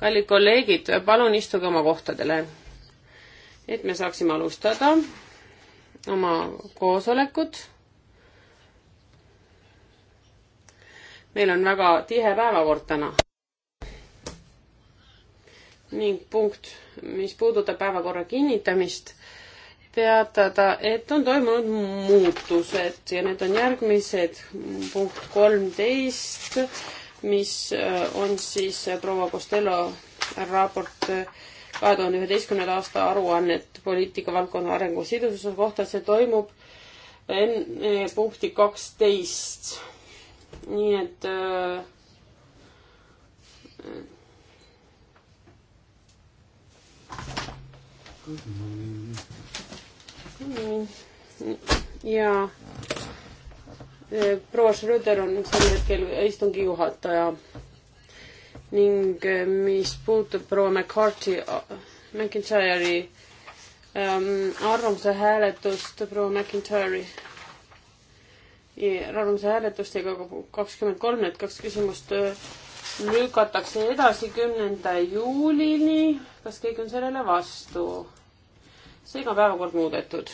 kallid kolleegid, palun istuge oma kohtadele, et me saaksime alustada oma koosolekut. meil on väga tihe päevakord täna. ning punkt, mis puudutab päevakorra kinnitamist, teatada, et on toimunud muutused ja need on järgmised. punkt kolmteist mis äh, on siis äh, proua Costello raport äh, kahe tuhande üheteistkümnenda aasta aruannet poliitikavaldkonna arengu sidususe kohta, see toimub enne punkti kaksteist. nii et ja proua Schröder on sel hetkel istungi juhataja ning eh, mis puutub proua McCarthy, McIntyre'i ähm, arvamuse hääletust, proua McIntyre'i arvamuse hääletust ja ka kakskümmend kolm, need kaks küsimust äh, lükatakse edasi kümnenda juulini. kas keegi on sellele vastu? seega on päevakord muudetud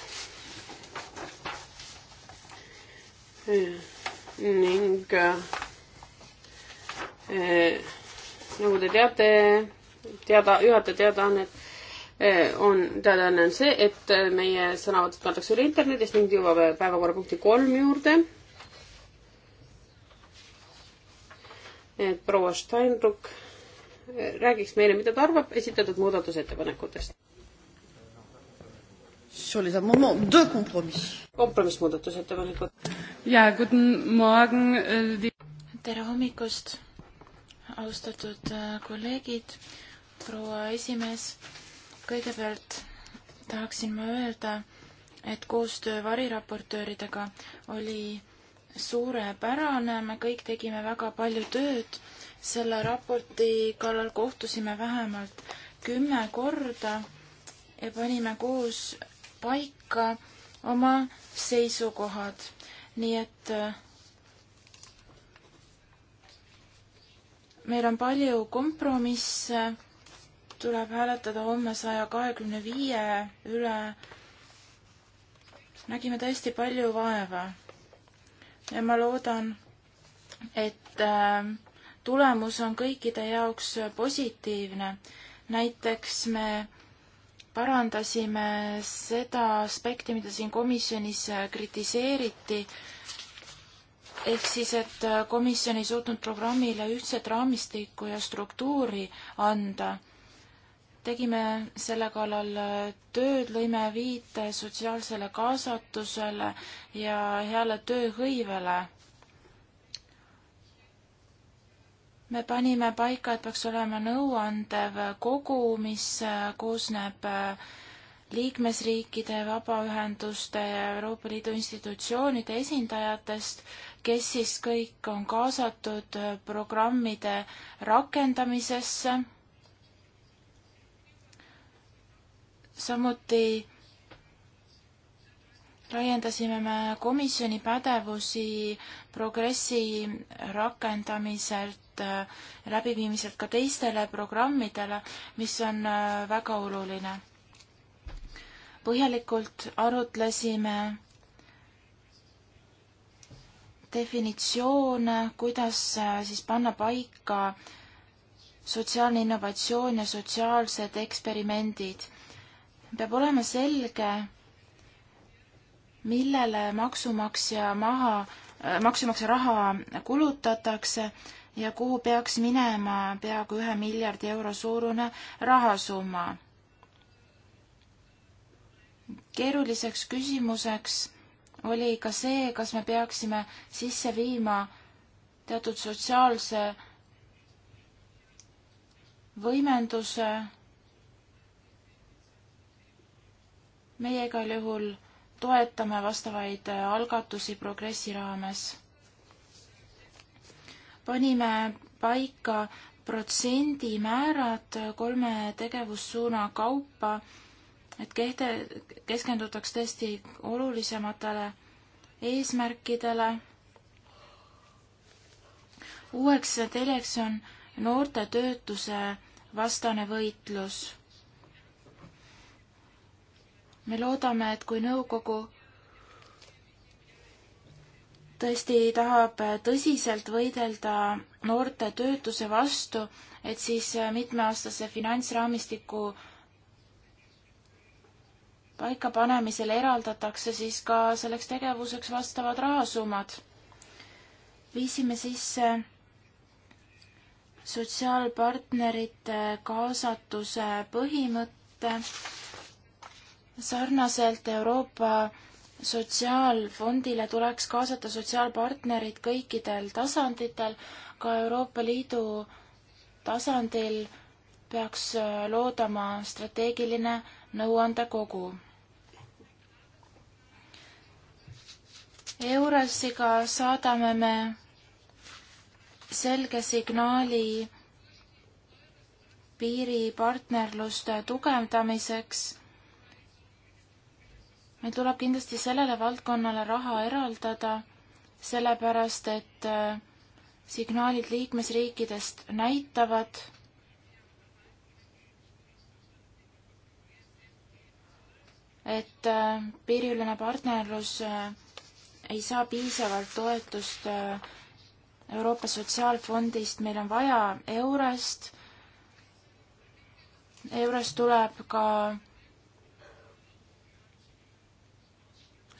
ning eh, nagu te teate, teada, juhataja teadaannet eh, on, teadaanne on see, et eh, meie sõnavõtud kantakse üle internetis ning jõuab päevakorrapunkti kolm juurde. et proua Steinruck räägiks meile, mida ta arvab esitatud muudatusettepanekutest. kompromissmuudatusettepanekud ja guten Morgen äh,. tere hommikust, austatud äh, kolleegid, proua esimees. kõigepealt tahaksin ma öelda, et koostöö variraportööridega oli suurepärane, me kõik tegime väga palju tööd. selle raporti kallal kohtusime vähemalt kümme korda ja panime koos paika oma seisukohad nii et äh, meil on palju kompromisse, tuleb hääletada homme saja kahekümne viie üle. nägime tõesti palju vaeva ja ma loodan, et äh, tulemus on kõikide jaoks positiivne. näiteks me parandasime seda aspekti, mida siin komisjonis kritiseeriti, ehk siis, et komisjon ei suutnud programmile ühtset raamistikku ja struktuuri anda. tegime selle kallal tööd, lõime viite sotsiaalsele kaasatusele ja heale tööhõivele me panime paika, et peaks olema nõuandev kogu, mis äh, koosneb äh, liikmesriikide, vabaühenduste ja Euroopa Liidu institutsioonide esindajatest, kes siis kõik on kaasatud äh, programmide rakendamisesse. samuti laiendasime me komisjoni pädevusi progressi rakendamiselt sarnast äh, läbiviimiselt ka teistele programmidele, mis on äh, väga oluline. põhjalikult arutlesime definitsioone, kuidas äh, siis panna paika sotsiaalne innovatsioon ja sotsiaalsed eksperimendid. peab olema selge, millele maksumaksja maha, maksumaksja raha kulutatakse ja kuhu peaks minema peaaegu ühe miljardi euro suurune rahasumma. keeruliseks küsimuseks oli ka see, kas me peaksime sisse viima teatud sotsiaalse võimenduse. meie igal juhul toetame vastavaid algatusi progressi raames panime paika protsendimäärad kolme tegevussuuna kaupa, et kehte-, keskendutaks tõesti olulisematele eesmärkidele. uueks teljeks on noorte töötuse vastane võitlus. me loodame, et kui nõukogu tõesti tahab tõsiselt võidelda noorte töötuse vastu, et siis mitmeaastase finantsraamistiku paikapanemisel eraldatakse siis ka selleks tegevuseks vastavad rahasummad. viisime sisse sotsiaalpartnerite kaasatuse põhimõtte sarnaselt Euroopa sotsiaalfondile tuleks kaasata sotsiaalpartnerid kõikidel tasanditel, ka Euroopa Liidu tasandil peaks äh, loodama strateegiline nõuandekogu. EURES-iga saadame me selge signaali piiripartnerluste tugevdamiseks meil tuleb kindlasti sellele valdkonnale raha eraldada, sellepärast et äh, signaalid liikmesriikidest näitavad, et äh, piiriülene partnerlus äh, ei saa piisavalt toetust Euroopa Sotsiaalfondist, meil on vaja EURES-t. EURES tuleb ka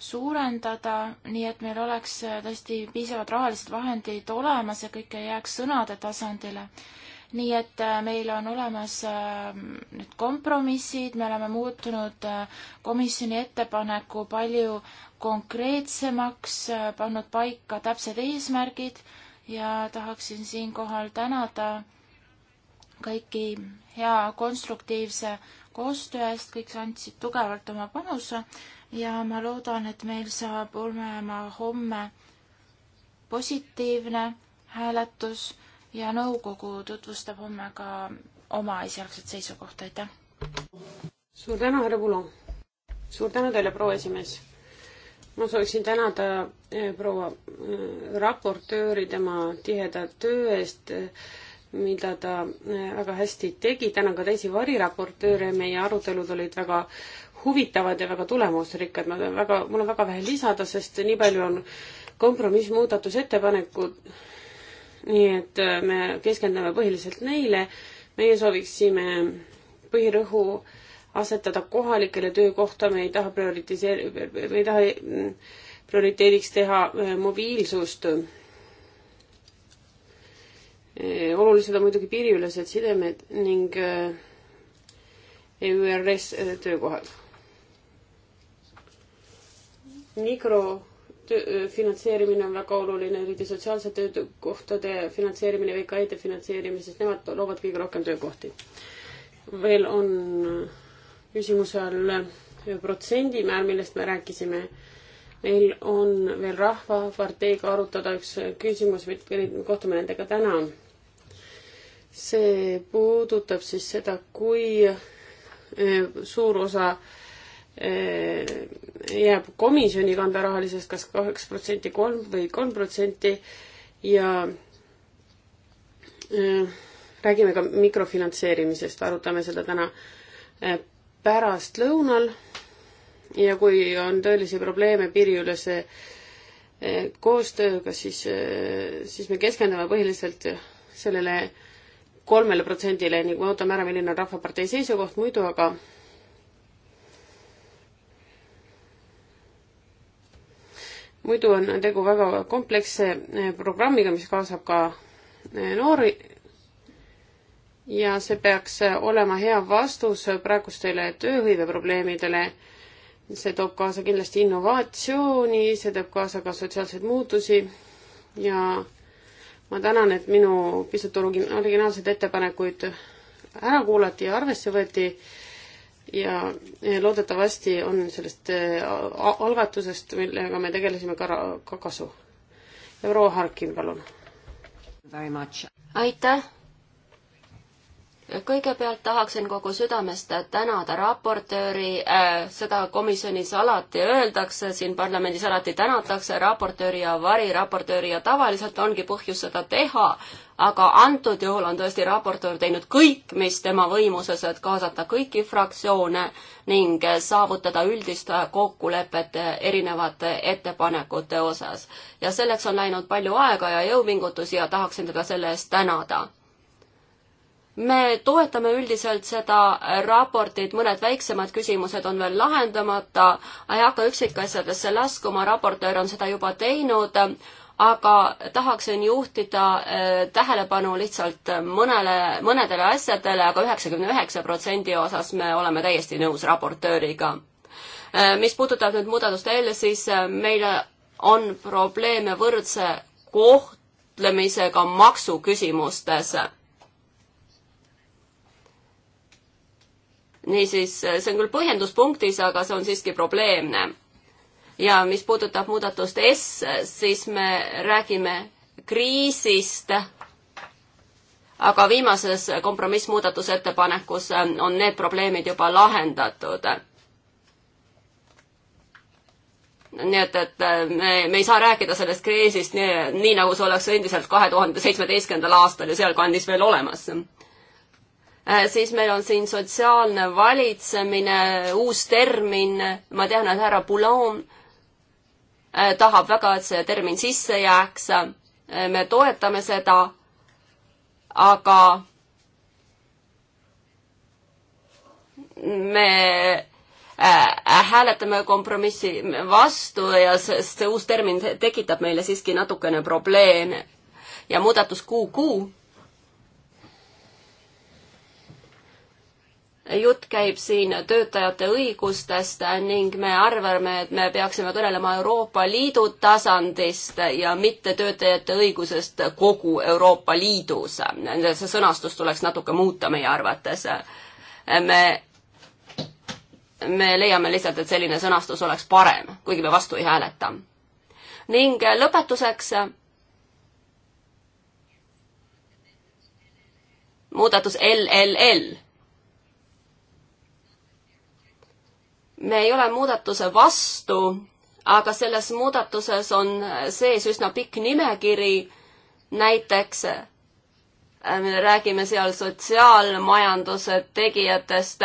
suurendada, nii et meil oleks äh, tõesti piisavad rahalised vahendid olemas ja kõik ei jääks sõnade tasandile. nii et äh, meil on olemas äh, need kompromissid, me oleme muutunud komisjoni ettepaneku palju konkreetsemaks, pannud paika täpsed eesmärgid ja tahaksin siinkohal tänada kõiki hea konstruktiivse koostöö eest, kõik andsid tugevalt oma panuse ja ma loodan, et meil saab olema homme positiivne hääletus ja nõukogu tutvustab homme ka oma esialgset seisukohta, aitäh! suur tänu, härra Pulo! suur tänu teile, proua esimees! ma sooviksin tänada eh, proua eh, raportööri tema tiheda töö eest, eh, mida ta väga hästi tegi, tänan ka teisi variraportööre, meie arutelud olid väga huvitavad ja väga tulemusrikkad, ma pean väga, mul on väga vähe lisada, sest nii palju on kompromissmuudatusettepanekud, nii et äh, me keskendume põhiliselt neile, meie sooviksime põhirõhu asetada kohalikele töökohta, me ei taha prioritiseeri-, me ei taha mm, prioriteediks teha äh, mobiilsust. Äh, olulised on muidugi piiriülesed sidemed ning EÜRS töökohad mikrofinantseerimine on väga oluline, eriti sotsiaalsete töökohtade finantseerimine, VKE-de finantseerimine, sest nemad loovad kõige rohkem töökohti. veel on küsimuse all protsendimäär, millest me rääkisime. meil on veel Rahvaparteiga arutada üks küsimus, me kohtume nendega täna. see puudutab siis seda, kui eh, suur osa äh, Äh, jääb komisjoni kanda rahalisest kas kaheksa protsenti, kolm või kolm protsenti ja äh, räägime ka mikrofinantseerimisest, arutame seda täna äh, pärastlõunal ja kui on tõelisi probleeme piiriülese koostööga, siis, siis me keskendume põhiliselt sellele kolmele protsendile, nii kui ootame ära, milline on Rahvapartei seisukoht, muidu aga muidu on tegu väga kompleksse eh, programmiga, mis kaasab ka eh, noori ja see peaks eh, olema hea vastus praegustele tööhõive probleemidele. see toob kaasa kindlasti innovatsiooni, see toob kaasa ka sotsiaalseid muutusi ja ma tänan, et minu pisut originaalseid ettepanekuid ära kuulati ja arvesse võeti ja loodetavasti on sellest äh, algatusest, millega me tegelesime, ka, ka kasu. Euro Harkin, palun. aitäh kõigepealt tahaksin kogu südamest tänada raportööri, äh, seda komisjonis alati öeldakse, siin parlamendis alati tänatakse raportööri ja variraportööri ja tavaliselt ongi põhjus seda teha, aga antud juhul on tõesti raportöör teinud kõik, mis tema võimuses, et kaasata kõiki fraktsioone ning saavutada üldist kokkulepet erinevate ettepanekute osas. ja selleks on läinud palju aega ja jõupingutusi ja tahaksin teda selle eest tänada me toetame üldiselt seda raportit, mõned väiksemad küsimused on veel lahendamata, ei hakka üksikasjadesse laskuma, raportöör on seda juba teinud, aga tahaksin juhtida äh, tähelepanu lihtsalt mõnele, mõnedele asjadele aga, aga üheksakümne üheksa protsendi osas me oleme täiesti nõus raportööriga. Äh, mis puudutab nüüd muudatust L, siis äh, meil on probleeme võrdse kohtlemisega maksuküsimustes niisiis, see on küll põhjenduspunktis, aga see on siiski probleemne. ja mis puudutab muudatust S, siis me räägime kriisist, aga viimases kompromissmuudatusettepanekus on need probleemid juba lahendatud nii et, et me, me ei saa rääkida sellest kriisist nii, nii nagu see oleks endiselt kahe tuhande seitsmeteistkümnendal aastal ja seal kandis veel olemas. Äh, siis meil on siin sotsiaalne valitsemine, uus termin, ma tean, et härra Boulon äh, tahab väga, et see termin sisse jääks. Äh, me toetame seda, aga me hääletame kompromissi vastu ja sest see uus termin tekitab meile siiski natukene probleeme. ja muudatus QQ jutt käib siin töötajate õigustest ning me arvame, et me peaksime kõnelema Euroopa Liidu tasandist ja mitte töötajate õigusest kogu Euroopa Liidus. see sõnastus tuleks natuke muuta meie arvates. me, me leiame lihtsalt, et selline sõnastus oleks parem, kuigi me vastu ei hääleta. ning lõpetuseks muudatus LLL me ei ole muudatuse vastu, aga selles muudatuses on sees üsna pikk nimekiri, näiteks äh, me räägime seal sotsiaalmajanduse tegijatest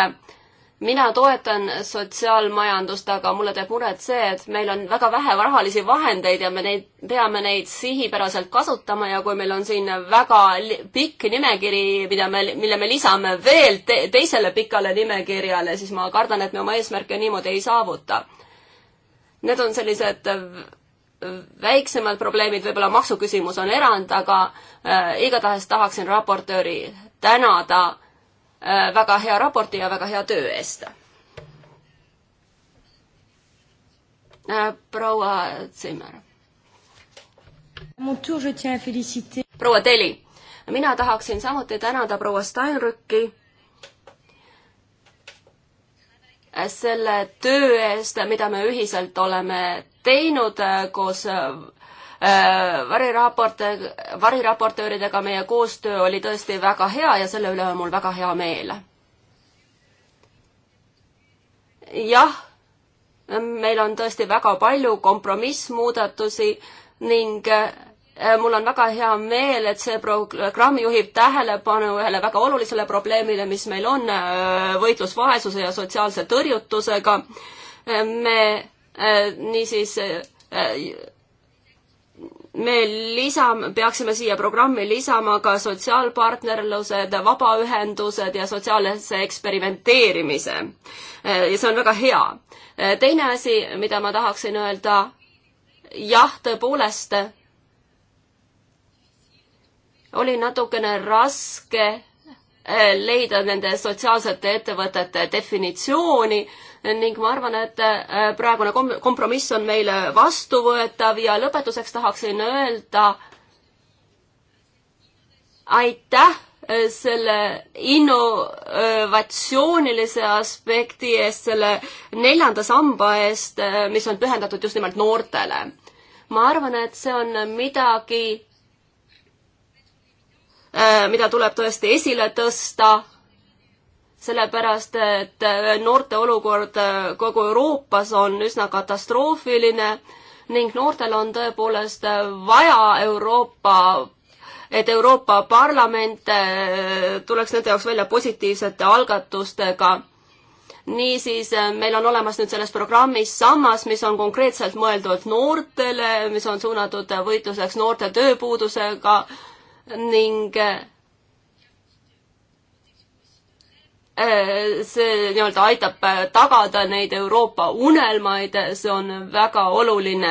mina toetan sotsiaalmajandust, aga mulle teeb muret see, et meil on väga vähe rahalisi vahendeid ja me neid, peame neid sihipäraselt kasutama ja kui meil on siin väga pikk nimekiri, mida me, mille me lisame veel te teisele pikale nimekirjale, siis ma kardan, et me oma eesmärke niimoodi ei saavuta. Need on sellised väiksemad probleemid, võib-olla maksuküsimus on erand, aga äh, igatahes tahaksin raportööri tänada Äh, väga hea raporti ja väga hea töö eest. Äh, proua Zimmer. proua Teli, mina tahaksin samuti tänada proua Steinrücki selle töö eest, mida me ühiselt oleme teinud äh, koos Äh, variraportöö, variraportööridega meie koostöö oli tõesti väga hea ja selle üle on mul väga hea meel. jah, meil on tõesti väga palju kompromissmuudatusi ning äh, mul on väga hea meel, et see programm juhib tähelepanu ühele väga olulisele probleemile, mis meil on, äh, võitlus vaesuse ja sotsiaalse tõrjutusega. me niisiis me lisame, peaksime siia programmi lisama ka sotsiaalpartnerlused, vabaühendused ja sotsiaalse eksperimenteerimise. Eh, ja see on väga hea. Eh, teine asi, mida ma tahaksin öelda, jah, tõepoolest oli natukene raske eh, leida nende sotsiaalsete ettevõtete definitsiooni, ning ma arvan, et äh, praegune kompromiss on meile vastuvõetav ja lõpetuseks tahaksin öelda aitäh äh, selle innovatsioonilise aspekti eest, selle neljanda samba eest, äh, mis on pühendatud just nimelt noortele. ma arvan, et see on midagi, mida tuleb tõesti esile tõsta sellepärast et äh, noorte olukord äh, kogu Euroopas on üsna katastroofiline ning noortel on tõepoolest äh, vaja Euroopa et Euroopa Parlament tuleks nende jaoks välja positiivsete algatustega. niisiis, meil on olemas nüüd selles programmis sammas, mis on konkreetselt mõeldud noortele, mis on suunatud võitluseks noorte tööpuudusega ning Äh, see nii-öelda aitab äh, tagada neid Euroopa unelmaid, see on väga oluline.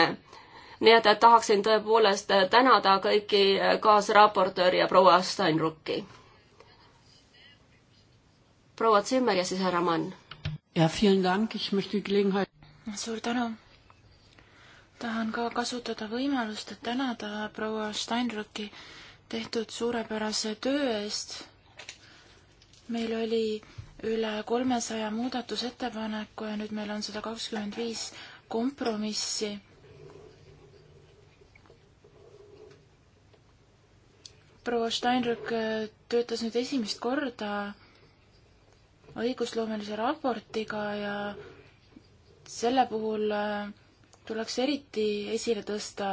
nii et, et tahaksin tõepoolest äh, tänada kõiki kaasraportööri ja proua Steinrucki. proua Zimmer ja siis härra Mann. ja, suur tänu. tahan ka kasutada võimalust, et tänada proua Steinrucki tehtud suurepärase töö eest meil oli üle kolmesaja muudatusettepaneku ja nüüd meil on sada kakskümmend viis kompromissi. proua Steinrück äh, töötas nüüd esimest korda õigusloomelise raportiga ja selle puhul äh, tuleks eriti esile tõsta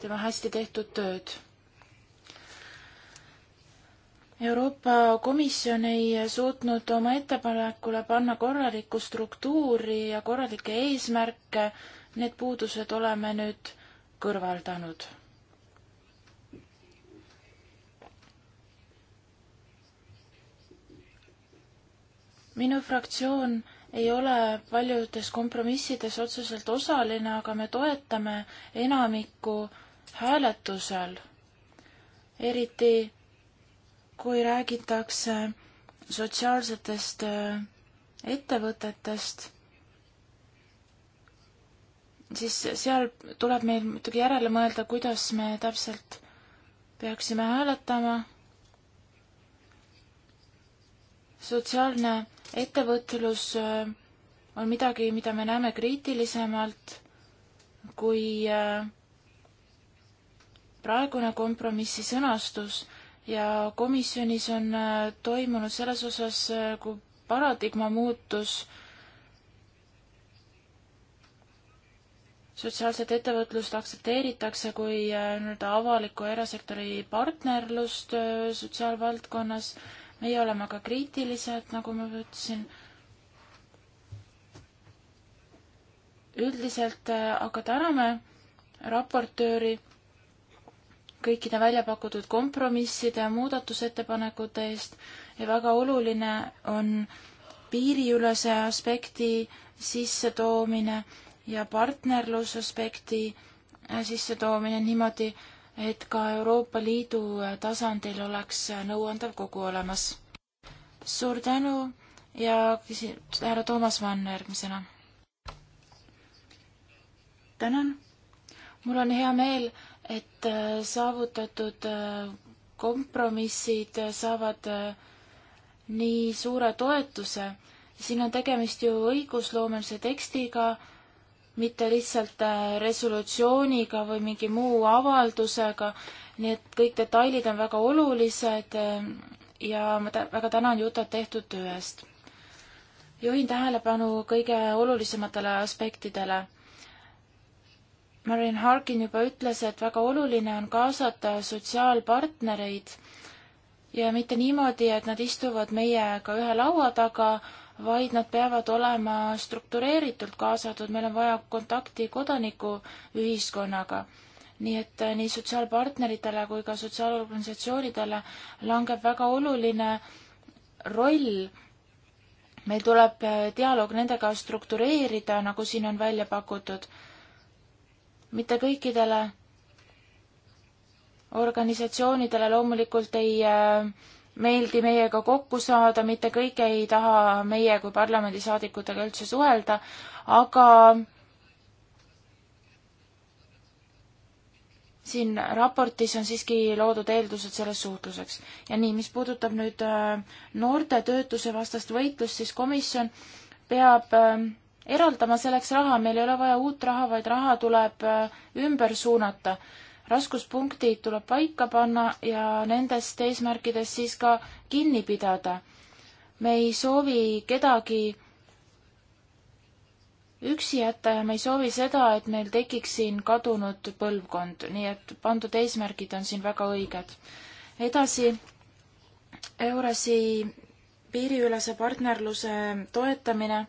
tema hästi tehtud tööd Euroopa Komisjon ei suutnud oma ettepanekule panna korralikku struktuuri ja korralikke eesmärke. Need puudused oleme nüüd kõrvaldanud. minu fraktsioon ei ole paljudes kompromissides otseselt osaline, aga me toetame enamikku hääletusel, eriti kui räägitakse sotsiaalsetest äh, ettevõtetest, siis seal tuleb meil muidugi järele mõelda, kuidas me täpselt peaksime hääletama. sotsiaalne ettevõtlus äh, on midagi, mida me näeme kriitilisemalt kui äh, praegune kompromissi sõnastus ja komisjonis on äh, toimunud selles osas äh, kui paradigma muutus sotsiaalset ettevõtlust aktsepteeritakse kui äh, nii-öelda avaliku ja erasektori partnerlust sotsiaalvaldkonnas. meie oleme aga kriitilised, nagu ma ütlesin. üldiselt aga täname raportööri kõikide välja pakutud kompromisside ja muudatusettepanekute eest ja väga oluline on piiriülese aspekti sissetoomine ja partnerlusaspekti äh, sissetoomine niimoodi, et ka Euroopa Liidu äh, tasandil oleks äh, nõuandev kogu olemas. suur tänu ja küsin härra Toomas Vann järgmisena. tänan. mul on hea meel et äh, saavutatud äh, kompromissid äh, saavad nii suure toetuse. siin on tegemist ju õigusloomelise tekstiga, mitte lihtsalt resolutsiooniga või mingi muu avaldusega, nii et kõik detailid on väga olulised ja ma tä väga tänan Jutat tehtud töö eest. juhin tähelepanu kõige olulisematele aspektidele Marin Harkin juba ütles, et väga oluline on kaasata sotsiaalpartnereid ja mitte niimoodi, et nad istuvad meiega ühe laua taga, vaid nad peavad olema struktureeritult kaasatud, meil on vaja kontakti kodanikuühiskonnaga. nii et eh, nii sotsiaalpartneritele kui ka sotsiaalorganisatsioonidele langeb väga oluline roll meil tuleb eh, dialoog nendega struktureerida, nagu siin on välja pakutud mitte kõikidele organisatsioonidele loomulikult ei äh, meeldi meiega kokku saada, mitte kõik ei taha meie kui parlamendisaadikutega üldse suhelda, aga siin raportis on siiski loodud eeldused selleks suhtluseks. ja nii, mis puudutab nüüd äh, noorte töötuse vastast võitlust, siis komisjon peab äh, eraldama selleks raha, meil ei ole vaja uut raha, vaid raha tuleb äh, ümber suunata. raskuspunktid tuleb paika panna ja nendest eesmärkidest siis ka kinni pidada. me ei soovi kedagi üksi jätta ja me ei soovi seda, et meil tekiks siin kadunud põlvkond, nii et pandud eesmärgid on siin väga õiged. edasi, EURES-i piiriülese partnerluse toetamine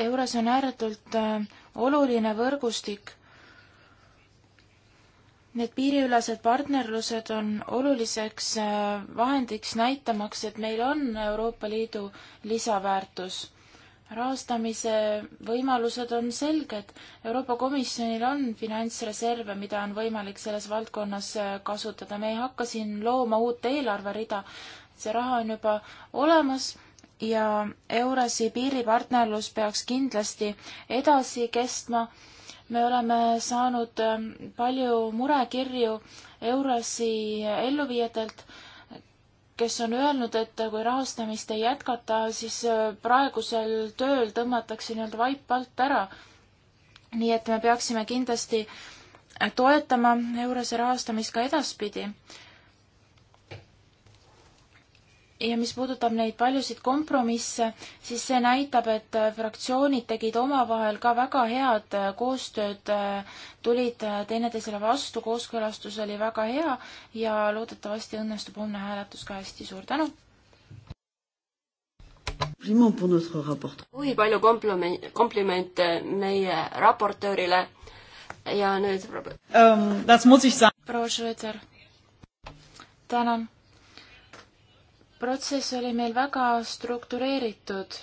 EURES on ääretult äh, oluline võrgustik. Need piiriülesed partnerlused on oluliseks äh, vahendiks näitamaks, et meil on Euroopa Liidu lisaväärtus. rahastamise võimalused on selged. Euroopa Komisjonil on finantsreserve, mida on võimalik selles valdkonnas äh, kasutada. me ei hakka siin looma uut eelarverida, see raha on juba olemas ja EURES-i piiripartnerlus peaks kindlasti edasi kestma. me oleme saanud ähm, palju murekirju EURES-i elluviijatelt, kes on öelnud, et kui rahastamist ei jätkata, siis äh, praegusel tööl tõmmatakse nii-öelda vaip alt ära. nii et me peaksime kindlasti äh, toetama EURES-i rahastamist ka edaspidi ja mis puudutab neid paljusid kompromisse, siis see näitab, et fraktsioonid tegid omavahel ka väga head koostööd, tulid teineteisele vastu, kooskõlastus oli väga hea ja loodetavasti õnnestub homne hääletus ka hästi, suur tänu! kui palju kompliment, komplimente meie raportöörile ja nüüd um, proua Schröder, tänan! protsess oli meil väga struktureeritud.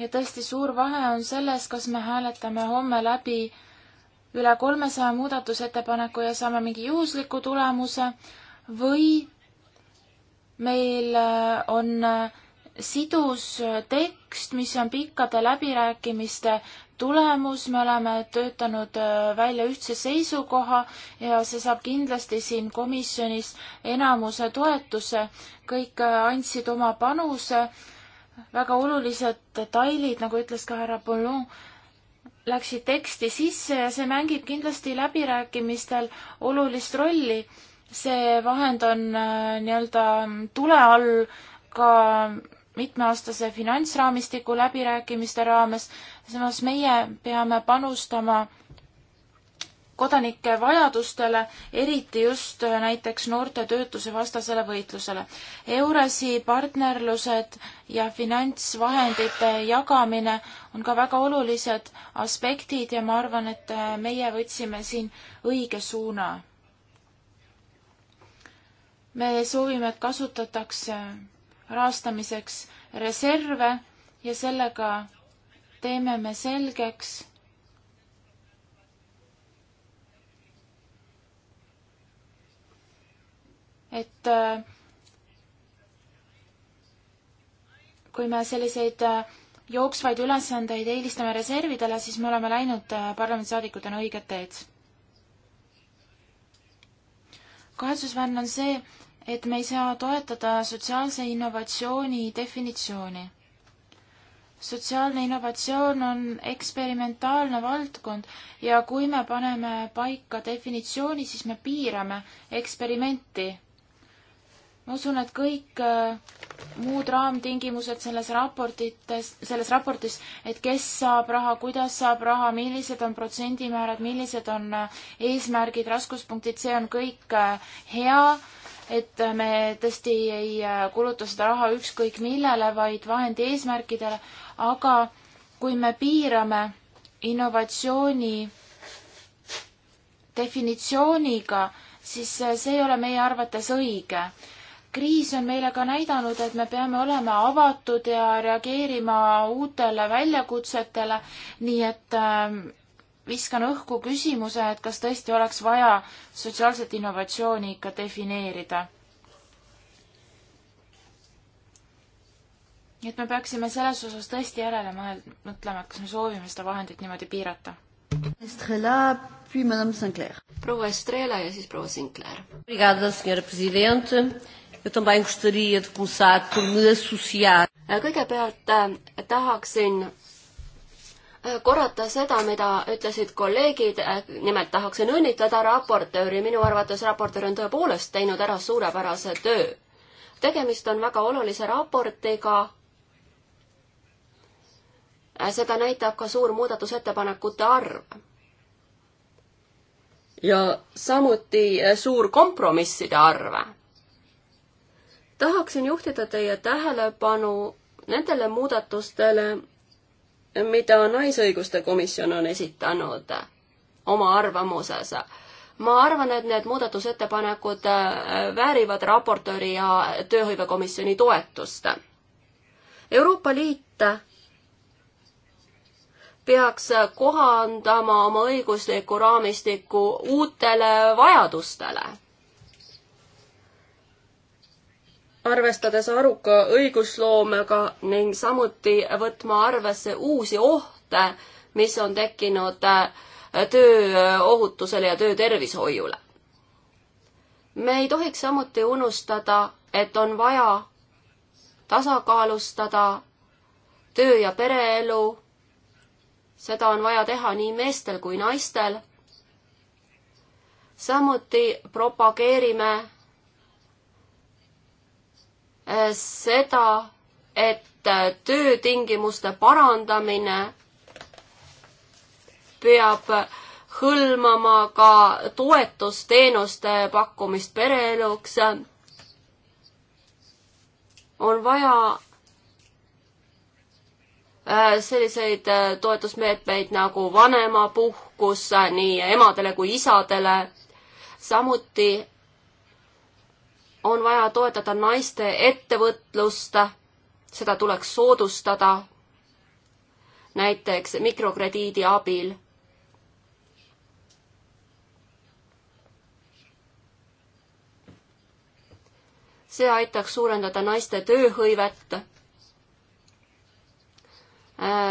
ja tõesti suur vahe on selles, kas me hääletame homme läbi üle kolmesaja muudatusettepaneku ja saame mingi juhusliku tulemuse või meil äh, on äh, sidus tekst, mis on pikkade läbirääkimiste tulemus, me oleme töötanud äh, välja ühtse seisukoha ja see saab kindlasti siin komisjonis enamuse toetuse. kõik äh, andsid oma panuse, väga olulised detailid, nagu ütles ka härra Boulon, läksid teksti sisse ja see mängib kindlasti läbirääkimistel olulist rolli. see vahend on äh, nii-öelda tule all ka mitmeaastase finantsraamistiku läbirääkimiste raames, samas meie peame panustama kodanike vajadustele, eriti just näiteks noorte töötuse vastasele võitlusele. EURES-i partnerlused ja finantsvahendite jagamine on ka väga olulised aspektid ja ma arvan, et meie võtsime siin õige suuna. me soovime, et kasutataks rahastamiseks reserve ja sellega teeme me selgeks, et äh, kui me selliseid äh, jooksvaid ülesandeid eelistame reservidele, siis me oleme läinud äh, parlamendisaadikutena õiget teed. kahetsusväärne on see, et me ei saa toetada sotsiaalse innovatsiooni definitsiooni. sotsiaalne innovatsioon on eksperimentaalne valdkond ja kui me paneme paika definitsiooni, siis me piirame eksperimenti. ma usun, et kõik äh, muud raamtingimused selles raportites, selles raportis, et kes saab raha, kuidas saab raha, millised on protsendimäärad, millised on äh, eesmärgid, raskuspunktid, see on kõik äh, hea et me tõesti ei äh, kuluta seda raha ükskõik millele, vaid vahendi eesmärkidele, aga kui me piirame innovatsiooni definitsiooniga, siis äh, see ei ole meie arvates õige. kriis on meile ka näidanud, et me peame olema avatud ja reageerima uutele väljakutsetele, nii et ähm, viskan õhku küsimuse, et kas tõesti oleks vaja sotsiaalset innovatsiooni ikka defineerida. nii et me peaksime selles osas tõesti järele mõtlema, et kas me soovime seda vahendit niimoodi piirata. Estrela, puis Madame Sinclair. Proua Estrela ja siis proua Sinclair. Obrigada, senhora presidente. Eu também gostaria de começar por me associar. kõigepealt eh, tahaksin korrata seda, mida ütlesid kolleegid, eh, nimelt tahaksin õnnitleda raportööri, minu arvates raportöör on tõepoolest teinud ära suurepärase töö. tegemist on väga olulise raportiga. Eh, seda näitab ka suur muudatusettepanekute arv. ja samuti eh, suur kompromisside arv. tahaksin juhtida teie tähelepanu nendele muudatustele, mida Naisõiguste Komisjon on esitanud oma arvamuses. ma arvan, et need muudatusettepanekud äh, väärivad raportööri ja Tööhõivekomisjoni toetust. Euroopa Liit peaks kohandama oma õiguslikku raamistikku uutele vajadustele arvestades aruka õigusloomega ning samuti võtma arvesse uusi ohte, mis on tekkinud äh, tööohutusele ja töötervishoiule. me ei tohiks samuti unustada, et on vaja tasakaalustada töö ja pereelu. seda on vaja teha nii meestel kui naistel. samuti propageerime Äh, seda, et äh, töötingimuste parandamine peab hõlmama ka toetusteenuste pakkumist pereeluks. on vaja äh, selliseid toetusmeetmeid nagu vanemapuhkus nii emadele kui isadele. samuti on vaja toetada naiste ettevõtlust, seda tuleks soodustada näiteks mikrokrediidi abil. see aitaks suurendada naiste tööhõivet,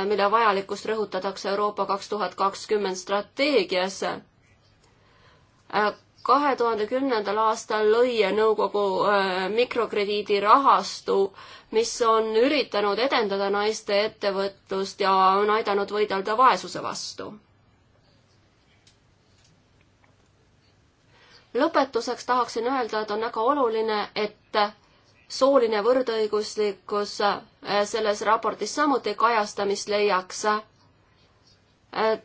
mille vajalikkust rõhutatakse Euroopa kaks tuhat kakskümmend strateegias kahe tuhande kümnendal aastal lõi nõukogu äh, mikrokrediidirahastu, mis on üritanud edendada naiste ettevõtlust ja on aidanud võidelda vaesuse vastu. lõpetuseks tahaksin öelda, et on väga oluline, et sooline võrdõiguslikkus äh, selles raportis samuti kajastamist leiaks äh,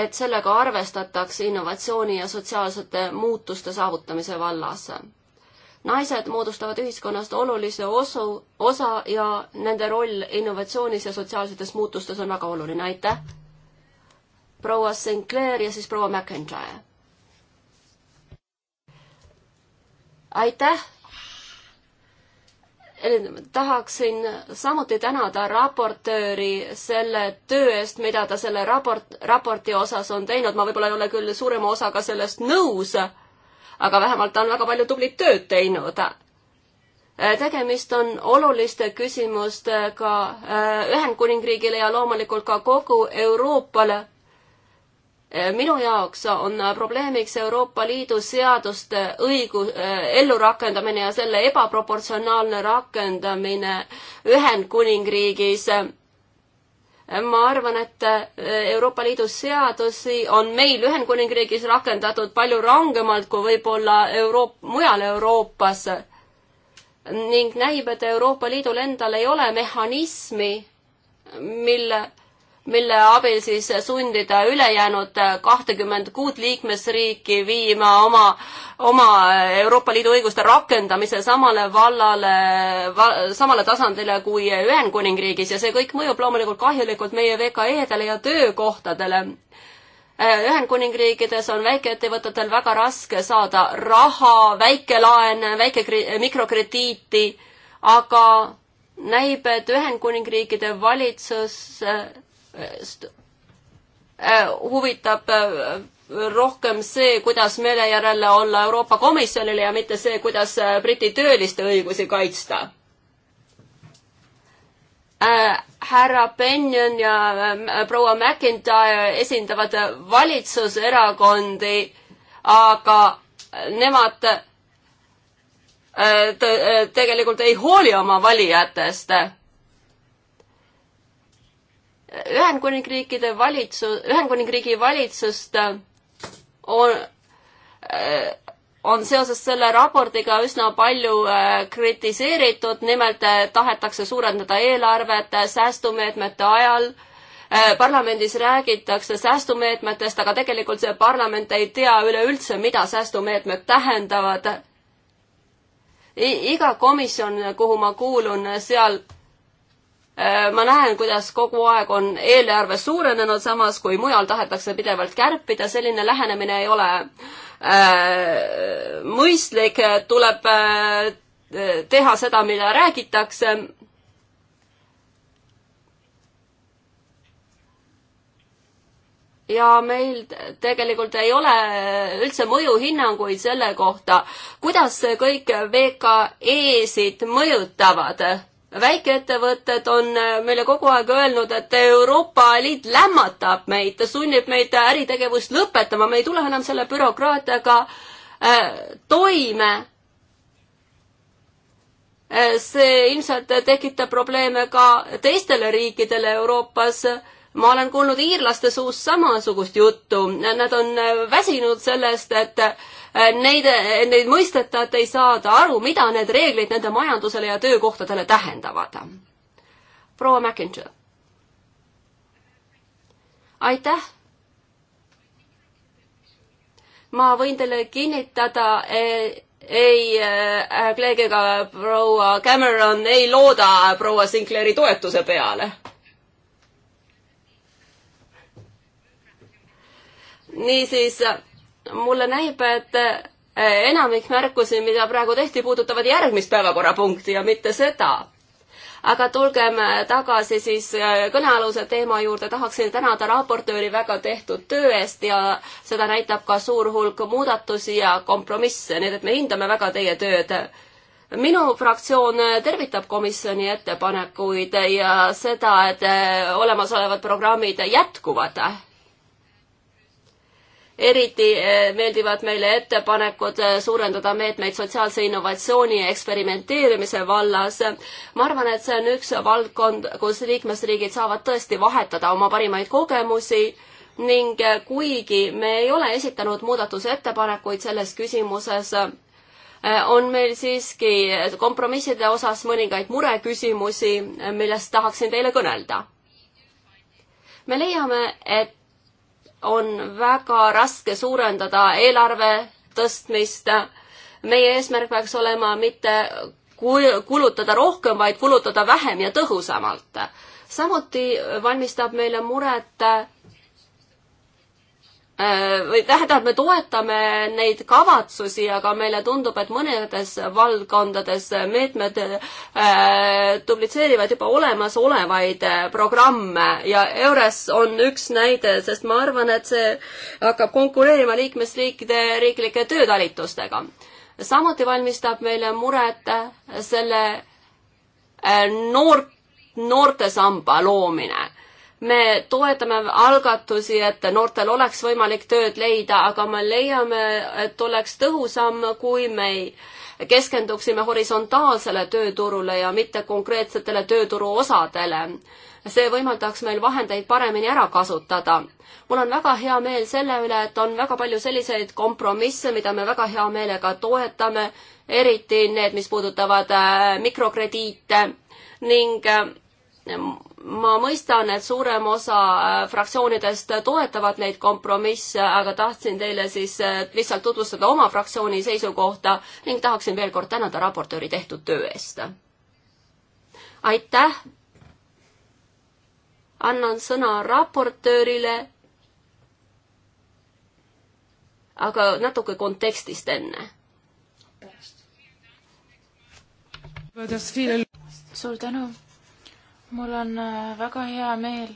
et sellega arvestatakse innovatsiooni ja sotsiaalsete muutuste saavutamise vallas. naised moodustavad ühiskonnast olulise osu, osa ja nende roll innovatsioonis ja sotsiaalsetes muutustes on väga oluline, aitäh! proua Sinclair ja siis proua McIntyre. aitäh! tahaksin samuti tänada raportööri selle töö eest, mida ta selle raport, raporti osas on teinud, ma võib-olla ei ole küll suurema osaga sellest nõus, aga vähemalt ta on väga palju tublit tööd teinud. Äh, tegemist on oluliste küsimustega äh, Ühendkuningriigile ja loomulikult ka kogu Euroopale Eh, minu jaoks on probleemiks Euroopa Liidu seaduste õigu- äh,, ellurakendamine ja selle ebaproportsionaalne rakendamine Ühendkuningriigis. Eh, ma arvan, et Euroopa Liidu seadusi on meil Ühendkuningriigis rakendatud palju rangemalt kui võib-olla Euroop-, mujal Euroopas. ning näib, et Euroopa Liidul endal ei ole mehhanismi, mille mille abil siis sundida ülejäänud kahtekümmend kuut liikmesriiki viima oma, oma Euroopa Liidu õiguste rakendamise samale vallale va,, samale tasandile kui Ühendkuningriigis ja see kõik mõjub loomulikult kahjulikult meie VKE-dele ja töökohtadele. Ühendkuningriikides on väikeettevõtetel väga raske saada raha, väikelaene, väike mikrokrediiti, aga näib, et Ühendkuningriikide valitsus Äh, huvitab äh, rohkem see, kuidas meele järele olla Euroopa Komisjonile ja mitte see, kuidas äh, Briti tööliste õigusi kaitsta äh,. härra Benjon ja äh, proua McIntyre esindavad valitsuserakondi, aga nemad äh, tegelikult ei hooli oma valijatest Ühendkuningriikide valitsus, Ühendkuningriigi valitsust äh, on, äh, on seoses selle raportiga üsna palju äh, kritiseeritud, nimelt tahetakse suurendada eelarvet säästumeetmete ajal parlamendis räägitakse säästumeetmetest, aga tegelikult see parlament ei tea üleüldse, mida säästumeetmed tähendavad. iga komisjon, kuhu ma kuulun, seal Äh, ma näen, kuidas kogu aeg on eelarve suurenenud, samas kui mujal tahetakse pidevalt kärpida, selline lähenemine ei ole äh, mõistlik, tuleb äh, teha seda, mida räägitakse. ja meil tegelikult ei ole äh, üldse mõjuhinnanguid selle kohta, kuidas see kõik VKE-sid mõjutavad väikeettevõtted on äh, meile kogu aeg öelnud, et Euroopa Liit lämmatab meid, ta sunnib meid äritegevust lõpetama, me ei tule enam selle bürokraatiaga äh, toime. Äh, see ilmselt tekitab probleeme ka teistele riikidele Euroopas. ma olen kuulnud iirlaste suust samasugust juttu, nad on väsinud sellest, et Äh, neid, äh, neid mõisteta, et ei saada aru, mida need reeglid nende majandusele ja töökohtadele tähendavad. proua McIntyre. aitäh. ma võin teile kinnitada, eh, ei äh,, Clegg ega proua Cameron ei looda proua Sinclairi toetuse peale niisiis mulle näib, et eh, enamik märkusi, mida praegu tehti, puudutavad järgmist päevakorrapunkti ja mitte seda. aga tulgem eh, tagasi siis eh, kõnealuse teema juurde, tahaksin tänada raportööri väga tehtud töö eest ja seda näitab ka suur hulk muudatusi ja kompromisse, nii et me hindame väga teie tööd minu fraktsioon tervitab komisjoni ettepanekuid ja seda, et olemasolevad programmid jätkuvad eriti eh, meeldivad meile ettepanekud eh, suurendada meetmeid sotsiaalse innovatsiooni ja eksperimenteerimise vallas. ma arvan, et see on üks valdkond, kus liikmesriigid saavad tõesti vahetada oma parimaid kogemusi ning eh, kuigi me ei ole esitanud muudatusettepanekuid selles küsimuses, on meil siiski kompromisside osas mõningaid mureküsimusi, millest tahaksin teile kõnelda. me leiame, et on väga raske suurendada eelarve tõstmist. meie eesmärk peaks olema mitte kulutada rohkem, vaid kulutada vähem ja tõhusamalt. samuti valmistab meile muret Äh, või tähendab, me toetame neid kavatsusi, aga meile tundub, et mõnedes valdkondades meetmed äh, dublitseerivad juba olemasolevaid äh, programme ja EURES on üks näide, sest ma arvan, et see hakkab konkureerima liikmesriikide riiklike töötalitustega. samuti valmistab meile muret selle noort, noortesamba loomine me toetame algatusi, et noortel oleks võimalik tööd leida, aga me leiame, et oleks tõhusam, kui me keskenduksime horisontaalsele tööturule ja mitte konkreetsetele tööturu osadele. see võimaldaks meil vahendeid paremini ära kasutada. mul on väga hea meel selle üle, et on väga palju selliseid kompromisse, mida me väga hea meelega toetame, eriti need, mis puudutavad äh, mikrokrediite ning äh, ma mõistan, et suurem osa äh, fraktsioonidest toetavad neid kompromisse, aga tahtsin teile siis äh, lihtsalt tutvustada oma fraktsiooni seisukohta ning tahaksin veel kord tänada raportööri tehtud töö eest. aitäh! annan sõna raportöörile, aga natuke kontekstist enne. suur tänu mul on äh, väga hea meel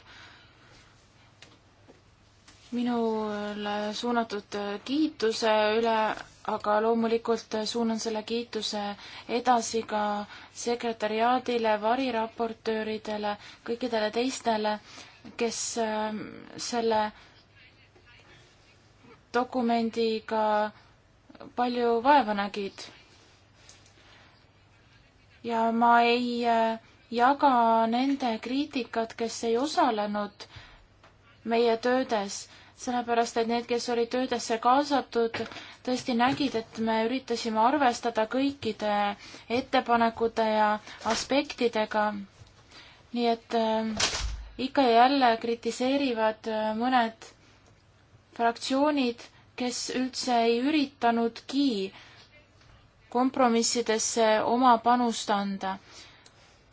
minule suunatud äh, kiituse üle, aga loomulikult äh, suunan selle kiituse edasi ka sekretäriaadile, variraportööridele, kõikidele teistele, kes ähm, selle dokumendiga palju vaeva nägid. ja ma ei äh, jaga nende kriitikat, kes ei osalenud meie töödes, sellepärast et need, kes olid töödesse kaasatud, tõesti nägid, et me üritasime arvestada kõikide ettepanekute ja aspektidega. nii et äh, ikka ja jälle kritiseerivad äh, mõned fraktsioonid, kes üldse ei üritanudki kompromissidesse oma panust anda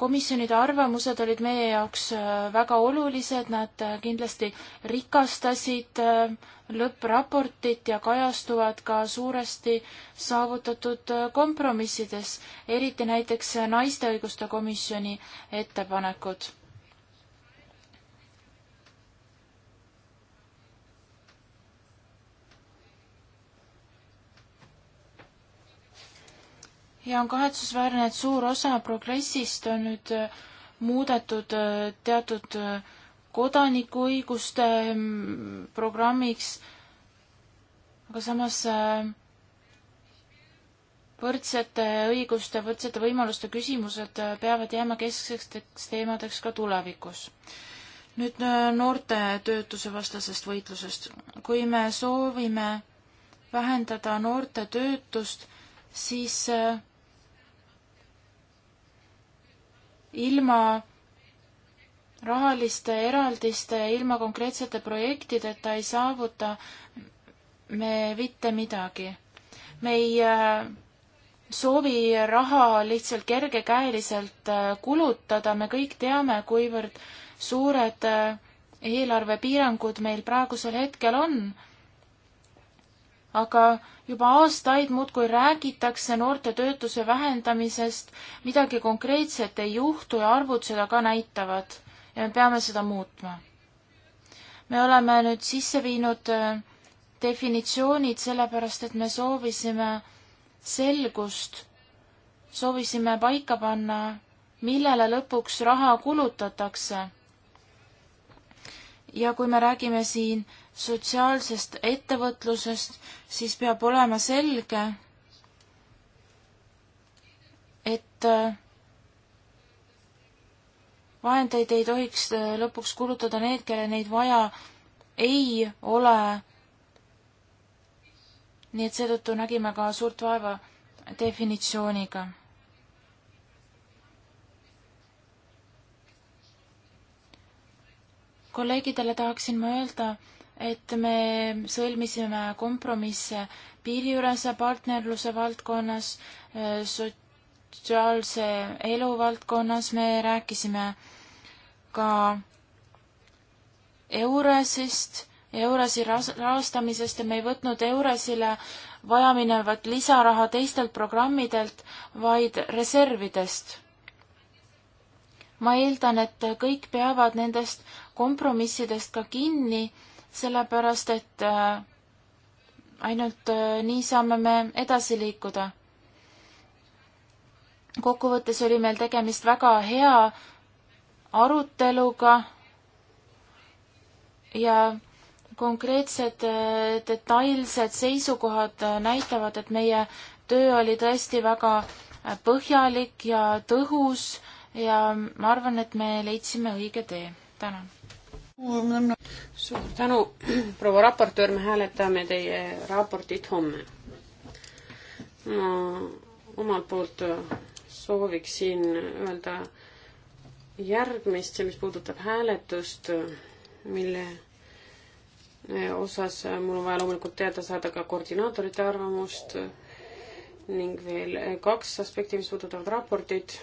komisjonide arvamused olid meie jaoks äh, väga olulised, nad äh, kindlasti rikastasid äh, lõppraportit ja kajastuvad ka suuresti saavutatud kompromissides, eriti näiteks naiste õiguste komisjoni ettepanekud ja on kahetsusväärne, et suur osa progressist on nüüd äh, muudetud äh, teatud äh, kodanikuõiguste mm, programmiks, aga samas võrdsete õiguste, võrdsete võimaluste küsimused peavad jääma keskseks teemadeks ka tulevikus. nüüd noorte töötuse vastasest võitlusest. kui me soovime vähendada noorte töötust, siis äh, ilma rahaliste eraldiste, ilma konkreetsete projektideta ei saavuta me mitte midagi. me ei äh, soovi raha lihtsalt kergekäeliselt äh, kulutada, me kõik teame, kuivõrd suured äh, eelarvepiirangud meil praegusel hetkel on aga juba aastaid muudkui räägitakse noorte töötuse vähendamisest, midagi konkreetset ei juhtu ja arvud seda ka näitavad ja me peame seda muutma. me oleme nüüd sisse viinud äh, definitsioonid sellepärast, et me soovisime selgust, soovisime paika panna, millele lõpuks raha kulutatakse. ja kui me räägime siin sotsiaalsest ettevõtlusest, siis peab olema selge, et äh, vahendeid ei tohiks äh, lõpuks kulutada need, kelle neid vaja ei ole. nii et seetõttu nägime ka suurt vaeva definitsiooniga. kolleegidele tahaksin ma öelda, et me sõlmisime kompromisse piiriülese partnerluse valdkonnas, sotsiaalse elu valdkonnas, me rääkisime ka Euresist, Euresi rahastamisest ja me ei võtnud Euresile vajaminevat lisaraha teistelt programmidelt, vaid reservidest. ma eeldan, et kõik peavad nendest kompromissidest ka kinni sellepärast et äh, ainult äh, nii saame me edasi liikuda. kokkuvõttes oli meil tegemist väga hea aruteluga ja konkreetsed äh, detailsed seisukohad näitavad, et meie töö oli tõesti väga põhjalik ja tõhus ja ma arvan, et me leidsime õige tee. tänan! suur tänu, proua raportöör, me hääletame teie raportit homme. ma omalt poolt äh, sooviksin öelda järgmist, see mis puudutab hääletust, äh, mille äh, osas mul on vaja loomulikult teada saada ka koordinaatorite arvamust ning veel kaks aspekti, mis puudutavad raportit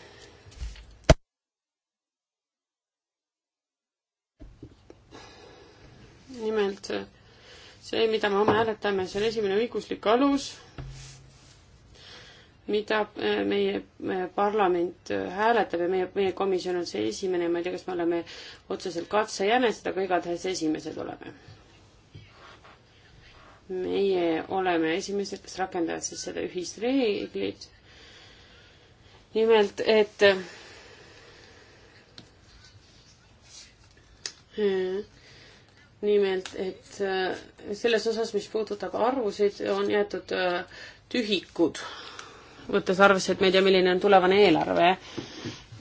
nimelt see, mida me homme hääletame, see on esimene õiguslik alus, mida äh, meie, meie äh, parlament äh, hääletab ja meie, meie komisjon on see esimene, ma ei tea, kas me oleme otseselt katsejänesed, aga igatahes esimesed oleme. meie oleme esimesed, kes rakendavad siis seda ühisreeglit. nimelt, et nimelt, et äh, selles osas, mis puudutab arvusid, on jäetud äh, tühikud, võttes arvesse, et me ei tea, milline on tulevane eelarve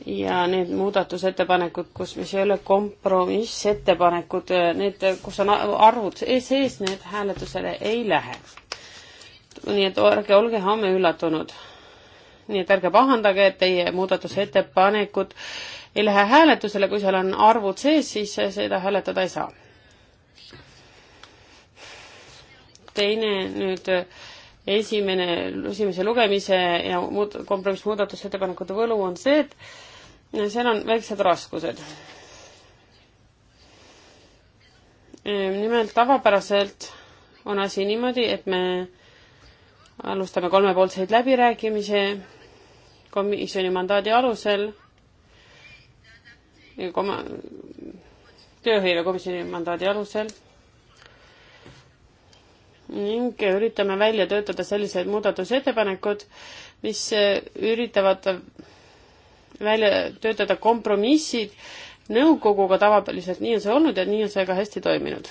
ja need muudatusettepanekud, kus, mis ei ole kompromissettepanekud, äh, need, kus on arvud ees, ees, need hääletusele ei lähe. nii et ärge olge homme üllatunud. nii et ärge pahandage, et teie muudatusettepanekud ei lähe hääletusele, kui seal on arvud sees, siis seda hääletada ei saa teine nüüd äh, esimene, esimese lugemise ja muud, kompromissmuudatusettepanekute võlu on see, et äh, seal on väiksed raskused. Äh, nimelt tavapäraselt on asi niimoodi, et me alustame kolmepoolseid läbirääkimisi komisjoni mandaadi alusel kom-, tööhõivekomisjoni mandaadi alusel ning üritame välja töötada sellised muudatusettepanekud, mis üritavad välja töötada kompromissid nõukoguga tavapäraselt, nii on see olnud ja nii on see ka hästi toiminud.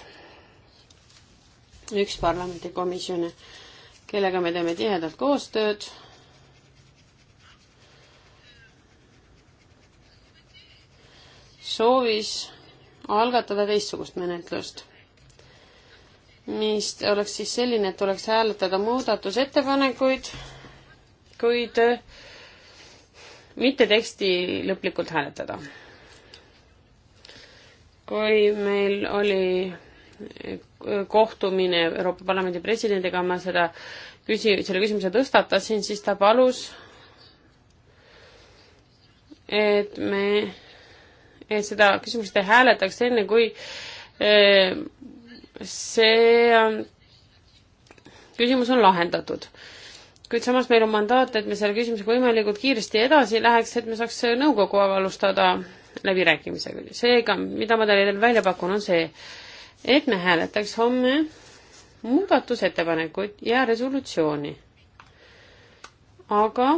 üks parlamendikomisjone, kellega me teeme tihedalt koostööd soovis algatada teistsugust menetlust, mis oleks siis selline, et tuleks hääletada muudatusettepanekuid, kuid äh, mitte teksti lõplikult hääletada. kui meil oli äh, kohtumine Euroopa Parlamendi presidendiga, ma seda küsi-, selle küsimuse tõstatasin, siis ta palus, et me seda küsimust ei hääletaks enne, kui eh, see küsimus on lahendatud. kuid samas meil on mandaat, et me selle küsimusega võimalikult kiiresti edasi läheks, et me saaks nõukogu alustada läbirääkimisega. seega, mida ma teile välja pakun, on see, et me hääletaks homme muudatusettepanekuid ja resolutsiooni. aga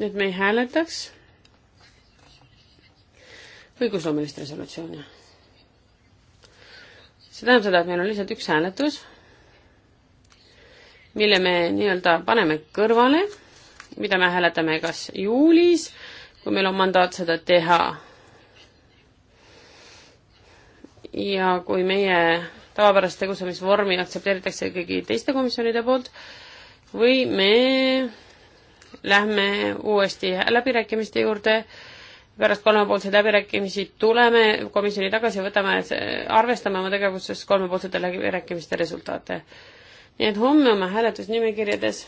et me ei hääletaks õigusloomilist resolutsiooni. see tähendab seda, et meil on lihtsalt üks hääletus, mille me nii-öelda paneme kõrvale, mida me hääletame kas juulis, kui meil on mandaat seda teha. ja kui meie tavapärast tegutsemisvormi aktsepteeritakse ikkagi teiste komisjonide poolt või me lähme uuesti läbirääkimiste juurde äh, pärast kolmepoolseid läbirääkimisi tuleme komisjoni tagasi ja võtame, arvestame oma tegevuses kolmepoolsete läbirääkimiste resultaate. nii et homme oma hääletusnimekirjades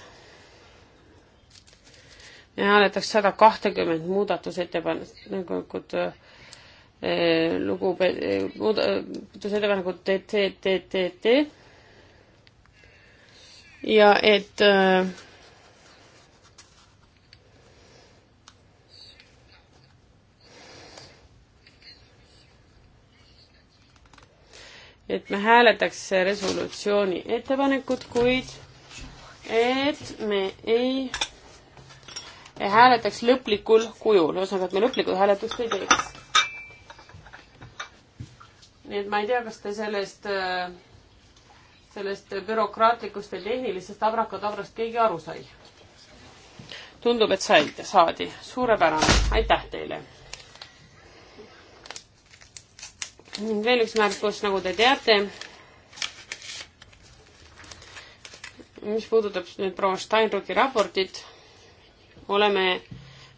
me hääletaks sada kahtekümmend muudatusettepanekut eh, lugupe-, eh, eh, muudatusettepanekut TTTTT ja et äh, et me hääletaks resolutsiooni ettepanekut, kuid et me ei, ei hääletaks lõplikul kujul, ühesõnaga, et me lõplikku hääletust ei teeks. nii et ma ei tea, kas te sellest, sellest bürokraatlikust ja tehnilisest abrakadabrast keegi aru sai. tundub, et said, saadi. suurepärane, aitäh teile ning veel üks märkus, nagu te teate, mis puudutab nüüd proua Steinrucki raportit, oleme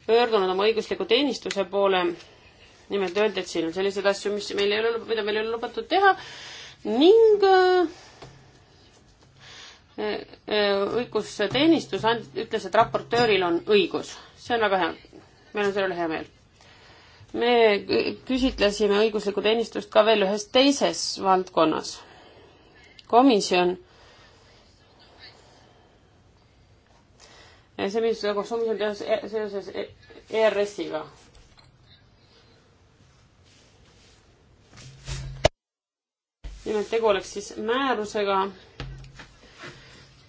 pöördunud oma õigusliku teenistuse poole. nimelt öeldi, et siin on selliseid asju, mis meil ei ole, mida meil ei ole lubatud teha ning äh, äh, õigusteenistus and-, ütles, et raportööril on õigus. see on väga hea. meil on selle üle hea meel me küsitlesime õiguslikku teenistust ka veel ühes teises valdkonnas. komisjon see, mis komisjon teha e-, seoses ERS-iga. E nimelt tegu oleks siis määrusega,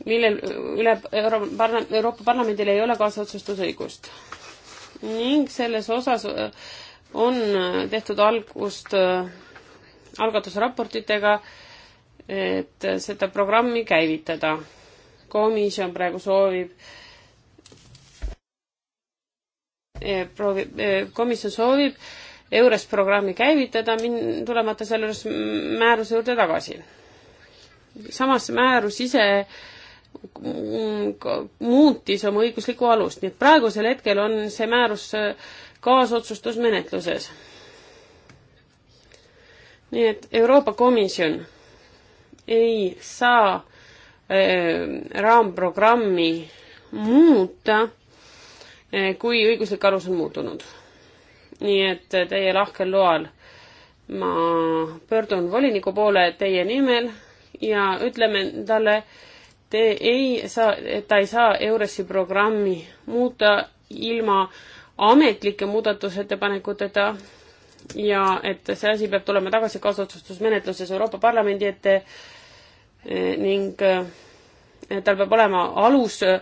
millel üle Euro Parla Euroopa Parlamendil ei ole kaasotsustusõigust ning selles osas on äh, tehtud algust äh, algatusraportitega, et äh, seda programmi käivitada. komisjon praegu soovib proovib, komisjon soovib EURES programmi käivitada, min-, tulemata selle juures määruse juurde tagasi. samas määrus ise mm, muutis oma õiguslikku alust, nii et praegusel hetkel on see määrus kaasotsustusmenetluses. nii et Euroopa Komisjon ei saa äh, raamprogrammi muuta äh,, kui õiguslik alus on muutunud. nii et teie lahkel loal ma pöördun voliniku poole teie nimel ja ütleme talle, te ei saa, ta ei saa Euresi programmi muuta ilma äh, ametlike muudatusettepanekuteta ja et see asi peab tulema tagasi kaasotsustusmenetluses Euroopa Parlamendi ette eh, ning eh, tal peab olema alus eh,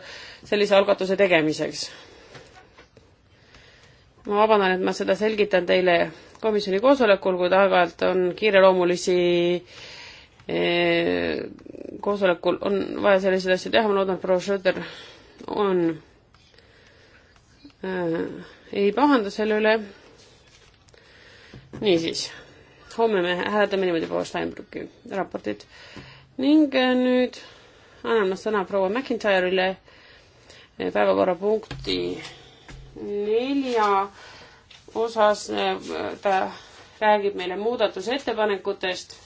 sellise algatuse tegemiseks. ma vabandan, et ma seda selgitan teile komisjoni koosolekul, kuid aeg-ajalt on kiireloomulisi koosolekul on vaja selliseid asju teha, ma loodan, et proua Schröder on Äh, ei pahanda selle üle. niisiis, homme me hääletame niimoodi proua Steinbrücki raportit ning äh, nüüd annan ma sõna proua McIntyre'ile äh, päevakorrapunkti nelja osas ta räägib meile muudatusettepanekutest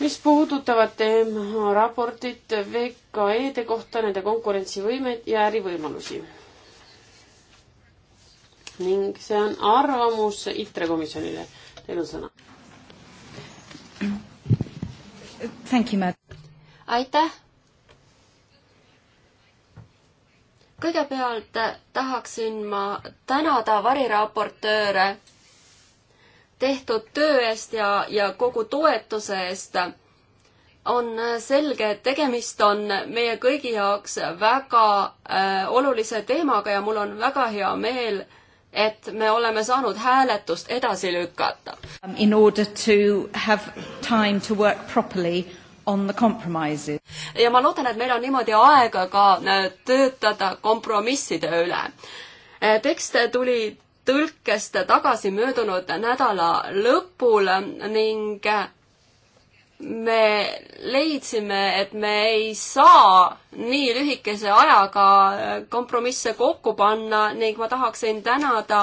mis puudutavad tema raportit VKE-de kohta, nende konkurentsivõimeid ja ärivõimalusi. ning see on arvamus ITRE komisjonile. Teil on sõna. aitäh. kõigepealt tahaksin ma tänada variraportööre tehtud töö eest ja, ja kogu toetuse eest. on selge, et tegemist on meie kõigi jaoks väga äh, olulise teemaga ja mul on väga hea meel, et me oleme saanud hääletust edasi lükata. Um, in order to have time to work properly on the compromises. ja ma loodan, et meil on niimoodi aega ka äh, töötada kompromisside üle. Äh, tekst tuli tõlkest tagasi möödunud nädala lõpul ning me leidsime, et me ei saa nii lühikese ajaga kompromisse kokku panna ning ma tahaksin tänada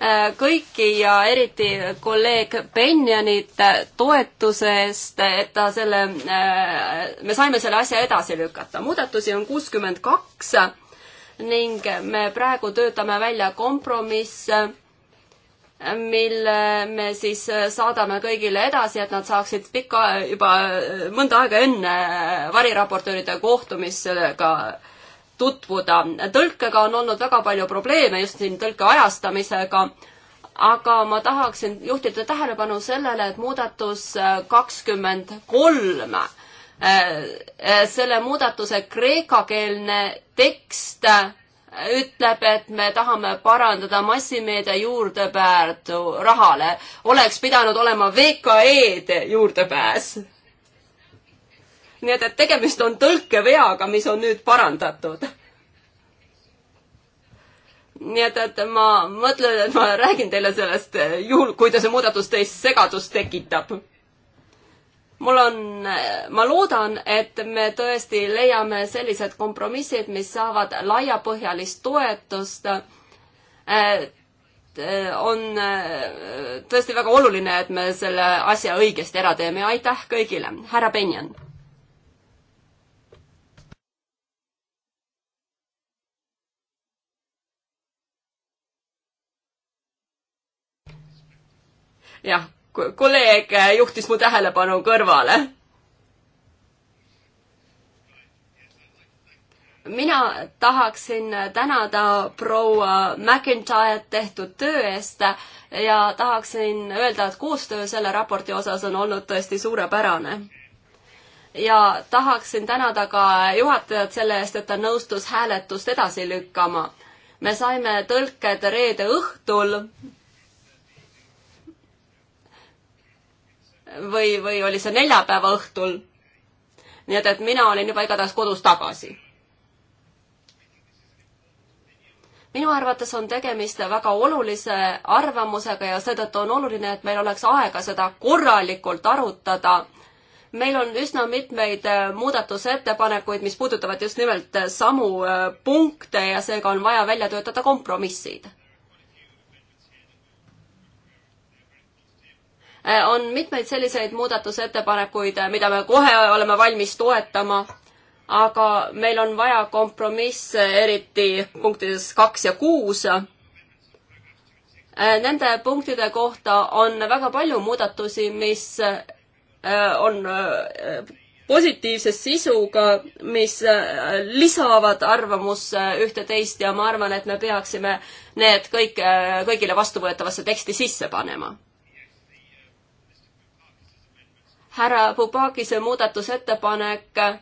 äh, kõiki ja eriti kolleeg Benjanit toetuse eest, et ta selle, äh, me saime selle asja edasi lükata. muudatusi on kuuskümmend kaks ning me praegu töötame välja kompromisse, mille me siis saadame kõigile edasi, et nad saaksid pika, juba mõnda aega enne variraportööride kohtumisega tutvuda. tõlkega on olnud väga palju probleeme just siin tõlke ajastamisega aga ma tahaksin juhtida tähelepanu sellele, et muudatus kakskümmend kolm Äh, äh, selle muudatuse kreekakeelne tekst äh, ütleb, et me tahame parandada massimeedia juurdepääsu rahale. oleks pidanud olema VKE-de juurdepääs. nii et, et tegemist on tõlkeveaga, mis on nüüd parandatud. nii et, et ma mõtlen, et ma räägin teile sellest juhul, kui ta see muudatus teist segadust tekitab mul on, ma loodan, et me tõesti leiame sellised kompromissid, mis saavad laiapõhjalist toetust. Eh, on eh, tõesti väga oluline, et me selle asja õigesti ära teeme. aitäh kõigile, härra Benjan. jah kolleeg juhtis mu tähelepanu kõrvale. mina tahaksin tänada proua McIntyre'd tehtud töö eest ja tahaksin öelda, et koostöö selle raporti osas on olnud tõesti suurepärane ja tahaksin tänada ka juhatajat selle eest, et ta nõustus hääletust edasi lükkama. me saime tõlked reede õhtul või, või oli see neljapäeva õhtul. nii et, et mina olin juba igatahes kodus tagasi. minu arvates on tegemist väga olulise arvamusega ja seetõttu on oluline, et meil oleks aega seda korralikult arutada. meil on üsna mitmeid äh, muudatusettepanekuid, mis puudutavad just nimelt äh, samu äh, punkte ja seega on vaja välja töötada kompromissid Äh, on mitmeid selliseid muudatusettepanekuid, äh, mida me kohe oleme valmis toetama, aga meil on vaja kompromisse, eriti punktides kaks ja kuus. Äh, nende punktide kohta on väga palju muudatusi, mis on positiivse sisuga, mis lisavad arvamusse ühte-teist ja ma arvan, et me peaksime need kõik, kõigile vastuvõetavasse teksti sisse panema härra Pupakise muudatusettepanek äh,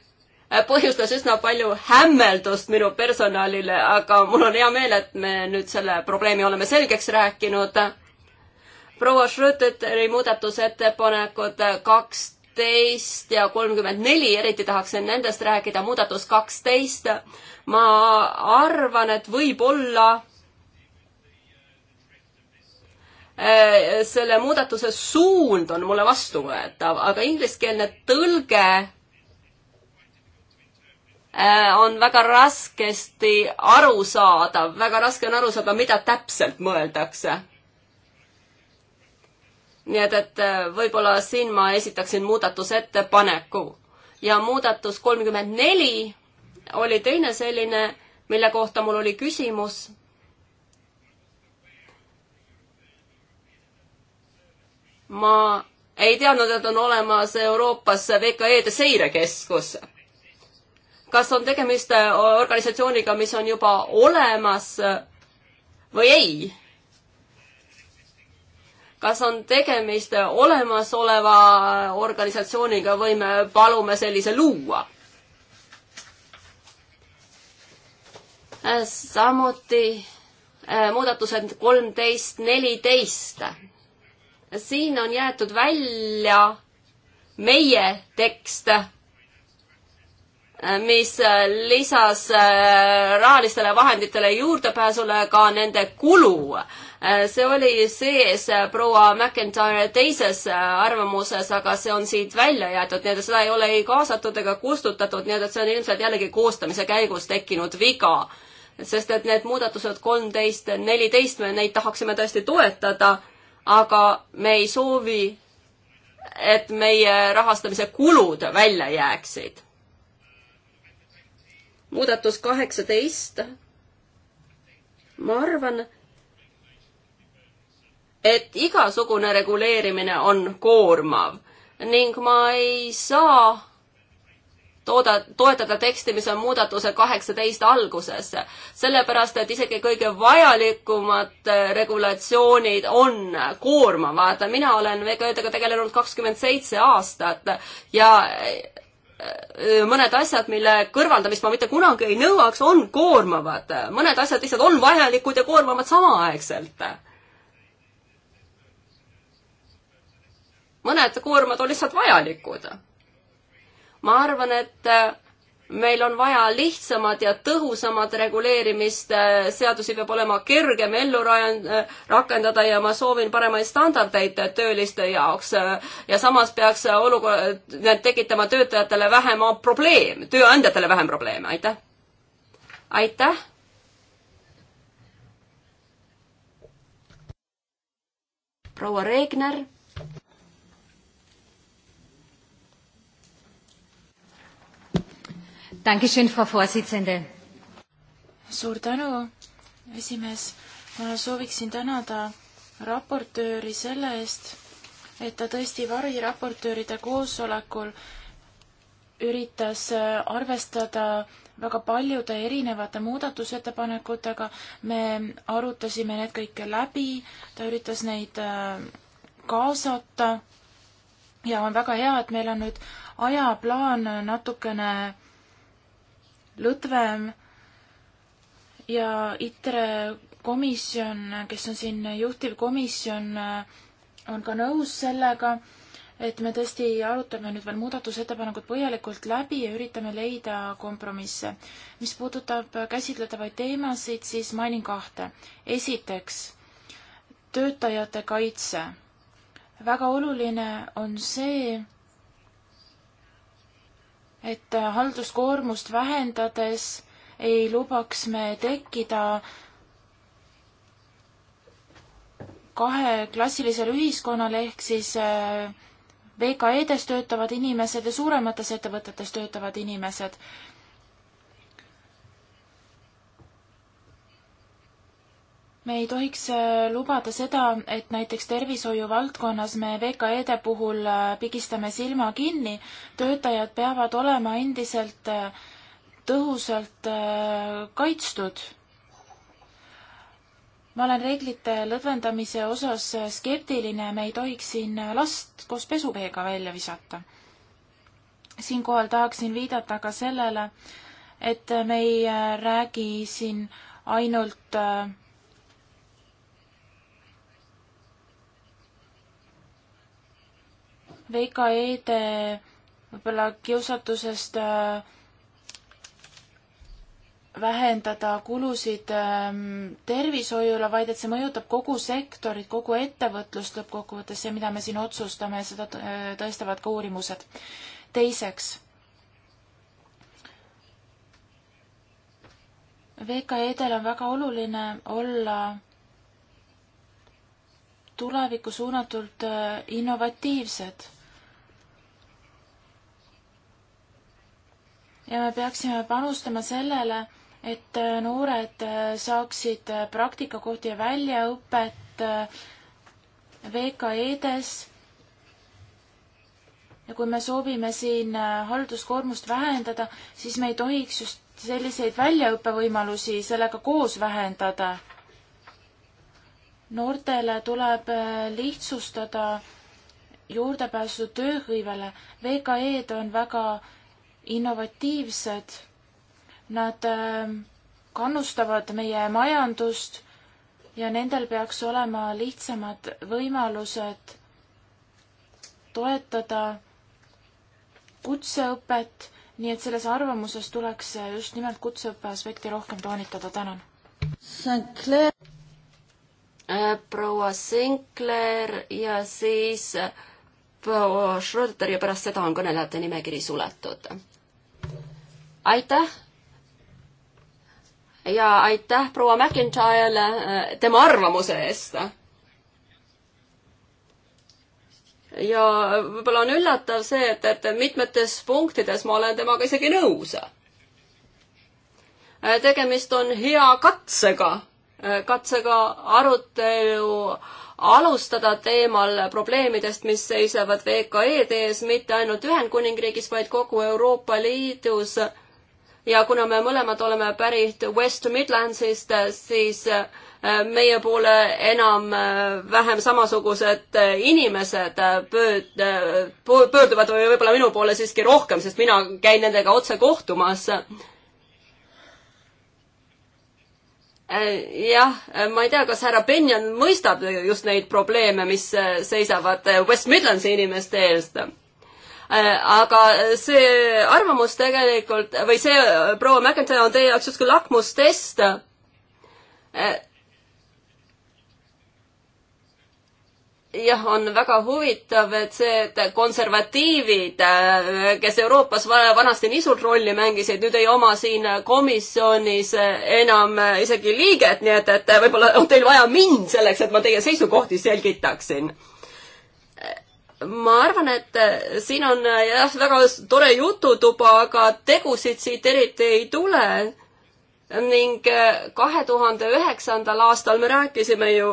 põhjustas üsna palju hämmeldust minu personalile, aga mul on hea meel, et me nüüd selle probleemi oleme selgeks rääkinud. proua Schröteri muudatusettepanekud kaksteist ja kolmkümmend neli, eriti tahaksin nendest rääkida, muudatus kaksteist. ma arvan, et võib-olla Äh, selle muudatuse suund on mulle vastuvõetav, aga ingliskeelne tõlge äh, on väga raskesti arusaadav, väga raske on aru saada, mida täpselt mõeldakse. nii et, et äh, võib-olla siin ma esitaksin muudatusettepaneku ja muudatus kolmkümmend neli oli teine selline, mille kohta mul oli küsimus ma ei teadnud, et on olemas Euroopas VKE-de seirekeskus. kas on tegemist organisatsiooniga, mis on juba olemas või ei? kas on tegemist olemasoleva organisatsiooniga või me palume sellise luua? samuti eh, muudatused kolmteist, neliteist siin on jäetud välja meie tekst, mis lisas äh, rahalistele vahenditele juurdepääsule ka nende kulu. Äh, see oli sees proua McIntyre teises äh, arvamuses, aga see on siit välja jäetud, nii et seda ei ole ei kaasatud ega kustutatud, nii et see on ilmselt jällegi koostamise käigus tekkinud viga. sest et need muudatused kolmteist, neliteist, me neid tahaksime tõesti toetada aga me ei soovi, et meie rahastamise kulud välja jääksid. muudatus kaheksateist. ma arvan, et igasugune reguleerimine on koormav ning ma ei saa tooda, toetada teksti, mis on muudatuse kaheksateist alguses. sellepärast, et isegi kõige vajalikumad äh, regulatsioonid on koormavad. mina olen VKÜ-dega tegelenud kakskümmend seitse aastat ja äh, äh, mõned asjad, mille kõrvaldamist ma mitte kunagi ei nõuaks, on koormavad. mõned asjad lihtsalt on vajalikud ja koormavad samaaegselt. mõned koormad on lihtsalt vajalikud ma arvan, et äh, meil on vaja lihtsamat ja tõhusamat reguleerimist, äh, seadusi peab olema kergem ellu äh, rakendada ja ma soovin paremaid standardeid tööliste jaoks. ja samas peaks olukord, need tekitama töötajatele vähem probleeme, tööandjatele vähem probleeme, aitäh. aitäh proua Regner Dankeschön, Frau Vorsitzende. suur tänu, esimees. ma sooviksin tänada raportööri selle eest, et ta tõesti variraportööride koosolekul üritas arvestada väga paljude erinevate muudatusettepanekutega. me arutasime need kõik läbi, ta üritas neid äh, kaasata ja on väga hea, et meil on nüüd ajaplaan natukene lõdvem ja ITRE komisjon, kes on siin juhtivkomisjon, on ka nõus sellega, et me tõesti arutame nüüd veel muudatusettepanekud põhjalikult läbi ja üritame leida kompromisse. mis puudutab käsitletavaid teemasid, siis mainin kahte. esiteks, töötajate kaitse. väga oluline on see, et äh, halduskoormust vähendades ei lubaks me tekkida kaheklassilisel ühiskonnal ehk siis äh, VKE-des töötavad inimesed ja suuremates ettevõtetes töötavad inimesed. me ei tohiks äh, lubada seda, et näiteks tervishoiu valdkonnas me VKE-de puhul äh, pigistame silma kinni, töötajad peavad olema endiselt äh, tõhusalt kaitstud. ma olen reeglite lõdvendamise osas skeptiline, me ei tohiks siin last koos pesuveega välja visata. siinkohal tahaksin viidata ka sellele, et me ei räägi siin ainult äh, VKE-de võib-olla kiusatusest äh, vähendada kulusid ähm, tervishoiule, vaid et see mõjutab kogu sektorit, kogu ettevõtlust lõppkokkuvõttes, see, mida me siin otsustame, seda äh, tõestavad ka uurimused. teiseks, VKE-del on väga oluline olla tulevikku suunatult äh, innovatiivsed ja me peaksime panustama sellele, et noored saaksid praktikakohti ja väljaõpet äh, VKE-des ja kui me soovime siin äh, halduskoormust vähendada, siis me ei tohiks just selliseid väljaõppevõimalusi sellega koos vähendada. noortele tuleb äh, lihtsustada juurdepääsu tööhõivele. VKE-d on väga innovatiivsed, nad ähm, kannustavad meie majandust ja nendel peaks olema lihtsamad võimalused toetada kutseõpet, nii et selles arvamuses tuleks just nimelt kutseõppe aspekti rohkem toonitada, tänan. Äh, proua Sinkler ja siis äh, proua Schröder ja pärast seda on kõnelejate nimekiri suletud aitäh ja aitäh proua McIntyre'le äh, tema arvamuse eest. ja võib-olla on üllatav see, et, et mitmetes punktides ma olen temaga isegi nõus. Äh, tegemist on hea katsega, äh, katsega arutelu alustada teemal probleemidest, mis seisavad VKE-d ees mitte ainult Ühendkuningriigis, vaid kogu Euroopa Liidus ja kuna me mõlemad oleme pärit West Midlandsist, siis äh, meie poole enam-vähem äh, samasugused äh, inimesed pöörd-, pöörduvad või võib-olla minu poole siiski rohkem, sest mina käin nendega otse kohtumas. jah, ma ei tea, kas härra Benjan mõistab just neid probleeme, mis seisavad West Midlandsi inimeste eest Äh, aga see arvamus tegelikult või see äh, proua McIntyre on teie jaoks justkui lakmustest. Äh, jah, on väga huvitav, et see, et konservatiivid, kes Euroopas vanasti nii suurt rolli mängisid, nüüd ei oma siin komisjonis enam isegi liiget, nii et, et võib-olla on teil vaja mind selleks, et ma teie seisukohti selgitaksin ma arvan, et eh, siin on eh, jah, väga tore jututuba, aga tegusid siit eriti ei tule. ning eh, kahe tuhande üheksandal aastal me rääkisime ju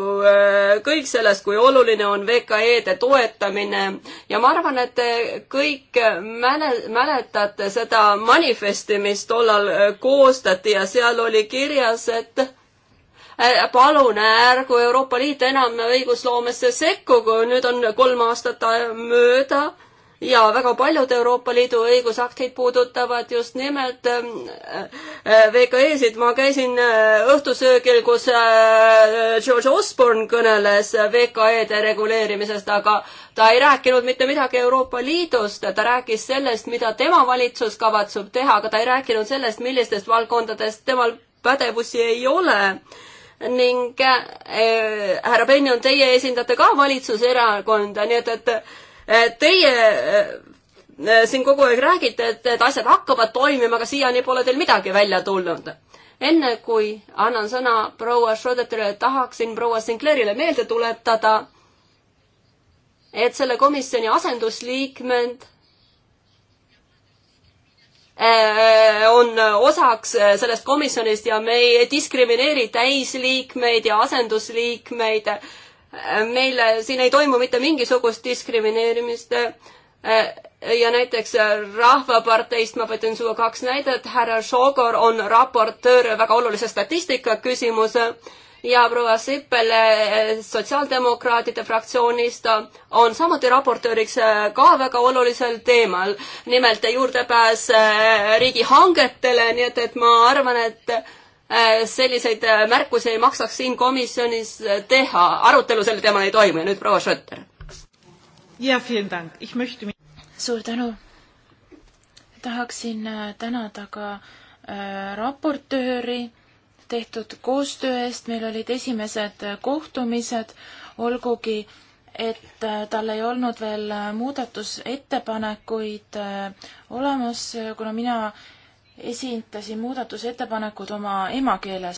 kõik sellest, kui oluline on VKE-de toetamine ja ma arvan, et te kõik mäle-, mäletate seda manifesti, mis tollal koostati ja seal oli kirjas, et palun ärgu Euroopa Liit enam õigusloomesse sekkugu, nüüd on kolm aastat mööda ja väga paljud Euroopa Liidu õigusaktid puudutavad just nimelt ähm, äh, VKE-sid. ma käisin äh, õhtusöögil, kus äh, George Osborne kõneles VKE-de reguleerimisest, aga ta ei rääkinud mitte midagi Euroopa Liidust, ta rääkis sellest, mida tema valitsus kavatseb teha, aga ta ei rääkinud sellest, millistest valdkondadest temal pädevusi ei ole ning äh, härra Benjon, teie esindate ka valitsuserakonda, nii et, et äh, teie äh, siin kogu aeg räägite, et, et asjad hakkavad toimima, aga siiani pole teil midagi välja tulnud. enne kui annan sõna proua Schroederile, tahaksin proua Sinclairile meelde tuletada, et selle komisjoni asendusliikmed Äh, on osaks äh, sellest komisjonist ja me ei diskrimineeri täisliikmeid ja asendusliikmeid. Äh, meil siin ei toimu mitte mingisugust diskrimineerimist. ja näiteks Rahvaparteist ma võtan sulle kaks näidet. härra Šogor on raportöör väga olulise statistika küsimuse ja proua Sippel eh, Sotsiaaldemokraatide fraktsioonist on samuti raportööriks eh, ka väga olulisel teemal, nimelt juurdepääs eh, riigihangetele, nii et, et ma arvan, et selliseid märkusi ei maksaks siin komisjonis teha. arutelu sel teemal ei toimu ja nüüd proua Schötter. suur tänu. tahaksin tänada ka raportööri tehtud koostöö eest, meil olid esimesed kohtumised, olgugi et äh, tal ei olnud veel äh, muudatusettepanekuid äh, olemas, kuna mina esindasin muudatusettepanekud oma emakeeles.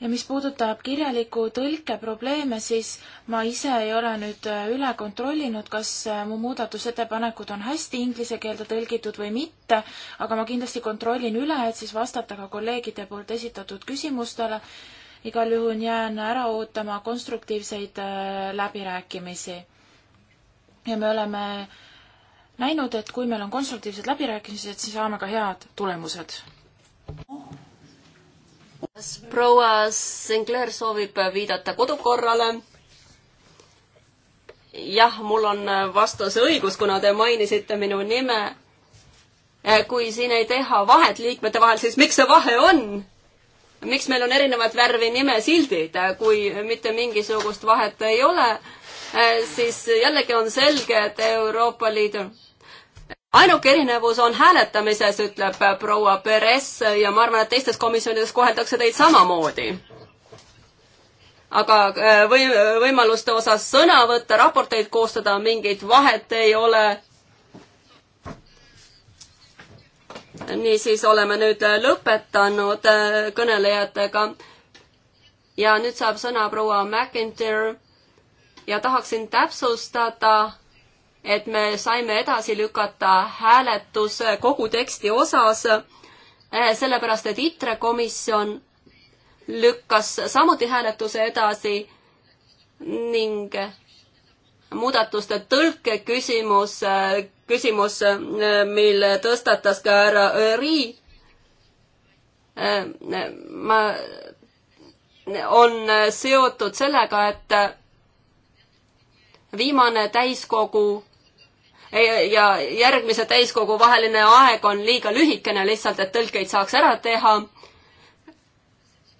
ja mis puudutab kirjaliku tõlke probleeme, siis ma ise ei ole nüüd äh, üle kontrollinud, kas äh, mu muudatusettepanekud on hästi inglise keelde tõlgitud või mitte, aga ma kindlasti kontrollin üle, et siis vastata ka kolleegide poolt esitatud küsimustele. igal juhul jään ära ootama konstruktiivseid äh, läbirääkimisi. ja me oleme näinud, et kui meil on konstruktiivsed läbirääkimised, siis saame ka head tulemused kas proua Sinclair soovib viidata kodukorrale? jah, mul on vastuse õigus, kuna te mainisite minu nime. Eh, kui siin ei teha vahet liikmete vahel, siis miks see vahe on? miks meil on erinevat värvi nimesildid, eh, kui mitte mingisugust vahet ei ole, eh, siis jällegi on selge, et Euroopa Liidu ainuke erinevus on hääletamises, ütleb proua Peres ja ma arvan, et teistes komisjonides koheldakse teid samamoodi. aga äh, või-, äh, võimaluste osas sõna võtta, raporteid koostada, mingit vahet ei ole. niisiis oleme nüüd lõpetanud äh, kõnelejatega ja nüüd saab sõna proua McIntyre ja tahaksin täpsustada et me saime edasi lükata hääletuse kogu teksti osas, eh, sellepärast et ITRE komisjon lükkas samuti hääletuse edasi ning muudatuste tõlke küsimus, eh, küsimus, eh, mille tõstatas ka härra Rii. ma, on seotud sellega, et viimane täiskogu ja järgmise täiskogu vaheline aeg on liiga lühikene lihtsalt, et tõlkeid saaks ära teha.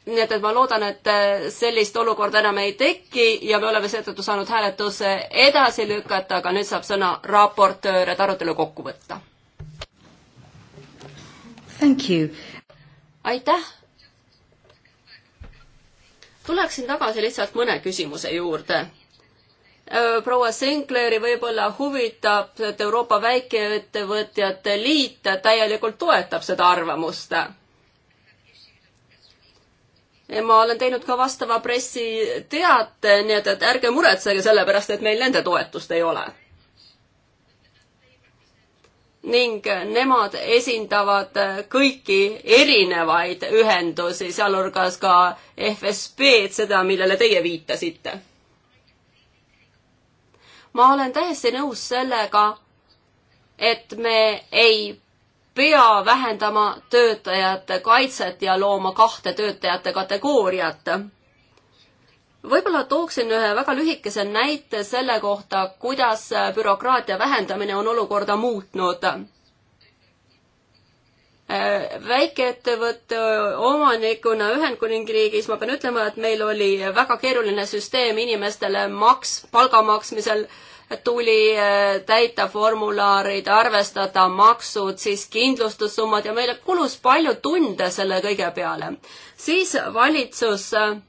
nii et, et ma loodan, et äh, sellist olukorda enam ei teki ja me oleme seetõttu saanud hääletuse edasi lükata, aga nüüd saab sõna raportöör, et arutelu kokku võtta. aitäh tuleksin tagasi lihtsalt mõne küsimuse juurde. Äh, proua Sinclairi võib-olla huvitab, et Euroopa Väikeettevõtjate Liit täielikult toetab seda arvamust. ma olen teinud ka vastava pressiteate, nii et, et ärge muretsege selle pärast, et meil nende toetust ei ole. ning nemad esindavad kõiki erinevaid ühendusi, sealhulgas ka FSB-d, seda, millele teie viitasite ma olen täiesti nõus sellega, et me ei pea vähendama töötajate kaitset ja looma kahte töötajate kategooriat. võib-olla tooksin ühe väga lühikese näite selle kohta, kuidas bürokraatia vähendamine on olukorda muutnud väikeettevõtte omanikuna Ühendkuningriigis ma pean ütlema, et meil oli väga keeruline süsteem inimestele maks, palga maksmisel tuli eh, täita formulaarid, arvestada maksud, siis kindlustussummad ja meile kulus palju tunde selle kõige peale. siis valitsus eh,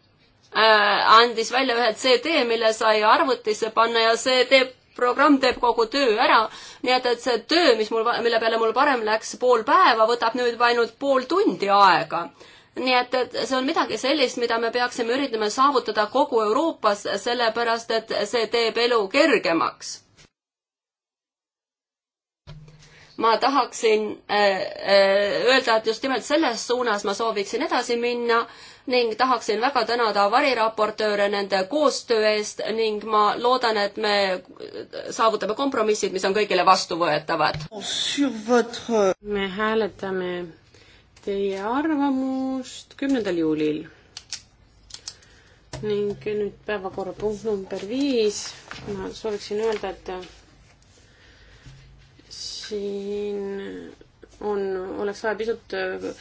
andis välja ühe CD, mille sai arvutisse panna ja see teeb programm teeb kogu töö ära, nii et, et see töö, mis mul, mille peale mul varem läks pool päeva, võtab nüüd ainult pool tundi aega nii et, et see on midagi sellist, mida me peaksime üritama saavutada kogu Euroopas, sellepärast et see teeb elu kergemaks ma tahaksin äh, äh, öelda, et just nimelt selles suunas ma sooviksin edasi minna ning tahaksin väga tänada variraportööre nende koostöö eest ning ma loodan, et me saavutame kompromissid, mis on kõigile vastuvõetavad. me hääletame teie arvamust kümnendal juulil ning nüüd päevakorrapunkt number viis. ma sooviksin öelda, et siin on, oleks vaja pisut äh,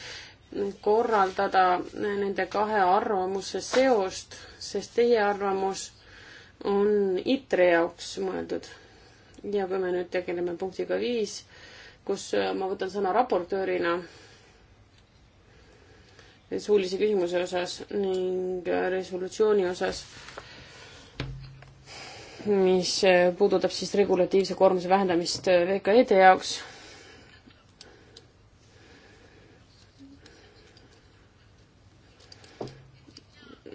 korraldada nende kahe arvamuse seost, sest teie arvamus on ITRE jaoks mõeldud. ja kui me nüüd tegeleme punktiga viis, kus äh, ma võtan sõna raportöörina suulise küsimuse osas ning äh, resolutsiooni osas, mis äh, puudutab siis regulatiivse koormuse vähendamist äh, VKE-de jaoks.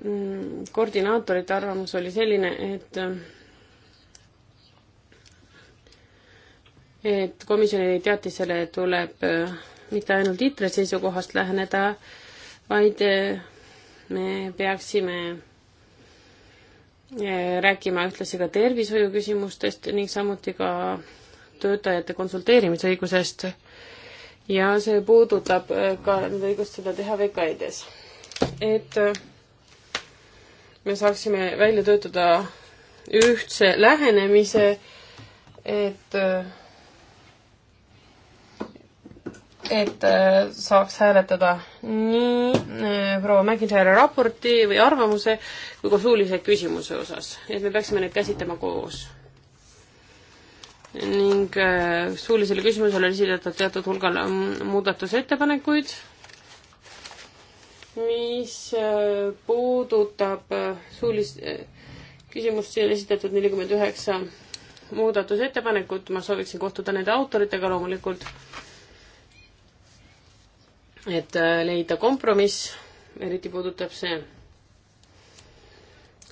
Mm, koordinaatorite arvamus oli selline, et äh, et komisjoni teatisele tuleb mitte ainult ITRE seisukohast läheneda, vaid me peaksime Eh, rääkima ühtlasi ka tervishoiuküsimustest ning samuti ka töötajate konsulteerimisõigusest ja see puudutab eh, ka nende õigust seda teha VKI-des. et eh, me saaksime välja töötada ühtse lähenemise, et äh, et äh, saaks hääletada nii äh, proua McIntyre raporti või arvamuse kui ka suulise küsimuse osas, et me peaksime neid käsitlema koos. ning äh, suulisele küsimusele on esitatud teatud hulgal ähm, muudatusettepanekuid, mis puudutab suulist küsimust, siin on esitatud nelikümmend üheksa muudatusettepanekut, ma sooviksin kohtuda nende autoritega loomulikult et äh, leida kompromiss, eriti puudutab see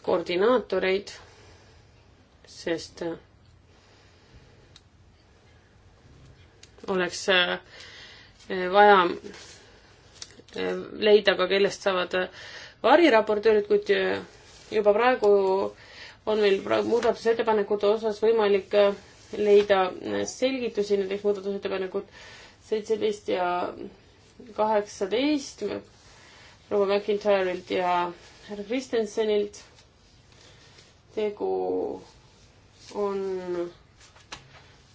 koordinaatoreid, sest äh, oleks äh, vaja leida ka, kellest saavad variraportöörid, kuid juba praegu on meil muudatusettepanekute osas võimalik leida selgitusi, näiteks muudatusettepanekud seitseteist ja kaheksateist proua McIntyre'ilt ja härra Kristensenilt. tegu on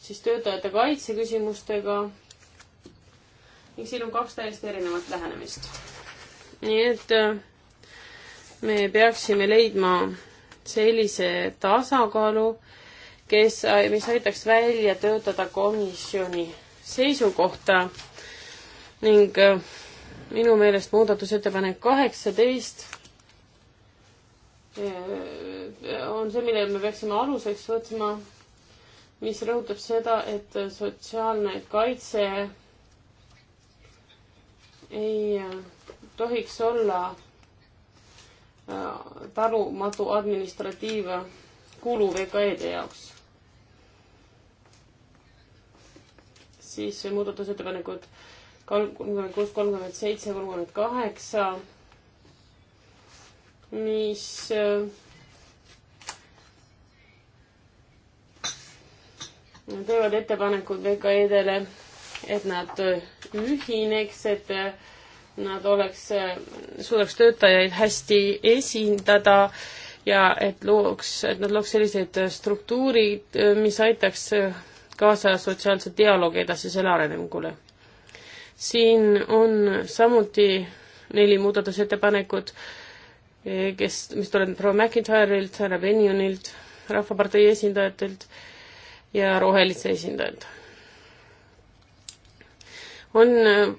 siis töötajate kaitse küsimustega ning siin on kaks täiesti erinevat lähenemist. nii et äh, me peaksime leidma sellise tasakaalu, kes, äh, mis aitaks välja töötada komisjoni seisukohta ning äh, minu meelest muudatusettepanek kaheksateist äh, on see, millele me peaksime aluseks võtma, mis rõhutab seda, et sotsiaalne kaitse ei äh, tohiks olla talumatu administratiivkulu VKE-de jaoks. siis muudatusettepanekud kolmkümmend kuus, kolmkümmend seitse, kolmkümmend kaheksa, mis äh, teevad ettepanekud VKE-dele, et nad äh, ühineks, et äh, nad oleks, suudaks töötajaid hästi esindada ja et looks, et nad looks sellised struktuurid, mis aitaks kaasa sotsiaalse dialoogi edasisele arengule siin on samuti neli muudatusettepanekut, eh, kes, mis tulevad proua McIntyre'ilt, härra Benjonilt, Rahvapartei esindajatelt ja Roheliste esindajalt. on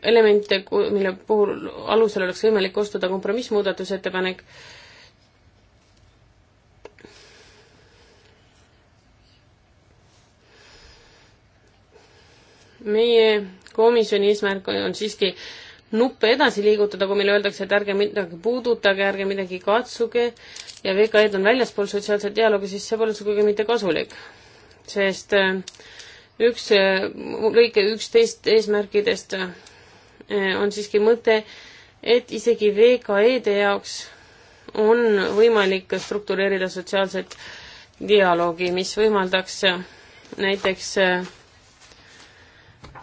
elemente, mille puhul alusel oleks võimalik koostada kompromissmuudatusettepanek, meie komisjoni eesmärk on siiski nuppe edasi liigutada, kui meile öeldakse, et ärge midagi puudutage, ärge midagi katsuge ja VKE-d on väljaspool sotsiaalset dialoogi, siis see pole sugugi mitte kasulik. sest äh, üks äh, lõike üksteist eesmärkidest äh, on siiski mõte, et isegi VKE-de jaoks on võimalik struktureerida sotsiaalset dialoogi, mis võimaldaks näiteks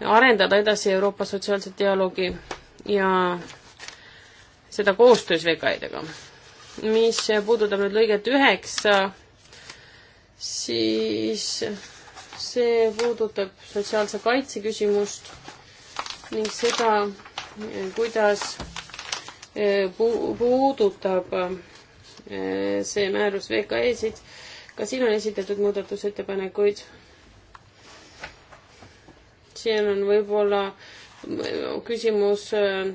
arendada edasi Euroopa sotsiaalset dialoogi ja seda koostöös VKI-dega. mis puudutab nüüd lõiget üheksa, siis see puudutab sotsiaalse kaitse küsimust ning seda, kuidas eh, puudutab eh, see määrus VKE-sid. ka siin on esitatud muudatusettepanekuid siin on võib-olla küsimus äh,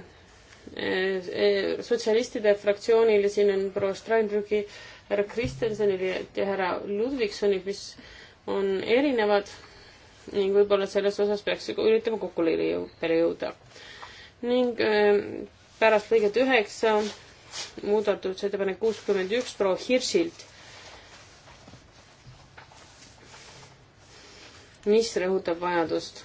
äh, sotsialistide fraktsioonil ja siin on proua Steinbrücki, härra Kristensonil ja härra Ludvigsonil, mis on erinevad ning võib-olla selles osas peaks üritama kokkuleppele jõuda. ning äh, pärast lõiget üheksa muudatusettepanek kuuskümmend üks proua Hirsilt, mis rõhutab vajadust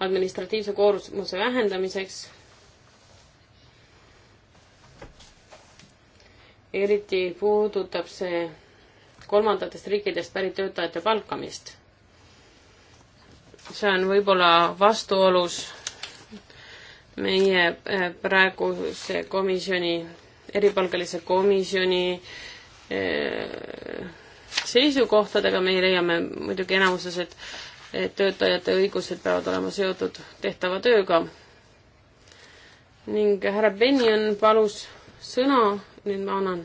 administratiivse koormuse vähendamiseks. eriti puudutab see kolmandatest riikidest pärit töötajate palkamist. see on võib-olla vastuolus meie eh, praeguse komisjoni, eripalgelise komisjoni eh, seisukohtadega, meie leiame muidugi enamuses, et et töötajate õigused peavad olema seotud tehtava tööga. ning härra Benjon palus sõna, nüüd ma annan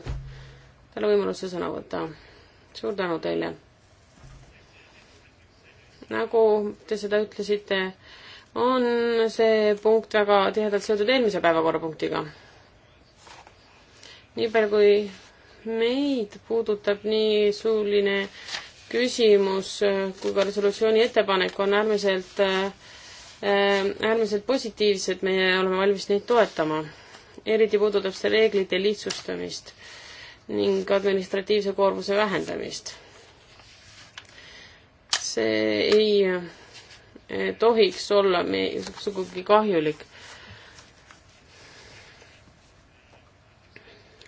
talle võimaluse sõna võtta. suur tänu teile. nagu te seda ütlesite, on see punkt väga tihedalt seotud eelmise päevakorrapunktiga. nii palju, kui meid puudutab nii suuline küsimus kui ka resolutsiooni ettepanek on äärmiselt, äh, äärmiselt positiivsed, meie oleme valmis neid toetama. eriti puudutab see reeglite lihtsustamist ning administratiivse koormuse vähendamist. see ei äh, tohiks olla meie sugugi kahjulik.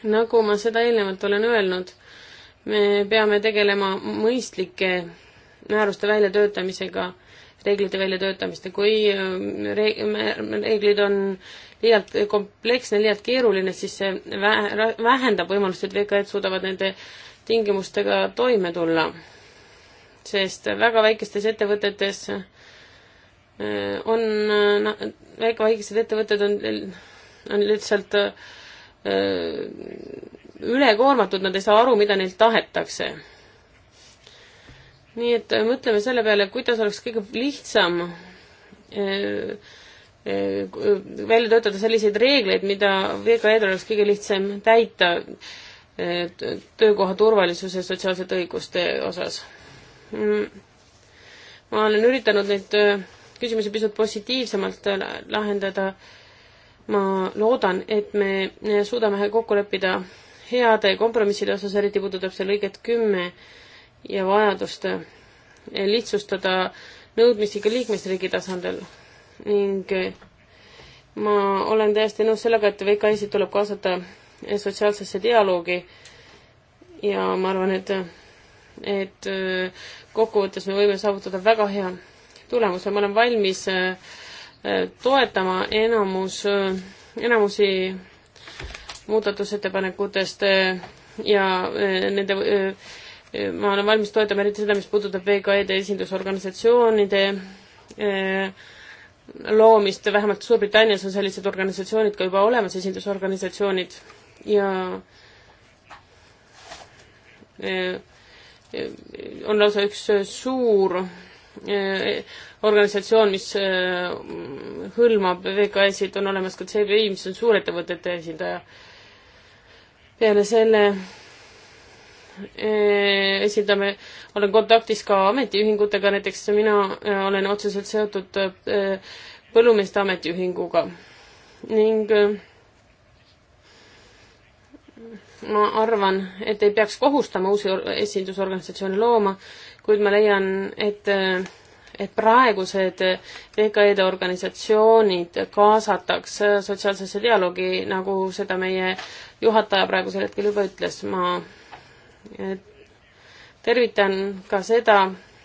nagu ma seda eelnevalt olen öelnud me peame tegelema mõistlike määruste väljatöötamisega, reeglite väljatöötamiste, kui äh, reeglid on liialt kompleksne, liialt keeruline, siis see vähendab võimalust, et VKE-d suudavad nende tingimustega toime tulla. sest väga väikestes ettevõtetes äh, on, äh, väga väikesed ettevõtted on, on lihtsalt ülekoormatud, nad ei saa aru, mida neilt tahetakse. nii et äh, mõtleme selle peale, kuidas oleks kõige lihtsam äh, äh, välja töötada selliseid reegleid, mida VKE-del oleks kõige lihtsam täita äh, töökoha turvalisuse ja sotsiaalsete õiguste osas mm. ma olen üritanud neid äh, küsimusi pisut positiivsemalt äh, lahendada ma loodan, et me suudame kokku leppida heade kompromisside osas, eriti puudutab see lõiget kümme ja vajadust lihtsustada nõudmisi ka liikmesriigi tasandil ning ma olen täiesti nõus sellega, et VKS-id tuleb kaasata sotsiaalsesse dialoogi ja ma arvan, et, et kokkuvõttes me võime saavutada väga hea tulemuse, ma olen valmis äh, toetama enamus, äh, enamusi muudatusettepanekutest eh, ja eh, nende eh, ma olen valmis toetama eriti seda, mis puudutab VKE-de esindusorganisatsioonide loomist, vähemalt Suurbritannias on sellised organisatsioonid ka juba olemas, esindusorganisatsioonid, ja on lausa üks suur organisatsioon, mis hõlmab VKS-id, on olemas ka CBI, mis on suurettevõtete esindaja peale selle e, esindame, olen kontaktis ka ametiühingutega, näiteks mina e, olen otseselt seotud e, põllumeeste ametiühinguga ning ma arvan, et ei peaks kohustama uusi esindusorganisatsioone looma, kuid ma leian, et et praegused VKE-de organisatsioonid kaasataks sotsiaalsesse dialoogi, nagu seda meie juhataja praegusel hetkel juba ütles, ma tervitan ka seda,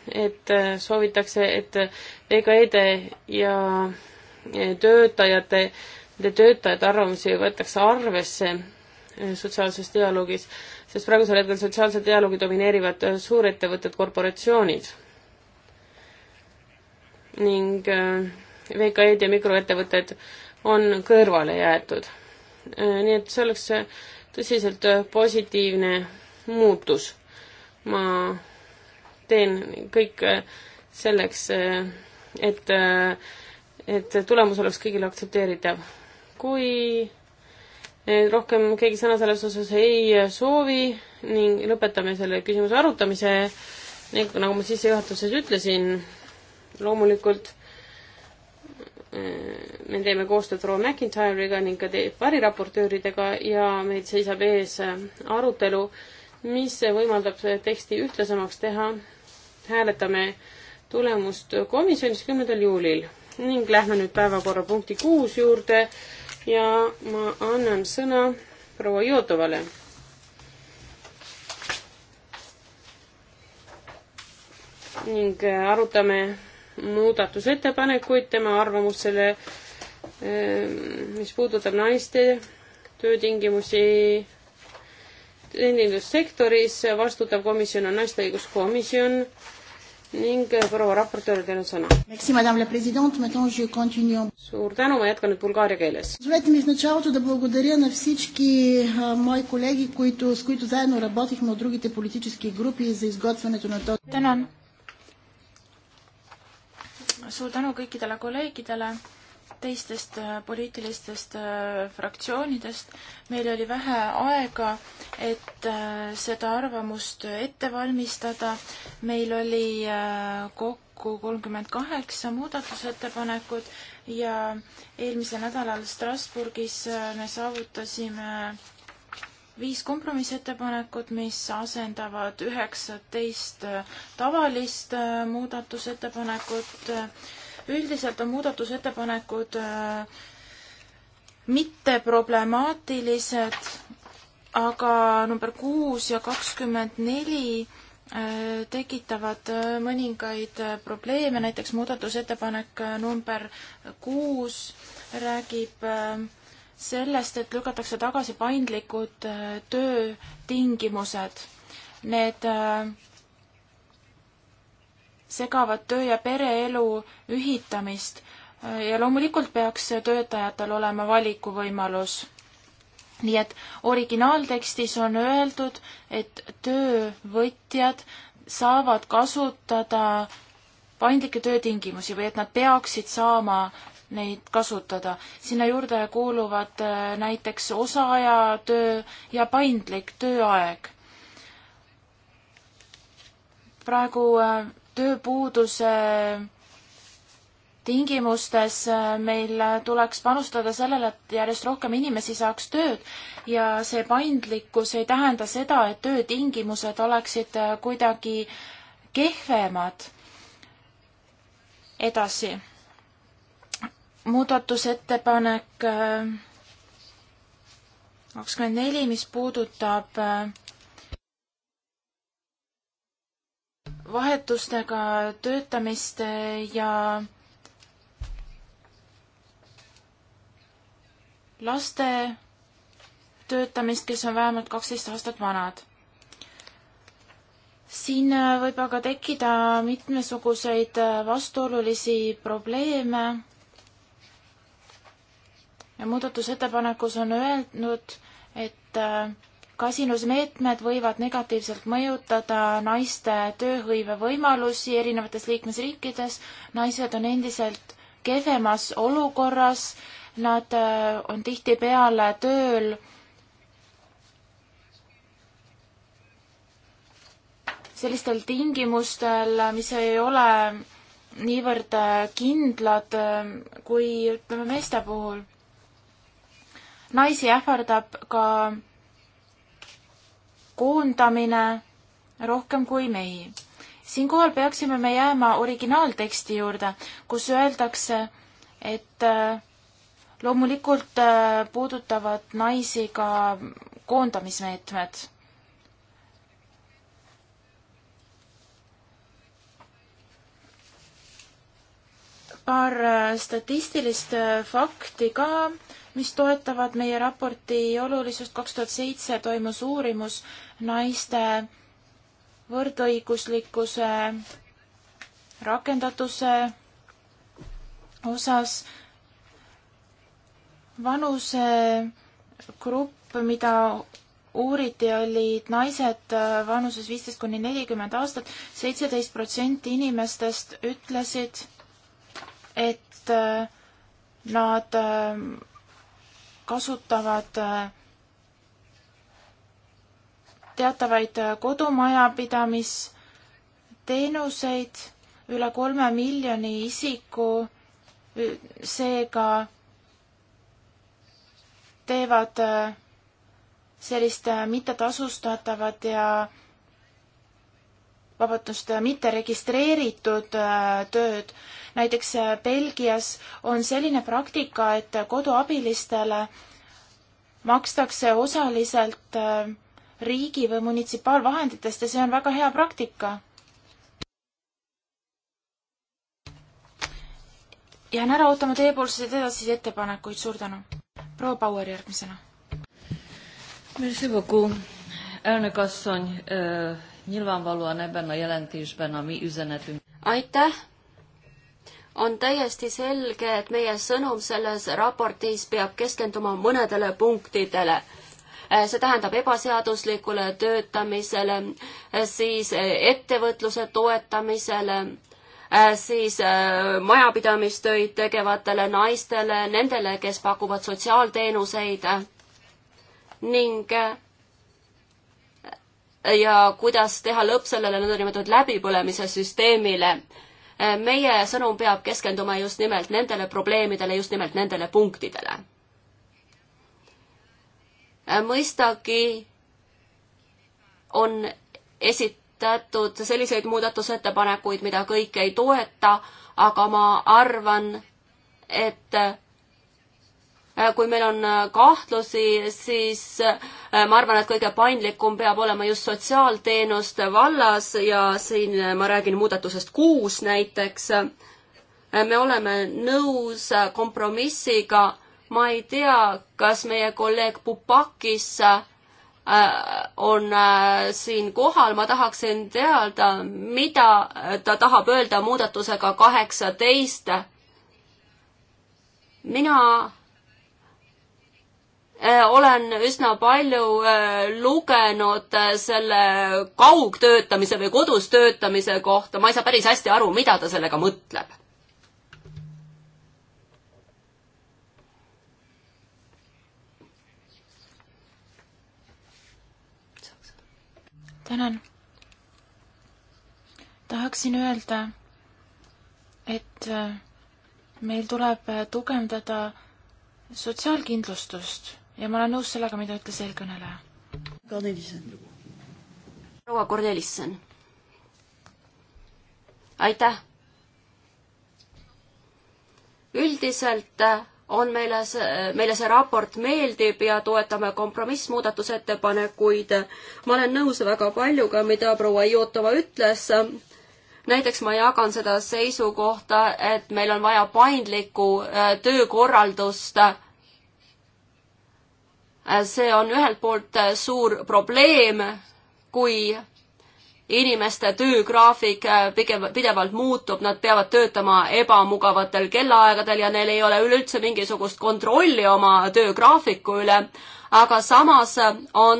et soovitakse, et VKE-de ja töötajate, nende töötajate arvamusi võetakse arvesse sotsiaalses dialoogis, sest praegusel hetkel sotsiaalse dialoogi domineerivad suurettevõtted, korporatsioonid ning äh, VKE-d ja mikroettevõtted on kõrvale jäetud. Äh, nii et see oleks tõsiselt äh, positiivne muutus. ma teen kõik selleks, et, et tulemus oleks kõigile aktsepteeritav. kui rohkem keegi sõna selles osas ei soovi ning lõpetame selle küsimuse arutamise, nagu ma sissejuhatuses ütlesin, loomulikult äh, me teeme koostööd Roe McIntyre'iga ning ka variraportööridega ja meil seisab ees äh, arutelu, mis võimaldab teksti ühtlasemaks teha. hääletame tulemust komisjonis kümnendal juulil ning lähme nüüd päevakorrapunkti kuus juurde ja ma annan sõna proua Jotovale. ning äh, arutame muudatusettepanekuid, tema arvamus selle, ehm, mis puudutab naiste töötingimusi teenindussektoris, vastutav komisjon on naiste õiguskomisjon ning proua raportöör, teil on sõna. suur tänu, ma jätkan nüüd bulgaaria keeles. tänan suur tänu kõikidele kolleegidele teistest äh, poliitilistest äh, fraktsioonidest. meil oli vähe aega, et äh, seda arvamust ette valmistada. meil oli kokku kolmkümmend kaheksa muudatusettepanekut ja eelmisel nädalal Strasbourgis me saavutasime viis kompromissettepanekut, mis asendavad üheksateist tavalist äh, muudatusettepanekut. üldiselt on muudatusettepanekud äh, mitte problemaatilised, aga number kuus ja kakskümmend neli äh, tekitavad mõningaid probleeme, näiteks muudatusettepanek number kuus räägib äh, sellest, et lükatakse tagasi paindlikud äh, töötingimused. Need äh, segavad töö ja pereelu ühitamist äh, ja loomulikult peaks töötajatel olema valikuvõimalus. nii et originaaltekstis on öeldud, et töövõtjad saavad kasutada paindlikke töötingimusi või et nad peaksid saama neid kasutada. sinna juurde kuuluvad äh, näiteks osaajatöö ja paindlik tööaeg. praegu äh, tööpuuduse tingimustes äh, meil tuleks panustada sellele, et järjest rohkem inimesi saaks tööd ja see paindlikkus ei tähenda seda, et töötingimused oleksid kuidagi kehvemad edasi muudatusettepanek äh, kakskümmend neli, mis puudutab äh, vahetustega töötamist ja laste töötamist, kes on vähemalt kaksteist aastat vanad. siin äh, võib aga tekkida mitmesuguseid vastuolulisi probleeme muudatusettepanekus on öelnud, et äh, kasinusmeetmed võivad negatiivselt mõjutada naiste tööhõive võimalusi erinevates liikmesriikides. naised on endiselt kehvemas olukorras, nad äh, on tihtipeale tööl sellistel tingimustel, mis ei ole niivõrd äh, kindlad kui ütleme meeste puhul naisi ähvardab ka koondamine rohkem kui mehi. siinkohal peaksime me jääma originaalteksti juurde, kus öeldakse, et äh, loomulikult äh, puudutavad naisi ka koondamismeetmed. paar äh, statistilist fakti ka mis toetavad meie raporti olulisust. kaks tuhat seitse toimus uurimus naiste võrdõiguslikkuse rakendatuse osas vanusegrupp, mida uuriti, olid naised vanuses viisteist kuni nelikümmend aastat, seitseteist protsenti inimestest ütlesid, et nad kasutavad äh, teatavaid äh, kodumajapidamisteenuseid, üle kolme miljoni isiku seega teevad äh, sellist mittetasustavat ja vabandust, mitteregistreeritud äh, tööd. näiteks äh, Belgias on selline praktika, et koduabilistele makstakse osaliselt äh, riigi või munitsipaalvahenditest ja see on väga hea praktika. jään ära ootama teiepoolseid edasisi ettepanekuid, suur tänu. proua Bauer järgmisena. Merci beaucoup, Erne Kasson äh, Nyilvánvalóan ebben a jelentésben a mi üzenetünk. Aitäh! On täiesti selge, et meie sõnum selles raportis peab keskenduma mõnedele punktidele eh, see tähendab ebaseaduslikule töötamisele, eh, siis eh, ettevõtluse toetamisele, siis majapidamistöid tegevatele naistele, nendele, kes pakuvad sotsiaalteenuseid ning ja kuidas teha lõpp sellele nõndanimetatud läbipõlemise süsteemile. meie sõnum peab keskenduma just nimelt nendele probleemidele, just nimelt nendele punktidele. mõistagi on esitatud selliseid muudatusettepanekuid, mida kõik ei toeta, aga ma arvan, et Äh, kui meil on äh, kahtlusi, siis äh, ma arvan, et kõige paindlikum peab olema just sotsiaalteenuste vallas ja siin ma räägin muudatusest kuus näiteks. me oleme nõus kompromissiga. ma ei tea, kas meie kolleeg Pupakis on siin kohal, ma tahaksin teada, mida ta tahab öelda muudatusega kaheksateist. mina Äh, olen üsna palju äh, lugenud äh, selle kaugtöötamise või kodus töötamise kohta, ma ei saa päris hästi aru, mida ta sellega mõtleb. tänan. tahaksin öelda, et meil tuleb tugevdada sotsiaalkindlustust ja ma olen nõus sellega, mida ütles eelkõneleja. proua Kornelisson. aitäh. üldiselt on meile see, meile see raport meeldib ja toetame kompromissmuudatusettepanekuid. ma olen nõus väga paljuga, mida proua Iotova ütles. näiteks ma jagan seda seisukohta, et meil on vaja paindlikku äh, töökorraldust Äh, see on ühelt poolt äh, suur probleem, kui inimeste töögraafik äh, pigem, pidevalt muutub, nad peavad töötama ebamugavatel kellaaegadel ja neil ei ole üleüldse mingisugust kontrolli oma töögraafiku üle. aga samas on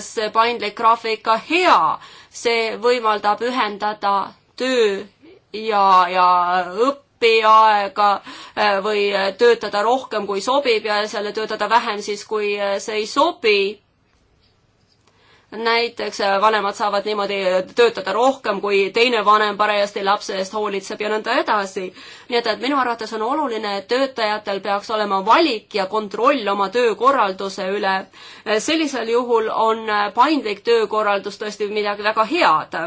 see paindlik graafik ka hea, see võimaldab ühendada töö ja, ja õppe õpiaega äh, või äh, töötada rohkem, kui sobib ja selle töötada vähem siis, kui äh, see ei sobi näiteks vanemad saavad niimoodi töötada rohkem, kui teine vanem parajasti lapse eest hoolitseb ja nõnda edasi. nii et, et minu arvates on oluline, et töötajatel peaks olema valik ja kontroll oma töökorralduse üle. sellisel juhul on paindlik töökorraldus tõesti midagi väga head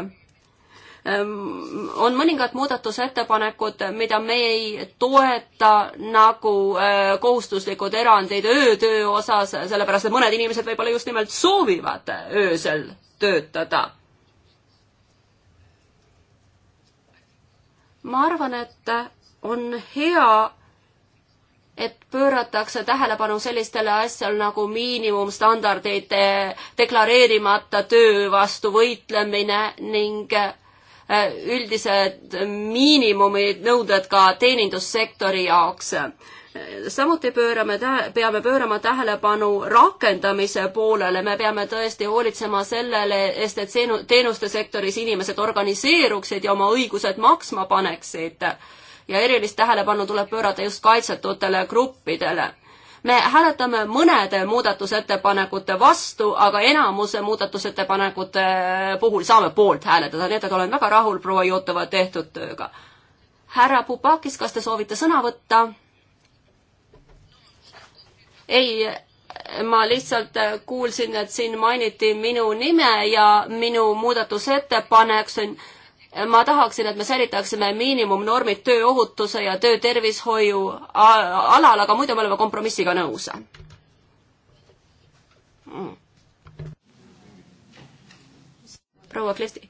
Ehm, on mõningad muudatusettepanekud, mida me ei toeta, nagu eh, kohustuslikud erandid öötöö osas, sellepärast et mõned inimesed võib-olla just nimelt soovivad öösel töötada. ma arvan, et on hea et pööratakse tähelepanu sellistele asjale nagu miinimumstandardid, eh, deklareerimata töö vastu võitlemine ning äh, üldised miinimumnõuded ka teenindussektori jaoks. samuti pöörame tähe, peame pöörama tähelepanu rakendamise poolele, me peame tõesti hoolitsema sellele eest, et teenuste sektoris inimesed organiseeruksid ja oma õigused maksma paneksid. ja erilist tähelepanu tuleb pöörata just kaitsetutele gruppidele me hääletame mõnede muudatusettepanekute vastu, aga enamuse muudatusettepanekute eh, puhul saame poolt hääletada, nii et olen väga rahul proua Jutova tehtud tööga. härra Pupakis, kas te soovite sõna võtta? ei, ma lihtsalt kuulsin, et siin mainiti minu nime ja minu muudatusettepanek, see on ma tahaksin, et me säilitaksime miinimumnormid tööohutuse ja töötervishoiu alal, aga muidu me oleme kompromissiga nõus mm.. proua Klesti.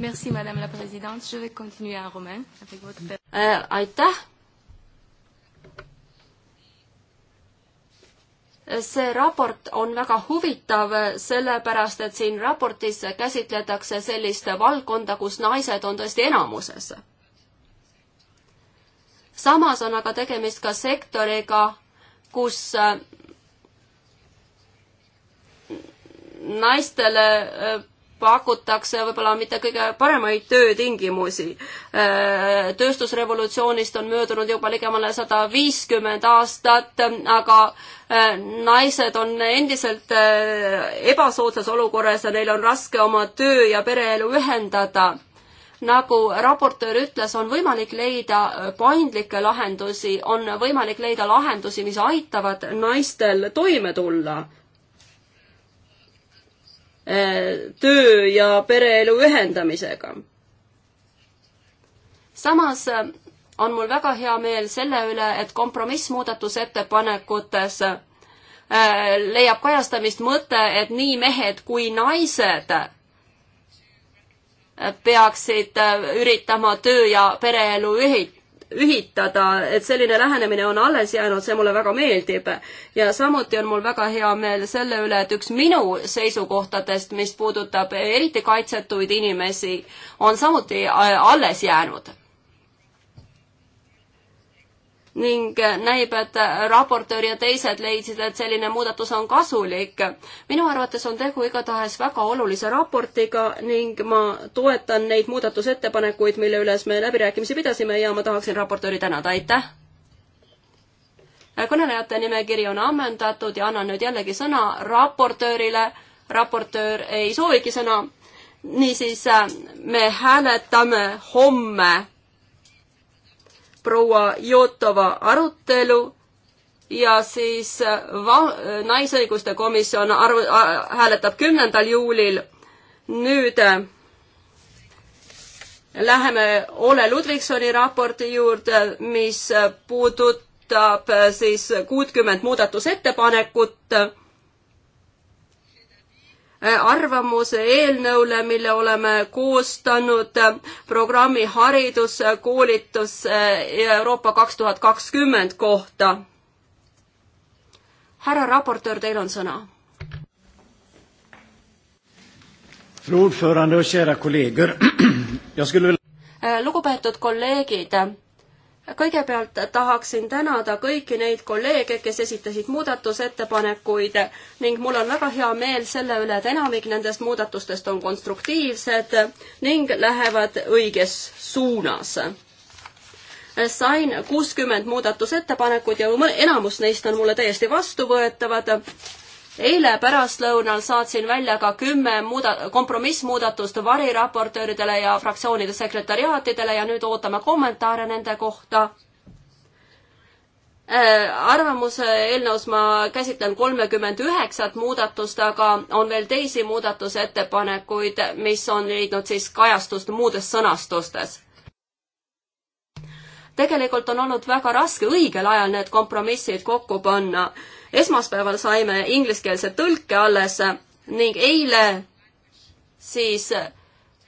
Merci, madame la president, je vais continuer en romain avec votre. Äh, aitäh see raport on väga huvitav, sellepärast et siin raportis käsitletakse sellist valdkonda, kus naised on tõesti enamuses. samas on aga tegemist ka sektoriga, kus äh, naistele äh, pakutakse võib-olla mitte kõige paremaid töötingimusi. Äh, tööstusrevolutsioonist on möödunud juba ligemale sada viiskümmend aastat, aga äh, naised on endiselt äh, ebasoodsas olukorras ja neil on raske oma töö ja pereelu ühendada nagu raportöör ütles, on võimalik leida paindlikke lahendusi, on võimalik leida lahendusi, mis aitavad naistel toime tulla töö ja pereelu ühendamisega. samas äh, on mul väga hea meel selle üle, et kompromissmuudatusettepanekutes äh, leiab kajastamist mõte, et nii mehed kui naised äh, peaksid üritama töö ja pereelu ühit-, ühitada, et selline lähenemine on alles jäänud, see mulle väga meeldib. ja samuti on mul väga hea meel selle üle, et üks minu seisukohtadest, mis puudutab eriti kaitsetuid inimesi, on samuti äh, alles jäänud ning näib, et raportöör ja teised leidsid, et selline muudatus on kasulik. minu arvates on tegu igatahes väga olulise raportiga ning ma toetan neid muudatusettepanekuid, mille üles me läbirääkimisi pidasime ja ma tahaksin raportööri tänada, aitäh! kõnelejate nimekiri on ammendatud ja annan nüüd jällegi sõna raportöörile. raportöör ei soovigi sõna. niisiis me hääletame homme proua Jotova arutelu ja siis äh, va-, äh, Naisõiguste komisjon arv-, hääletab kümnendal juulil. nüüd äh, läheme Ole Ludvigsoni raporti juurde, mis puudutab siis kuutkümmend muudatusettepanekut Äh, arvamuse eelnõule, mille oleme koostanud äh, programmi Haridus, äh, koolitus Euroopa kaks tuhat kakskümmend kohta. härra raportöör, teil on sõna. lugupeetud kolleegid kõigepealt tahaksin tänada kõiki neid kolleege, kes esitasid muudatusettepanekuid ning mul on väga hea meel selle üle, et enamik nendest muudatustest on konstruktiivsed ning lähevad õiges suunas. sain kuuskümmend muudatusettepanekut ja enamus neist on mulle täiesti vastuvõetavad eile pärastlõunal saatsin välja ka kümme muuda-, kompromissmuudatust variraportööridele ja fraktsioonide sekretariaatidele ja nüüd ootame kommentaare nende kohta äh, arvamuse eelnõus ma käsitlen kolmekümmend üheksat muudatust, aga on veel teisi muudatusettepanekuid, mis on leidnud siis kajastust muudes sõnastustes. tegelikult on olnud väga raske õigel ajal need kompromissid kokku panna esmaspäeval saime ingliskeelse tõlke alles ning eile siis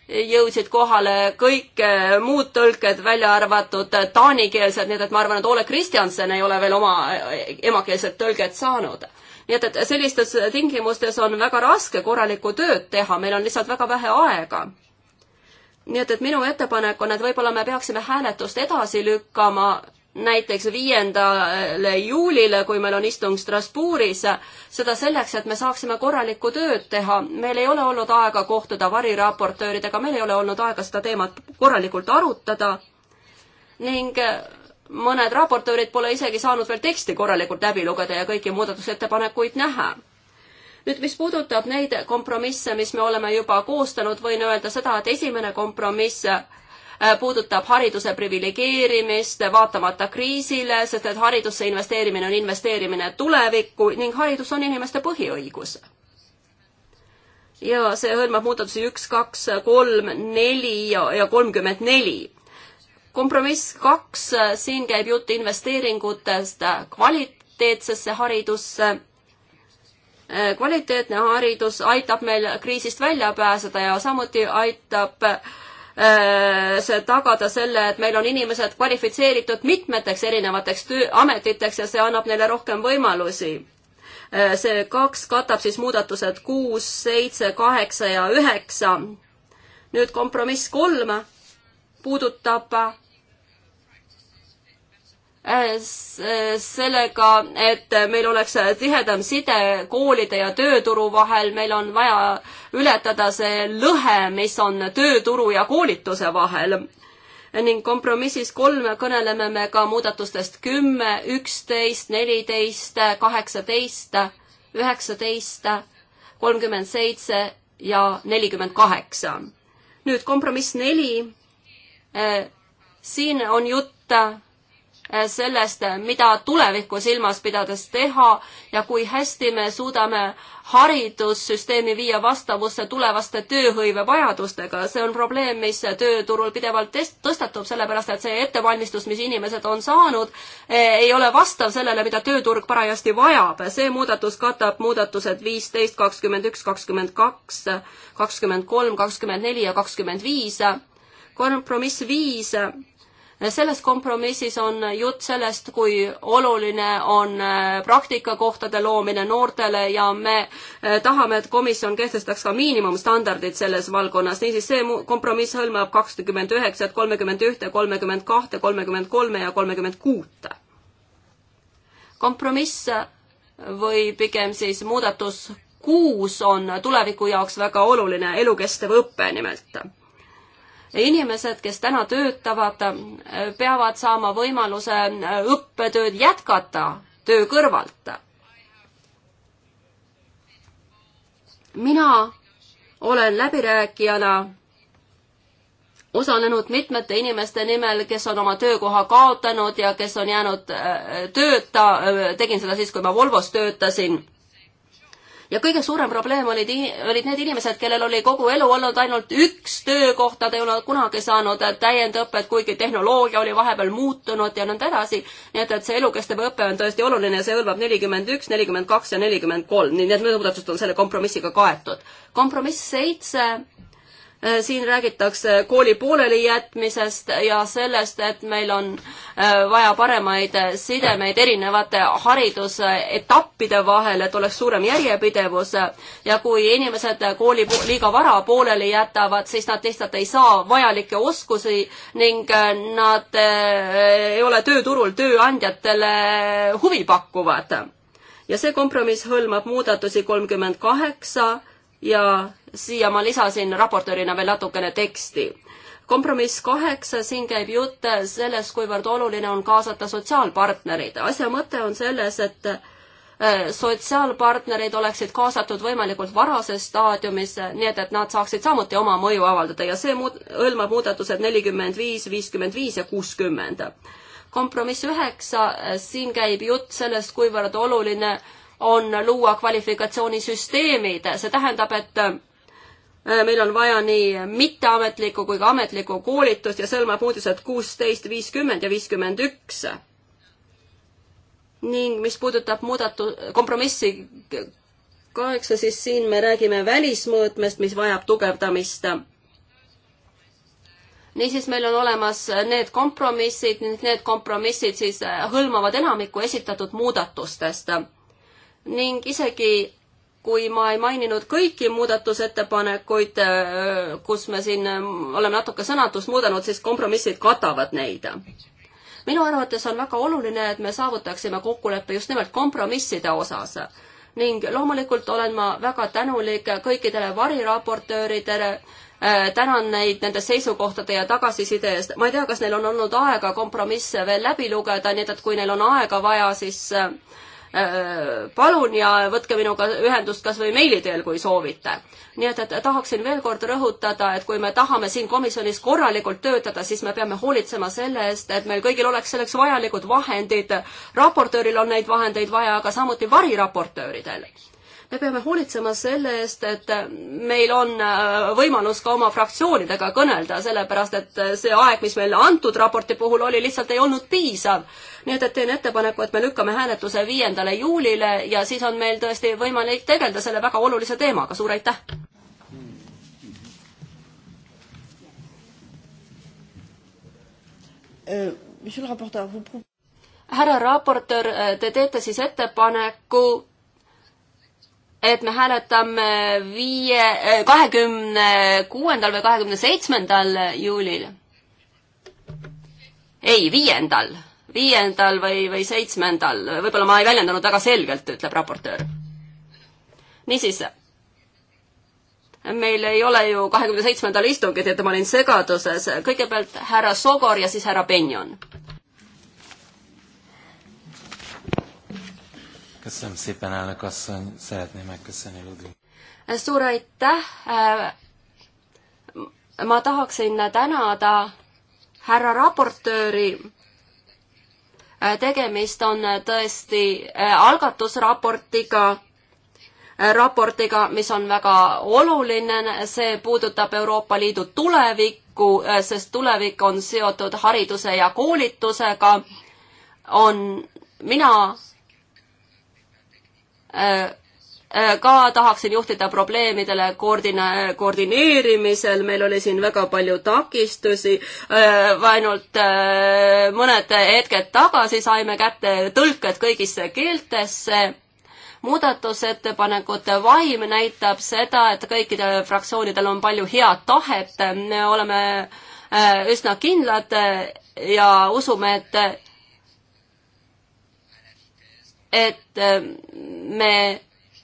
jõudsid kohale kõik eh, muud tõlked, välja arvatud eh, taanikeelsed, nii et, et ma arvan, et Ole Kristjanson ei ole veel oma eh, emakeelset tõlget saanud. nii et, et sellistes tingimustes on väga raske korralikku tööd teha, meil on lihtsalt väga vähe aega. nii et, et minu ettepanek on, et võib-olla me peaksime hääletust edasi lükkama näiteks viiendale juulile, kui meil on istung Strasbourgis, seda selleks, et me saaksime korralikku tööd teha. meil ei ole olnud aega kohtuda variraportööridega, meil ei ole olnud aega seda teemat korralikult arutada ning mõned raportöörid pole isegi saanud veel teksti korralikult läbi lugeda ja kõiki muudatusettepanekuid näha nüüd, mis puudutab neid kompromisse, mis me oleme juba koostanud, võin öelda seda, et esimene kompromiss Äh, puudutab hariduse priviligeerimist vaatamata kriisile, sest et haridusse investeerimine on investeerimine tulevikku ning haridus on inimeste põhiõigus. ja see hõlmab muudatusi üks, kaks, kolm, neli ja, ja kolmkümmend neli kompromiss kaks, siin käib jutt investeeringutest kvaliteetsesse haridusse. Äh, kvaliteetne haridus aitab meil kriisist välja pääseda ja samuti aitab äh, Äh, see tagada selle, et meil on inimesed kvalifitseeritud mitmeteks erinevateks töö, ametiteks ja see annab neile rohkem võimalusi. Äh, see kaks katab siis muudatused kuus, seitse, kaheksa ja üheksa. nüüd kompromiss kolm puudutab Äh, äh, sellega, et meil oleks tihedam side koolide ja tööturu vahel, meil on vaja ületada see lõhe, mis on tööturu ja koolituse vahel. ning kompromissis kolm kõneleme me ka muudatustest kümme, üksteist, neliteist, kaheksateist, üheksateist, kolmkümmend seitse ja nelikümmend kaheksa. nüüd kompromiss neli. Äh, siin on jutt Äh, sellest, mida tulevikku silmas pidades teha ja kui hästi me suudame haridussüsteemi viia vastavusse tulevaste tööhõive vajadustega. see on probleem, mis tööturul pidevalt tõstatub, sellepärast et see ettevalmistus, mis inimesed on saanud, eh, ei ole vastav sellele, mida tööturg parajasti vajab. see muudatus katab muudatused viisteist, kakskümmend üks, kakskümmend kaks, kakskümmend kolm, kakskümmend neli ja kakskümmend viis. kompromiss viis selles kompromissis on jutt sellest, kui oluline on äh, praktikakohtade loomine noortele ja me äh, tahame, et komisjon kehtestaks ka miinimumstandardid selles valdkonnas, niisiis see kompromiss hõlmab kakskümmend üheksat, kolmekümmend ühte, kolmekümmend kahte, kolmekümmend kolme ja kolmekümmend kuute. kompromiss või pigem siis muudatus kuus on tuleviku jaoks väga oluline, elukestev õpe nimelt inimesed, kes täna töötavad, peavad saama võimaluse äh, õppetööd jätkata töö kõrvalt. mina olen läbirääkijana osalenud mitmete inimeste nimel, kes on oma töökoha kaotanud ja kes on jäänud äh, tööta, äh, tegin seda siis, kui ma Volvos töötasin ja kõige suurem probleem olid, olid need inimesed, kellel oli kogu elu olnud ainult üks töökoht, nad ei olnud kunagi saanud täiendõpet, kuigi tehnoloogia oli vahepeal muutunud ja nõnda edasi. nii et, et see elukestev õpe on tõesti oluline ja see hõlmab nelikümmend üks, nelikümmend kaks ja nelikümmend kolm, nii need muudatused on selle kompromissiga kaetud. kompromiss seitse Äh, siin räägitakse kooli poolelijätmisest ja sellest, et meil on äh, vaja paremaid äh, sidemeid erinevate haridusetappide vahel, et oleks suurem järjepidevus. ja kui inimesed kooli liiga vara pooleli jätavad, siis nad lihtsalt ei saa vajalikke oskusi ning nad ei ole tööturul tööandjatele huvi pakkuvad. ja see kompromiss hõlmab muudatusi kolmkümmend kaheksa ja siia ma lisasin raportöörina veel natukene teksti. kompromiss kaheksa, siin käib jutt sellest, kuivõrd oluline on kaasata sotsiaalpartnerid. asja mõte on selles, et äh, sotsiaalpartnerid oleksid kaasatud võimalikult varases staadiumis, nii et, et nad saaksid samuti oma mõju avaldada ja see muud, hõlmab muudatused nelikümmend viis, viiskümmend viis ja kuuskümmend. kompromiss üheksa, siin käib jutt sellest, kuivõrd oluline on luua kvalifikatsioonisüsteemid, see tähendab, et Äh, meil on vaja nii mitteametlikku kui ka ametlikku koolitust ja sõlmab uudised kuusteist, viiskümmend ja viiskümmend üks. ning mis puudutab muudatu-, kompromissi kaheksa, siis siin me räägime välismõõtmest, mis vajab tugevdamist. niisiis, meil on olemas need kompromissid, need kompromissid siis äh, hõlmavad enamikku esitatud muudatustest ning isegi kui ma ei maininud kõiki muudatusettepanekuid, äh, kus me siin äh, oleme natuke sõnatust muudanud, siis kompromissid katavad neid. minu arvates on väga oluline, et me saavutaksime kokkuleppe just nimelt kompromisside osas ning loomulikult olen ma väga tänulik kõikidele variraportööridele, äh, tänan neid nende seisukohtade ja tagasiside eest. ma ei tea, kas neil on olnud aega kompromisse veel läbi lugeda, nii et, et kui neil on aega vaja, siis äh, Äh, palun ja võtke minuga ühendust kas või meili teel, kui soovite. nii et, et tahaksin veel kord rõhutada, et kui me tahame siin komisjonis korralikult töötada, siis me peame hoolitsema selle eest, et meil kõigil oleks selleks vajalikud vahendid. raportööril on neid vahendeid vaja, aga samuti variraportööridel me peame hoolitsema selle eest, et meil on äh, võimalus ka oma fraktsioonidega kõnelda, sellepärast et äh, see aeg, mis meile antud raporti puhul oli, lihtsalt ei olnud piisav. nii et, et teen ettepaneku, et me lükkame hääletuse viiendale juulile ja siis on meil tõesti võimalik tegeleda selle väga olulise teemaga, suur aitäh! Äh, härra raportöör, te teete siis ettepaneku et me hääletame viie, äh, kahekümne kuuendal või kahekümne seitsmendal juulil. ei, viiendal, viiendal või, või seitsmendal, võib-olla ma ei väljendanud väga selgelt, ütleb raportöör. niisiis, meil ei ole ju kahekümne seitsmendal istungit, et ma olin segaduses, kõigepealt härra Sogor ja siis härra Benjon köszönöm szépen, elnök asszony, szeretném megköszönni Ludvig. suur aitäh. ma tahaksin tänada härra raportööri tegemist on tõesti algatusraportiga, raportiga, mis on väga oluline, see puudutab Euroopa Liidu tulevikku, sest tulevik on seotud hariduse ja koolitusega, on, mina Äh, äh, ka tahaksin juhtida probleemidele koordina-, koordineerimisel, meil oli siin väga palju takistusi, äh, ainult mõned hetked tagasi saime kätte tõlked kõigisse keeltesse, muudatusettepanekute vaim näitab seda, et kõikidel fraktsioonidel on palju head tahet, me oleme üsna kindlad ja usume, et et äh, me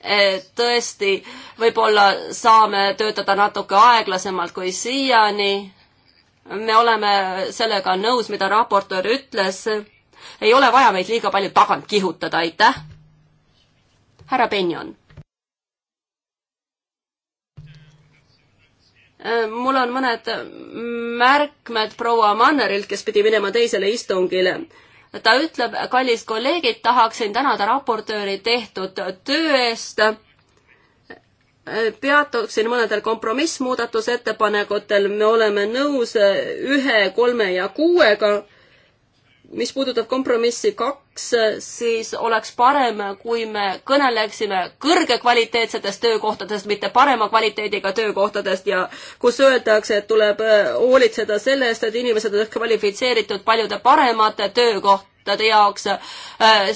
äh, tõesti võib-olla saame töötada natuke aeglasemalt kui siiani. me oleme sellega nõus, mida raportöör ütles. ei ole vaja meid liiga palju tagant kihutada, aitäh. härra Benjon. Äh, mul on mõned märkmed proua Mannerilt, kes pidi minema teisele istungile ta ütleb, kallid kolleegid, tahaksin tänada raportööri tehtud töö eest. peatuksin mõnedel kompromissmuudatusettepanekutel, me oleme nõus ühe, kolme ja kuuega mis puudutab kompromissi kaks, siis oleks parem, kui me kõneleksime kõrgekvaliteetsetest töökohtadest, mitte parema kvaliteediga töökohtadest ja kus öeldakse, et tuleb äh, hoolitseda selle eest, et inimesed oleks kvalifitseeritud paljude paremate töökohtade jaoks. Äh,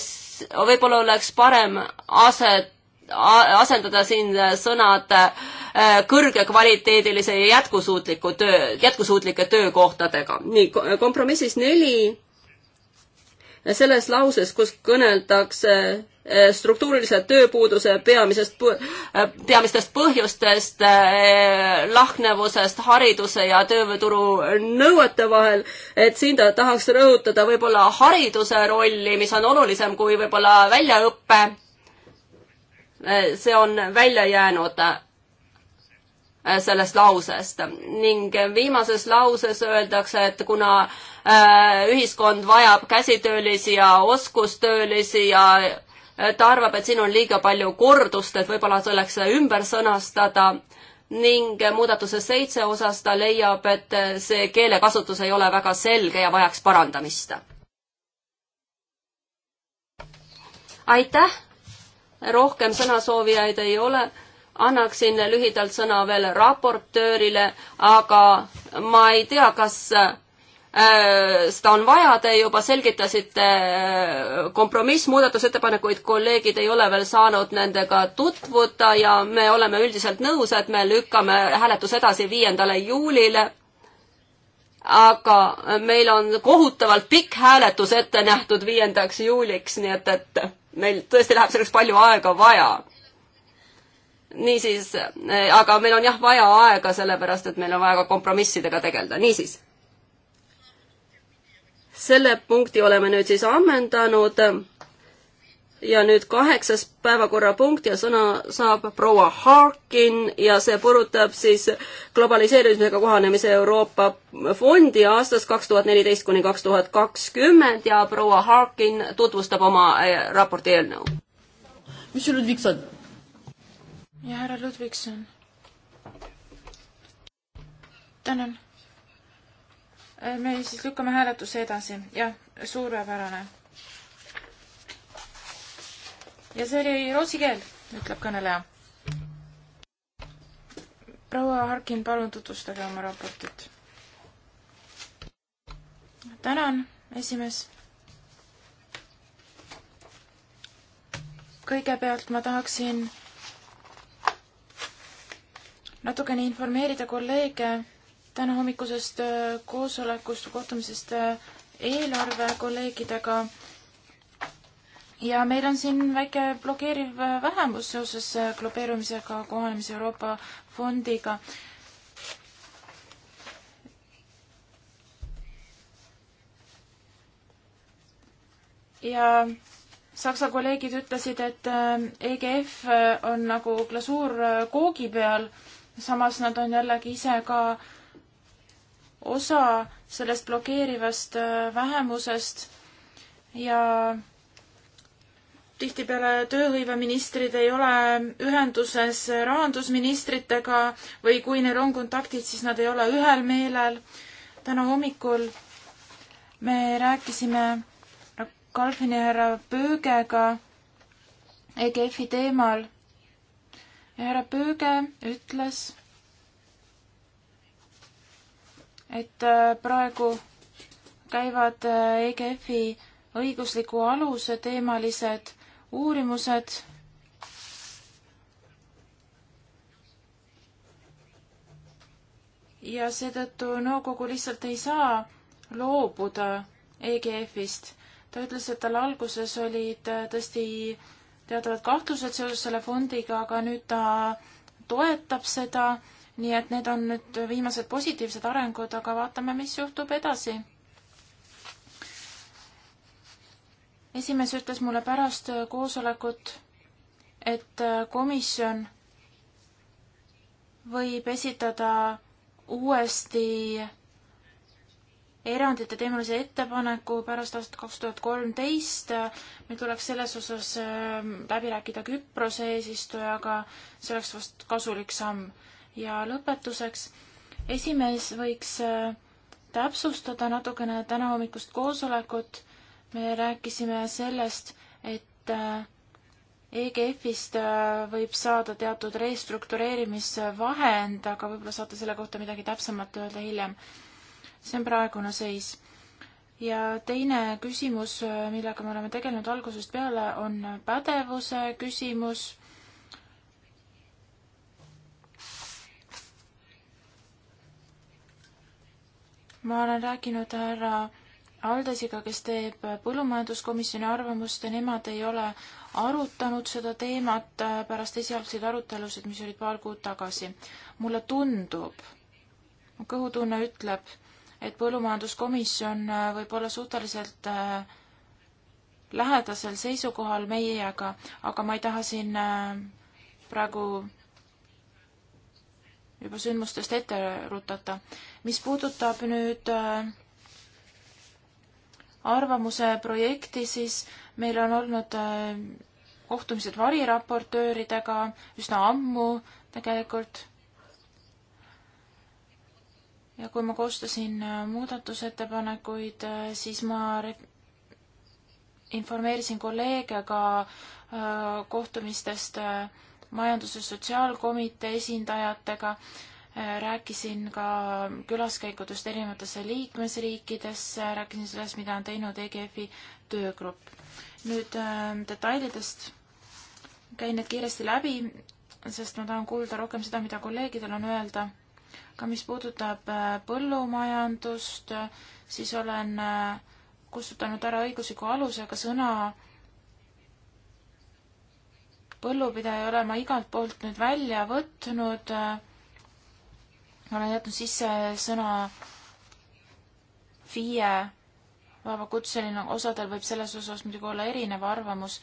võib-olla oleks parem aset asendada siin sõnad äh, kõrgekvaliteedilise ja jätkusuutliku töö, jätkusuutlike töökohtadega. nii, kompromissis neli selles lauses, kus kõneldakse eh, struktuurilise tööpuuduse peamisest, eh, peamistest põhjustest, eh, lahknevusest hariduse ja tööturu nõuete vahel, et siin ta tahaks rõhutada võib-olla hariduse rolli, mis on olulisem kui võib-olla väljaõpe. see on välja jäänud Äh, sellest lausest ning viimases lauses öeldakse, et kuna äh, ühiskond vajab käsitöölisi ja oskustöölisi ja äh, ta arvab, et siin on liiga palju kordust, et võib-olla tuleks see ümber sõnastada ning muudatuse seitse osas ta leiab, et see keelekasutus ei ole väga selge ja vajaks parandamist. aitäh, rohkem sõnasoovijaid ei ole annaksin lühidalt sõna veel raportöörile, aga ma ei tea, kas äh, seda on vaja, te juba selgitasite äh, kompromissmuudatusettepanekuid, kolleegid ei ole veel saanud nendega tutvuda ja me oleme üldiselt nõus, et me lükkame hääletus edasi viiendale juulile. aga meil on kohutavalt pikk hääletus ette nähtud viiendaks juuliks, nii et, et meil tõesti läheb selleks palju aega vaja niisiis, eh, aga meil on jah vaja aega, sellepärast et meil on vaja ka kompromissidega tegeleda, niisiis. selle punkti oleme nüüd siis ammendanud. ja nüüd kaheksas päevakorrapunkt ja sõna saab proua Harkin ja see puudutab siis globaliseerimisega kohanemise Euroopa fondi aastast kaks tuhat neliteist kuni kaks tuhat kakskümmend ja proua Harkin tutvustab oma eh, raporti eelnõu. mis sul nüüd viks on? ja härra Ludvigson. tänan. Äh, me siis lükkame hääletuse edasi, jah, suurepärane. ja see oli rootsi keel, ütleb kõneleja. proua Harkin, palun tutvustage oma raportit. tänan, esimees kõigepealt ma tahaksin natukene informeerida kolleege täna hommikusest äh, koosolekust, kohtumisest äh, eelarvekolleegidega. ja meil on siin väike blokeeriv äh, vähemus seoses globeerumisega kohanemise Euroopa fondiga. ja saksa kolleegid ütlesid, et EGF on nagu glasuur koogi peal samas nad on jällegi ise ka osa sellest blokeerivast äh, vähemusest ja tihtipeale tööhõiveministrid ei ole ühenduses rahandusministritega või kui neil on kontaktid, siis nad ei ole ühel meelel. täna hommikul me rääkisime Kalvini härra Pöögega EGF-i teemal härra Pööge ütles, et äh, praegu käivad äh, EGF-i õigusliku aluse teemalised uurimused ja seetõttu nõukogu lihtsalt ei saa loobuda EGF-ist. ta ütles, et tal alguses olid äh, tõesti teatavad kahtlused seoses selle fondiga, aga nüüd ta toetab seda, nii et need on nüüd viimased positiivsed arengud, aga vaatame, mis juhtub edasi. esimees ütles mulle pärast koosolekut, et komisjon võib esitada uuesti erandite teemalise ettepaneku pärast aastat kaks tuhat kolmteist. meil tuleks selles osas ähm, läbi rääkida Küprose eesistujaga, see oleks vast kasulik samm. ja lõpetuseks, esimees võiks äh, täpsustada natukene tänahommikust koosolekut. me rääkisime sellest, et äh, EGF-ist äh, võib saada teatud restruktureerimisvahend, aga võib-olla saate selle kohta midagi täpsemat öelda hiljem see on praegune seis. ja teine küsimus, millega me oleme tegelenud algusest peale, on pädevuse küsimus. ma olen rääkinud härra Aldesiga, kes teeb põllumajanduskomisjoni arvamust ja nemad ei ole arutanud seda teemat pärast esialgseid arutelusid, mis olid paar kuud tagasi. mulle tundub, mu kõhutunne ütleb, et põllumajanduskomisjon äh, võib olla suhteliselt äh, lähedasel seisukohal meiega, aga ma ei taha siin äh, praegu juba sündmustest ette rutata. mis puudutab nüüd arvamuse projekti, siis meil on olnud kohtumised variraportööridega üsna ammu tegelikult ja kui ma koostasin äh, muudatusettepanekuid, äh, siis ma informeerisin kolleege ka äh, kohtumistest majandus- ja sotsiaalkomitee esindajatega, rääkisin ka külaskäikudest erinevatesse liikmesriikidesse, rääkisin sellest, mida on teinud EGF-i töögrupp. nüüd detailidest käin need kiiresti läbi, sest ma tahan kuulda rohkem seda, mida kolleegidel on öelda aga mis puudutab äh, põllumajandust, siis olen äh, kustutanud ära õigusliku alusega sõna põllupidaja olen ma igalt poolt nüüd välja võtnud. Äh, olen jätnud sisse sõna FIE, vabakutseline, osadel võib selles osas muidugi olla erinev arvamus,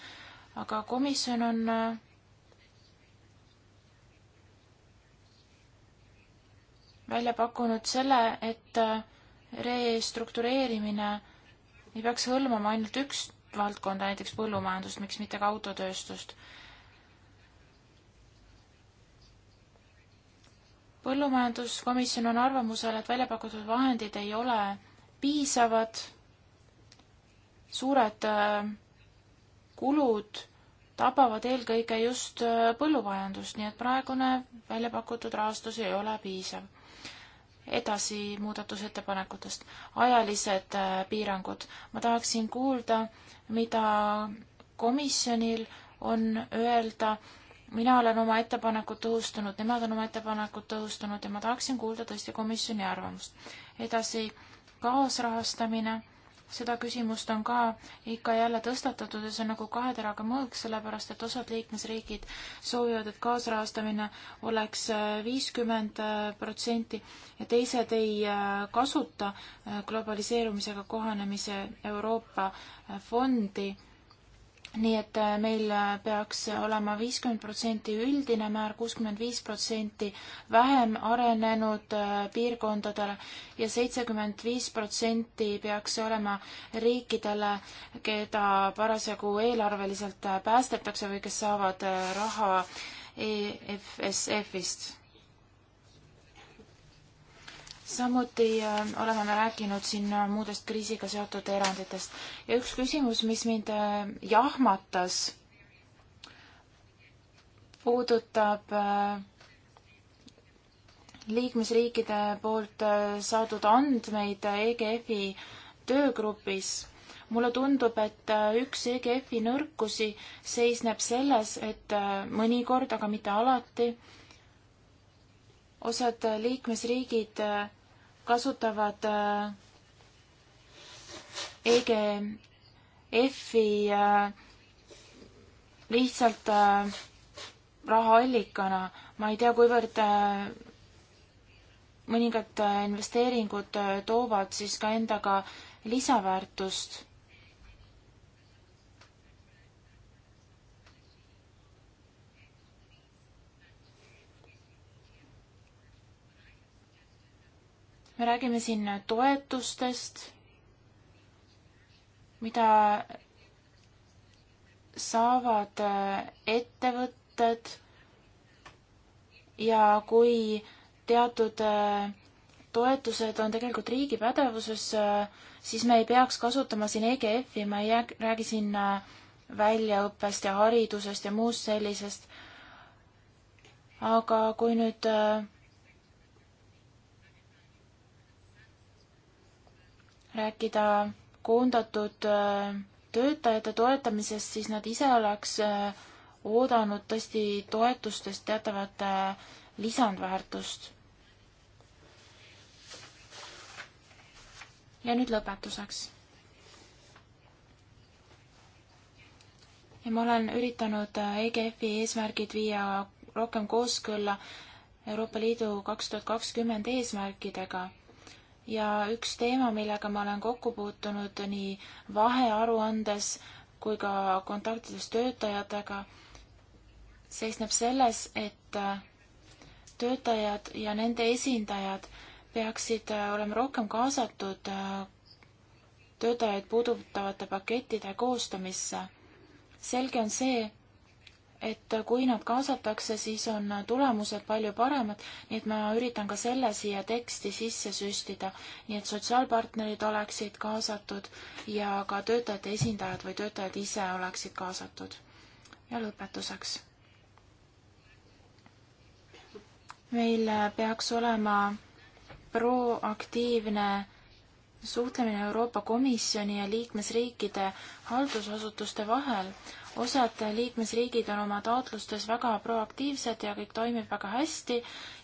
aga komisjon on äh, välja pakkunud selle, et äh, restruktureerimine ei peaks hõlmama ainult üks valdkonda, näiteks põllumajandust, miks mitte ka autotööstust. põllumajanduskomisjon on arvamusel, et välja pakutud vahendid ei ole piisavad, suured äh, kulud tabavad eelkõige just äh, põllumajandust, nii et praegune välja pakutud rahastus ei ole piisav edasi muudatusettepanekutest. ajalised äh, piirangud. ma tahaksin kuulda, mida komisjonil on öelda. mina olen oma ettepanekud tõhustanud, nemad on oma ettepanekud tõhustanud ja ma tahaksin kuulda tõesti komisjoni arvamust. edasi, kaasrahastamine seda küsimust on ka ikka jälle tõstatatud ja see on nagu kahe teraga mõõk, sellepärast et osad liikmesriigid soovivad, et kaasrahastamine oleks äh, viiskümmend äh, protsenti ja teised ei äh, kasuta globaliseerumisega kohanemise Euroopa fondi nii et äh, meil äh, peaks äh, olema viiskümmend protsenti üldine määr, kuuskümmend viis protsenti vähem arenenud piirkondadele ja seitsekümmend viis protsenti peaks olema riikidele, keda parasjagu eelarveliselt päästetakse või kes saavad raha EFSF-ist samuti äh, oleme me rääkinud siin äh, muudest kriisiga seotud eranditest ja üks küsimus, mis mind äh, jahmatas, puudutab liikmesriikide poolt saadud andmeid EGF-i töögrupis. mulle tundub, et üks EGF-i nõrkusi seisneb selles, et mõnikord, aga mitte alati, osad liikmesriigid kasutavad äh, EGF-i äh, lihtsalt äh, rahaallikana. ma ei tea, kuivõrd mõningad investeeringud toovad siis ka endaga lisaväärtust me räägime siin toetustest, mida saavad äh, ettevõtted ja kui teatud äh, toetused on tegelikult riigi pädevuses, äh, siis me ei peaks kasutama siin EGF-i, ma ei räägi siin väljaõppest ja haridusest ja muust sellisest. aga kui nüüd äh, rääkida koondatud äh, töötajate toetamisest, siis nad ise oleks äh, oodanud tõesti toetustest teatavat lisandväärtust. ja nüüd lõpetuseks. ja ma olen üritanud äh, EGF-i eesmärgid viia rohkem kooskõlla Euroopa Liidu kaks tuhat kakskümmend eesmärkidega ja üks teema, millega ma olen kokku puutunud nii vahearuandes kui ka kontaktides töötajatega, seisneb selles, et äh, töötajad ja nende esindajad peaksid äh, olema rohkem kaasatud äh, töötajaid puudutavate pakettide koostamisse. selge on see, et kui nad kaasatakse, siis on tulemused palju paremad, nii et ma üritan ka selle siia teksti sisse süstida, nii et sotsiaalpartnerid oleksid kaasatud ja ka töötajate esindajad või töötajad ise oleksid kaasatud. ja lõpetuseks. meil peaks olema proaktiivne suhtlemine Euroopa Komisjoni ja liikmesriikide haldusasutuste vahel osad liikmesriigid on oma taotlustes väga proaktiivsed ja kõik toimib väga hästi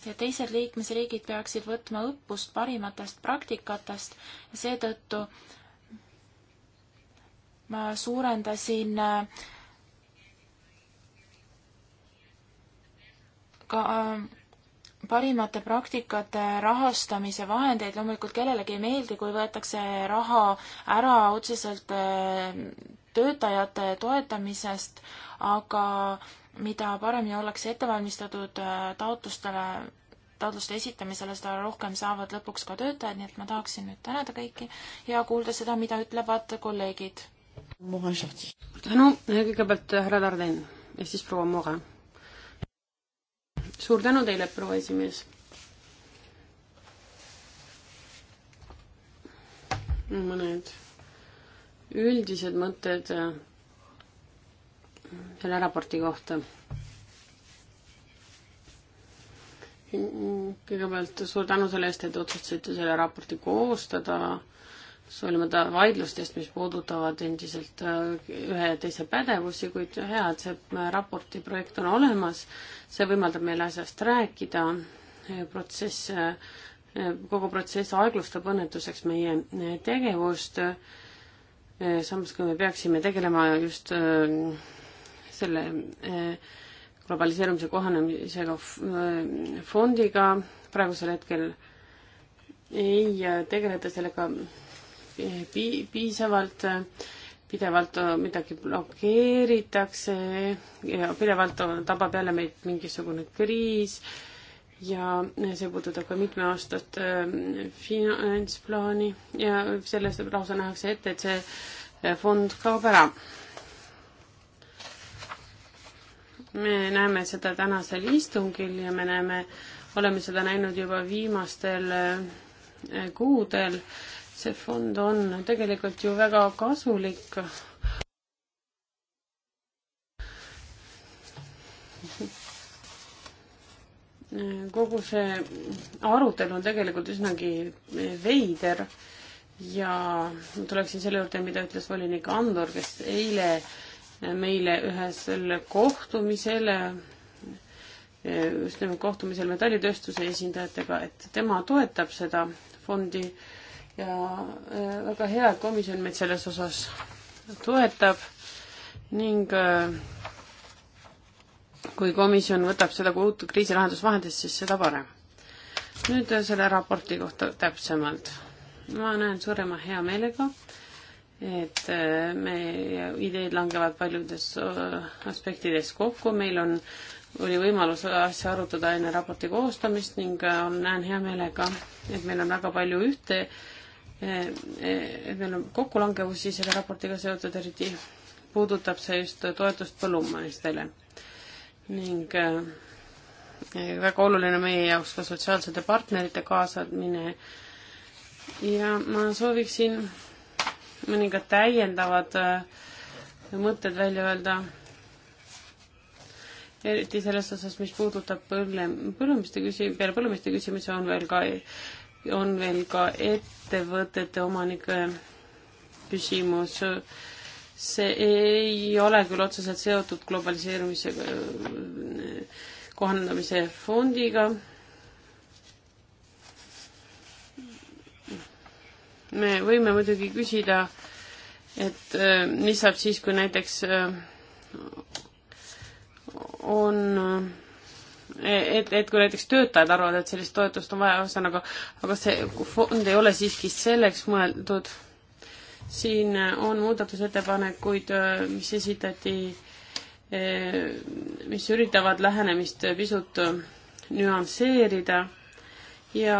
ja teised liikmesriigid peaksid võtma õppust parimatest praktikatest ja seetõttu ma suurendasin äh, ka äh, parimate praktikate rahastamise vahendeid, loomulikult kellelegi ei meeldi, kui võetakse raha ära otseselt äh, töötajate toetamisest, aga mida paremini ollakse ette valmistatud äh, taotlustele, taotluste esitamisele, seda rohkem saavad lõpuks ka töötajad, nii et ma tahaksin nüüd tänada kõiki ja kuulda seda, mida ütlevad kolleegid. tänu, kõigepealt äh, härra Tarden ja siis proua Moga. suur tänu teile, proua esimees mõned üldised mõtted äh, selle raporti kohta. kõigepealt suur tänu selle eest, et otsustasite selle raporti koostada, hoolimata vaidlustest, mis puudutavad endiselt äh, ühe ja teise pädevusi, kuid hea, et see äh, raporti projekt on olemas, see võimaldab meil asjast rääkida, protsess, kogu protsess aeglustab õnnetuseks meie tegevust Äh, samas kui me peaksime tegelema just äh, selle äh, globaliseerumise kohanemisega fondiga, praegusel hetkel ei tegeleta sellega pi-, piisavalt, pidevalt midagi blokeeritakse ja pidevalt tabab jälle meid mingisugune kriis, ja see puudutab ka mitmeaastast ähm, finantsplaani ja selles lausa nähakse ette, et see äh, fond kaob ära. me näeme seda tänasel istungil ja me näeme, oleme seda näinud juba viimastel äh, kuudel. see fond on tegelikult ju väga kasulik kogu see arutelu on tegelikult üsnagi veider ja tuleksin selle juurde, mida ütles volinik Andor, kes eile meile ühesel kohtumisel, just nimelt kohtumisel metallitööstuse esindajatega, et tema toetab seda fondi ja äh, väga hea, et komisjon meid selles osas toetab ning äh, kui komisjon võtab seda kui uut kriisilahendusvahendist, siis seda parem. nüüd äh, selle raporti kohta täpsemalt. ma näen suurema heameelega, et äh, meie ideed langevad paljudes äh, aspektides kokku, meil on, oli võimalus asja arutada enne raporti koostamist ning näen hea meelega, et meil on väga palju ühte, et meil on kokkulangevusi selle raportiga seotud, eriti puudutab see just toetust põllumeestele ning äh, väga oluline meie jaoks ka sotsiaalsete partnerite kaasamine ja ma sooviksin mõningad täiendavad äh, mõtted välja öelda, eriti selles osas, mis puudutab põlle, põllumiste küsi-, peale põllumiste küsimusi on veel ka, on veel ka ettevõtete omanike küsimus äh, see ei ole küll otseselt seotud globaliseerumise kohandamise fondiga. me võime muidugi küsida, et mis saab siis, kui näiteks on et, et kui näiteks töötajad arvavad, et sellist toetust on vaja, ühesõnaga, aga see fond ei ole siiski selleks mõeldud siin äh, on muudatusettepanekuid, äh, mis esitati, äh, mis üritavad lähenemist pisut nüansseerida ja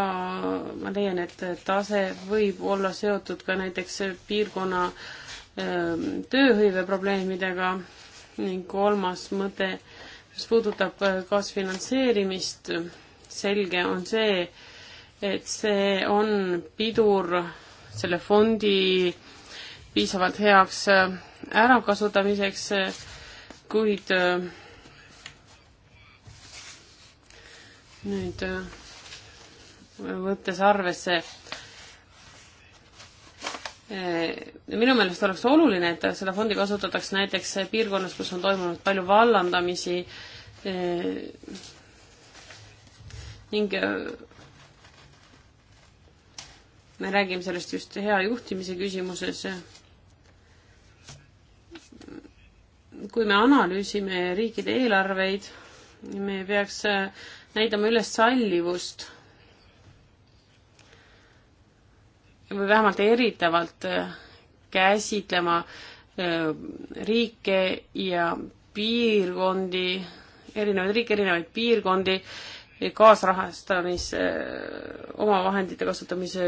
ma leian, et tase võib olla seotud ka näiteks piirkonna tööhõive probleemidega ning kolmas mõte, mis puudutab kaasfinantseerimist, selge on see, et see on pidur selle fondi piisavalt heaks äh, ärakasutamiseks, äh, kuid äh, nüüd võttes arvesse minu meelest oleks oluline, et seda fondi kasutataks näiteks piirkonnas, kus on toimunud palju vallandamisi ning me räägime sellest just hea juhtimise küsimuses kui me analüüsime riikide eelarveid, me peaks äh, näitama üles sallivust või vähemalt eritavalt äh, käsitlema äh, riike ja piirkondi, erinevaid riike, erinevaid piirkondi, kaasrahastamise, omavahendite kasutamise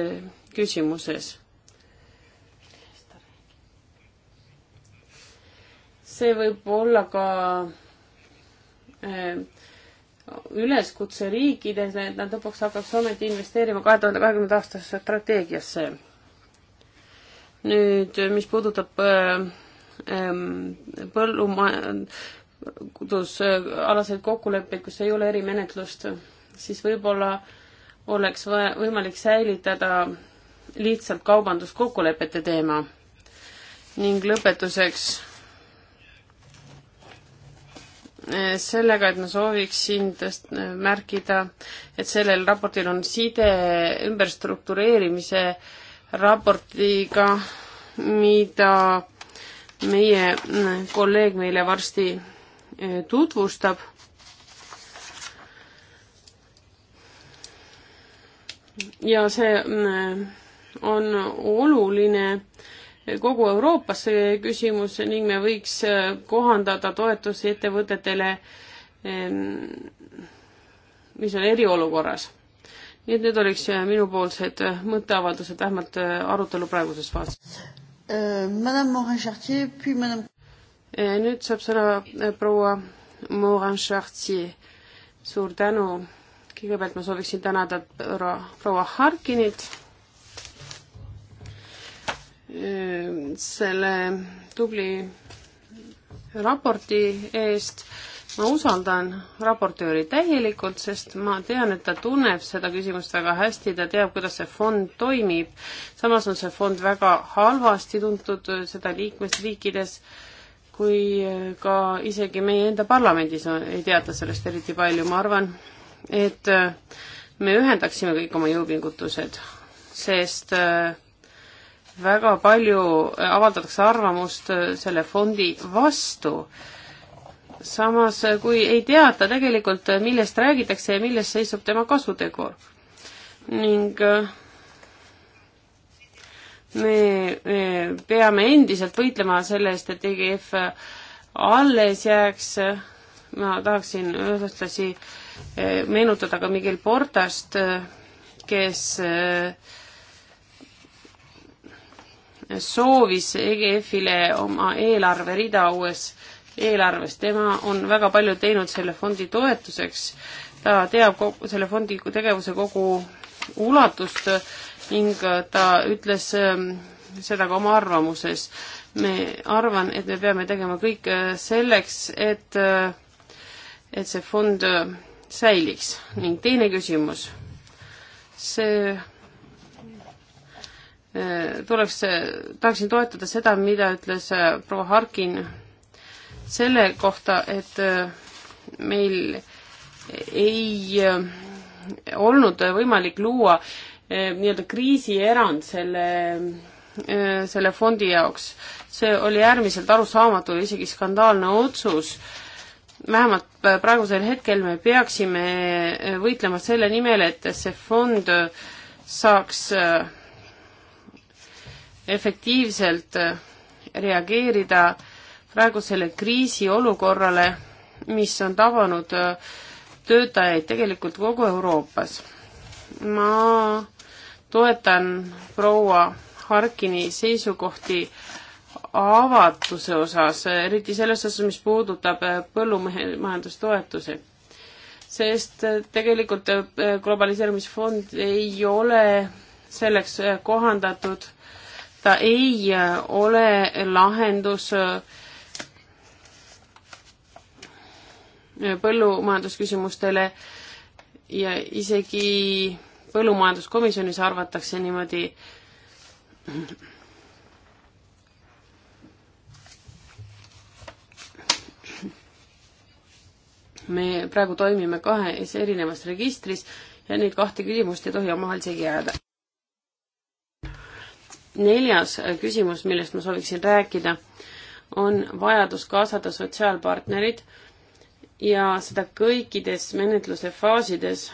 küsimuses see võib olla ka eh, üleskutse riikides, et nad lõpuks hakkaks ometi investeerima kahe tuhande kahekümnenda aasta strateegiasse. nüüd, mis puudutab eh, põllumajandusalaseid kokkuleppeid, kus ei ole erimenetlust, siis võib-olla oleks vaja, võimalik säilitada lihtsalt kaubanduskokkulepete teema. ning lõpetuseks Eh, sellega, et ma sooviksin tõst-, eh, märkida, et sellel raportil on side ümberstruktureerimise raportiga, mida meie mm, kolleeg meile varsti eh, tutvustab. ja see mm, on oluline äh, kogu Euroopas see küsimus ning me võiks äh, kohandada toetusi ettevõtetele, ähm, mis on eriolukorras. nii et need oleks äh, minupoolsed äh, mõtteavaldused, vähemalt arutelu praeguses faasis. Madame Morin-Chartier, puis Madame nüüd saab sõna proua Morin-Chartier. suur tänu. kõigepealt ma sooviksin tänada proua Harkinit selle tubli raporti eest. ma usaldan raportööri täielikult, sest ma tean, et ta tunneb seda küsimust väga hästi, ta teab, kuidas see fond toimib. samas on see fond väga halvasti tuntud äh, seda liikmesriikides, kui äh, ka isegi meie enda parlamendis on, ei teata sellest eriti palju, ma arvan, et äh, me ühendaksime kõik oma jõupingutused, sest äh, väga palju avaldatakse arvamust äh, selle fondi vastu. samas, äh, kui ei teata tegelikult, äh, millest räägitakse ja milles seisub tema kasutegur. ning me, me peame endiselt võitlema selle eest, et EGF alles jääks. ma tahaksin ühtlasi meenutada ka Miguel Portast, kes äh, soovis EGF-ile oma eelarverida uues eelarves, tema on väga palju teinud selle fondi toetuseks, ta teab kogu selle fondi tegevuse kogu ulatust ning ta ütles ähm, seda ka oma arvamuses. me, arvan, et me peame tegema kõik äh, selleks, et, äh, et see fond äh, säiliks ning teine küsimus, see Äh, tuleks, äh, tahaksin toetada seda, mida ütles äh, proua Harkin selle kohta, et meil ei olnud võimalik luua nii-öelda kriisierand selle, selle fondi jaoks. see oli äärmiselt arusaamatu ja isegi skandaalne otsus. vähemalt praegusel hetkel me peaksime võitlema selle nimel, et see fond saaks äh, efektiivselt äh, reageerida praegusele kriisiolukorrale, mis on tabanud äh, töötajaid tegelikult kogu Euroopas. ma toetan proua Harkini seisukohti avatuse osas, eriti selles osas, mis puudutab äh, põllumehe majandustoetusi. sest tegelikult globaliseerumisfond ei ole selleks kohandatud ta ei ole lahendus äh, põllumajandusküsimustele ja isegi põllumajanduskomisjonis arvatakse niimoodi. me praegu toimime kahes erinevas registris ja neid kahte küsimust ei tohi omavahel segi ajada neljas äh, küsimus, millest ma sooviksin rääkida, on vajadus kaasada sotsiaalpartnerid ja seda kõikides menetluse faasides,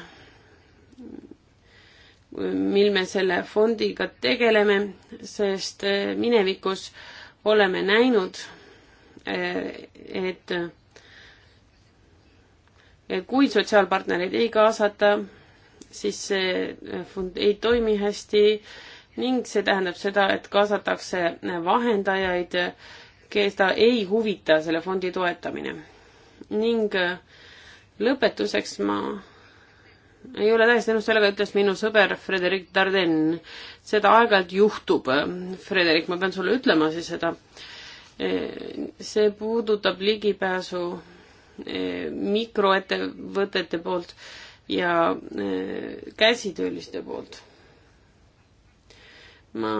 mil me selle fondiga tegeleme, sest äh, minevikus oleme näinud, äh, et kui sotsiaalpartnereid ei kaasata, siis see fond ei toimi hästi, ning see tähendab seda, et kaasatakse vahendajaid, keda ei huvita selle fondi toetamine. ning äh, lõpetuseks ma ei ole täiesti nõus sellega, ütles minu sõber Frederic Darden. seda aeg-ajalt juhtub. Äh, Frederic, ma pean sulle ütlema siis seda. Äh, see puudutab ligipääsu mikroettevõtete poolt ja käsitööliste poolt ma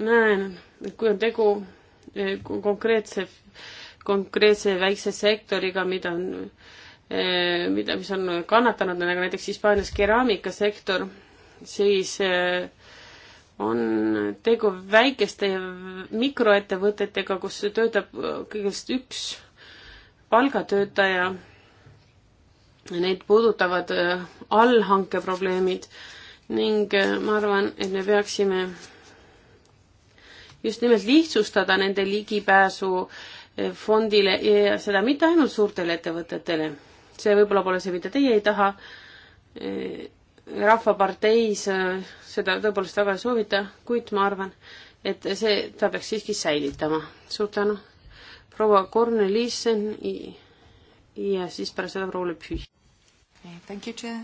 näen, et kui on tegu eh, konkreetse, konkreetse väikse sektoriga, mida on, eh, mida, mis on kannatanud, nagu näiteks Hispaanias keraamikasektor, siis eh, on tegu väikeste mikroettevõtetega, kus töötab kõigest üks palgatöötaja. Neid puudutavad allhanke probleemid ning äh, ma arvan, et me peaksime just nimelt lihtsustada nende ligipääsu äh, fondile ja seda mitte ainult suurtele ettevõtetele. see võib-olla pole see, mida teie ei taha. Äh, rahvaparteis seda tõepoolest väga ei soovita, kuid ma arvan, et see, ta peaks siiski säilitama. suur tänu. proua Korneliisen ja siis pärast seda proua Lepši. Thank you, Chair.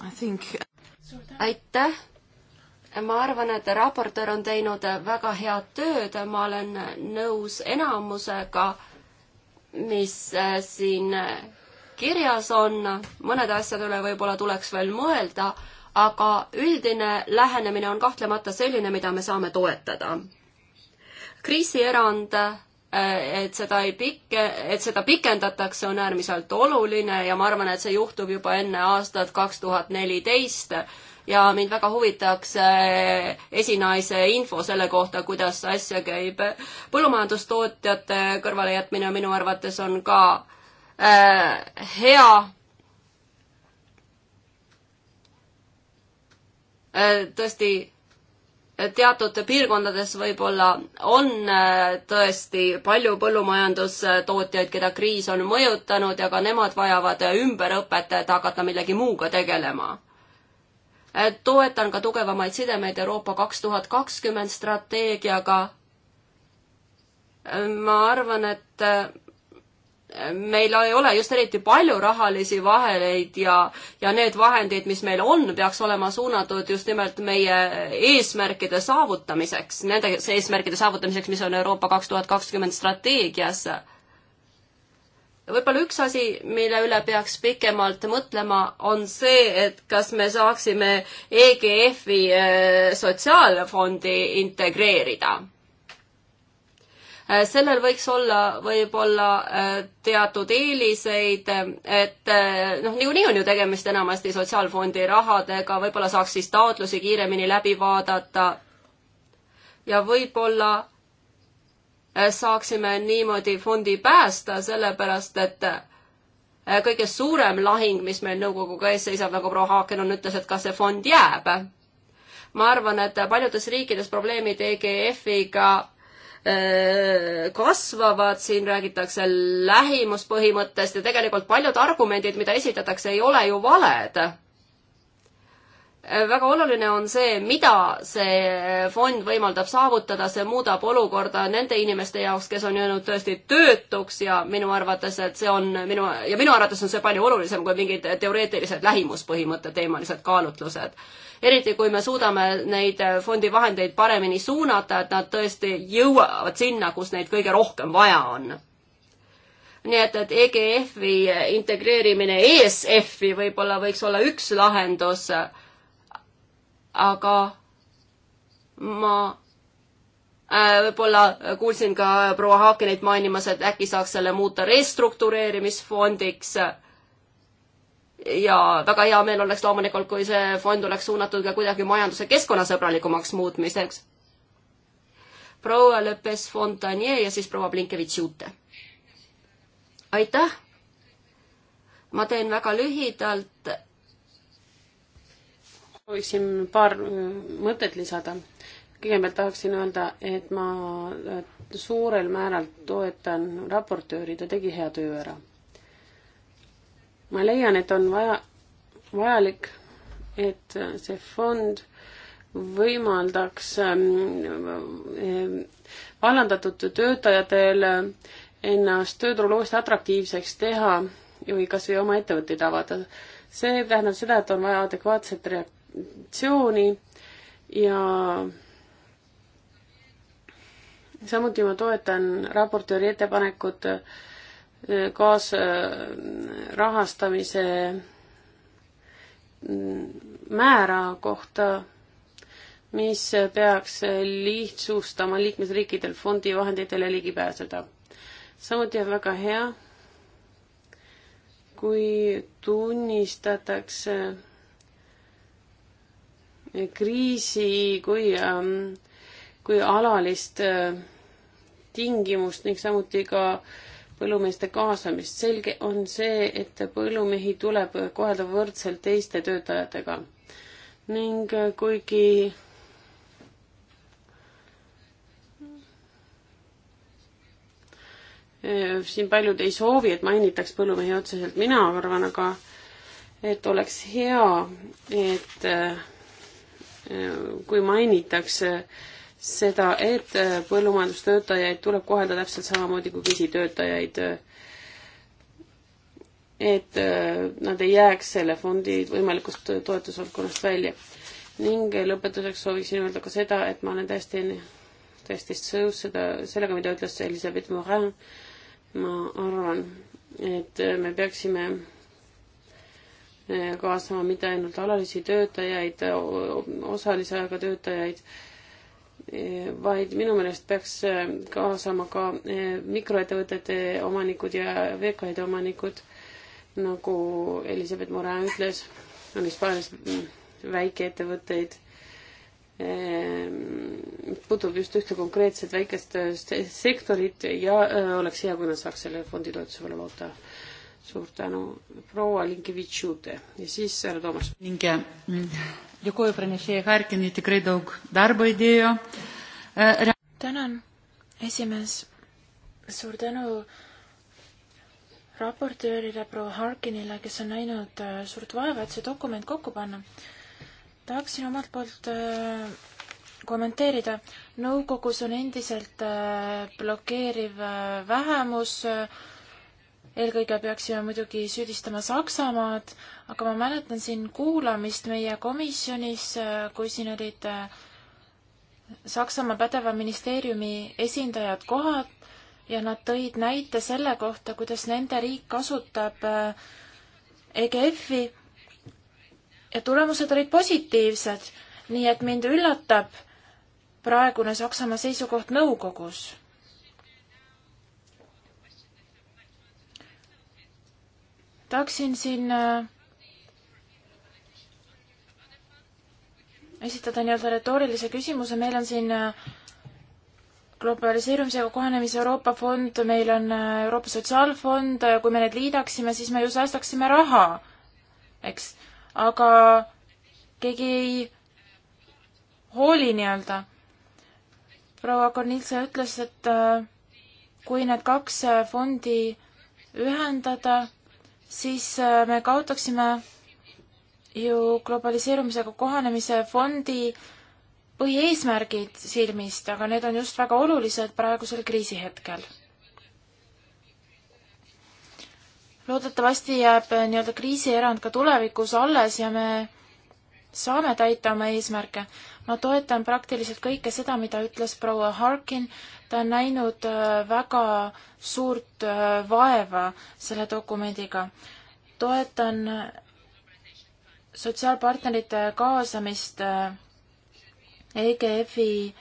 I think aitäh! ma arvan, et raportöör on teinud väga head tööd, ma olen nõus enamusega, mis siin kirjas on, mõnede asjade üle võib-olla tuleks veel mõelda, aga üldine lähenemine on kahtlemata selline, mida me saame toetada. kriisierand Äh, et seda ei pik-, et seda pikendatakse, on äärmiselt oluline ja ma arvan, et see juhtub juba enne aastat kaks tuhat neliteist ja mind väga huvitaks äh, esinaise info selle kohta, kuidas see asja käib. põllumajandustootjate kõrvalejätmine minu arvates on ka äh, hea äh,. tõesti teatud piirkondades võib-olla on äh, tõesti palju põllumajandustootjaid, keda kriis on mõjutanud ja ka nemad vajavad äh, ümberõpet, et hakata millegi muuga tegelema. Äh, toetan ka tugevamaid sidemeid Euroopa kaks tuhat kakskümmend strateegiaga. ma arvan, et meil ei ole just eriti palju rahalisi vahendeid ja, ja need vahendid, mis meil on, peaks olema suunatud just nimelt meie eesmärkide saavutamiseks, nende eesmärkide saavutamiseks, mis on Euroopa kaks tuhat kakskümmend strateegias. võib-olla üks asi, mille üle peaks pikemalt mõtlema, on see, et kas me saaksime EGF-i eh, sotsiaalfondi integreerida Äh, sellel võiks olla võib-olla äh, teatud eeliseid, äh, et noh, niikuinii on ju tegemist enamasti sotsiaalfondi rahadega, võib-olla saaks siis taotlusi kiiremini läbi vaadata. ja võib-olla saaksime niimoodi fondi päästa, sellepärast et kõige suurem lahing, mis meil nõukoguga ees seisab, nagu proua Haakenon ütles, et kas see fond jääb. ma arvan, et paljudes riikides probleemid EGF-iga Äh, kasvavad, siin räägitakse lähimuspõhimõttest ja tegelikult paljud argumendid, mida esitatakse, ei ole ju valed väga oluline on see, mida see fond võimaldab saavutada, see muudab olukorda nende inimeste jaoks, kes on jäänud tõesti töötuks ja minu arvates, et see on minu ja minu arvates on see palju olulisem kui mingid teoreetilised lähimuspõhimõtte teemalised kaalutlused. eriti kui me suudame neid fondi vahendeid paremini suunata, et nad tõesti jõuavad sinna, kus neid kõige rohkem vaja on nii et, et EGF-i integreerimine ESF-i võib-olla võiks olla üks lahendus äh, aga ma äh, võib-olla kuulsin ka proua Haakenit mainimas, et äkki saaks selle muuta restruktureerimisfondiks. ja väga hea meel oleks loomulikult, kui see fond oleks suunatud ka kuidagi majanduse keskkonnasõbralikumaks muutmiseks. proua Lepes Fontanier ja siis proua Blinkevitš-Jute. aitäh! ma teen väga lühidalt sooviksin paar äh, mõtet lisada. kõigepealt tahaksin öelda, et ma äh, suurel määral toetan raportööri, ta tegi hea töö ära. ma leian, et on vaja, vajalik, et see fond võimaldaks ähm, äh, vallandatud töötajatel ennast tööturul uuesti atraktiivseks teha või kas või oma ettevõtteid avada. see tähendab seda, et on vaja adekvaatset reaktsiooni positsiooni ja samuti ma toetan raportööri ettepanekut äh, kaasrahastamise äh, mm, määra kohta, mis peaks lihtsustama liikmesriikidel fondivahenditele ligi pääseda. samuti on väga hea, kui tunnistatakse kriisi kui, ähm, kui alalist äh, tingimust ning samuti ka põllumeeste kaasamist. selge on see, et põllumehi tuleb kohelda võrdselt teiste töötajatega. ning äh, kuigi äh, siin paljud ei soovi, et mainitaks põllumehi otseselt, mina arvan aga, et oleks hea, et äh, kui mainitakse seda, et põllumajandustöötajaid tuleb kohelda täpselt samamoodi kui pisitöötajaid. et nad ei jääks selle fondi võimalikust toetusvaldkonnast välja. ning lõpetuseks sooviksin öelda ka seda, et ma olen täiesti, täiesti sõus seda, sellega, mida ütles Elizabeth Morin. ma arvan, et me peaksime kaasama mitte ainult alalisi töötajaid, osalise ajaga töötajaid, vaid minu meelest peaks äh, kaasama ka äh, mikroettevõtete omanikud ja VKD omanikud, nagu Elizabeth Morin ütles, on Hispaanias mm, väikeettevõtteid, ähm, puudub just ühte konkreetset väikest äh, sektorit ja oleks hea, kui nad saaks selle fondi toetuse peale loota suur tänu, proua Linkevitšute ja siis härra Toomas. minge, mm, Jokovi Branešeja Harkini Tikreidog Darbo idee. tänan, esimees. suur tänu raportöörile proua Harkinile, kes on näinud äh, suurt vaeva, et see dokument kokku panna. tahaksin omalt poolt äh, kommenteerida. nõukogus on endiselt äh, blokeeriv vähemus äh, eelkõige peaksime muidugi süüdistama Saksamaad, aga ma mäletan siin kuulamist meie komisjonis, kui siin olid äh, Saksamaa pädeva ministeeriumi esindajad kohad ja nad tõid näite selle kohta, kuidas nende riik kasutab äh, EGF-i ja tulemused olid positiivsed, nii et mind üllatab praegune Saksamaa seisukoht nõukogus tahaksin siin äh, esitada nii-öelda retoorilise küsimuse, meil on siin äh, globaliseerumisega kohanemise Euroopa fond, meil on äh, Euroopa Sotsiaalfond, kui me need liidaksime, siis me ju säästaksime raha, eks, aga keegi ei hooli nii-öelda. proua Kornilse ütles, et kui need kaks fondi ühendada, siis äh, me kaotaksime ju globaliseerumisega kohanemise fondi põhieesmärgid silmist, aga need on just väga olulised praegusel kriisihetkel. loodetavasti jääb äh, nii-öelda kriisierand ka tulevikus alles ja me saame täita oma eesmärke. ma toetan praktiliselt kõike seda, mida ütles proua Harkin, ta on näinud äh, väga suurt äh, vaeva selle dokumendiga. toetan äh, sotsiaalpartnerite kaasamist EGF-i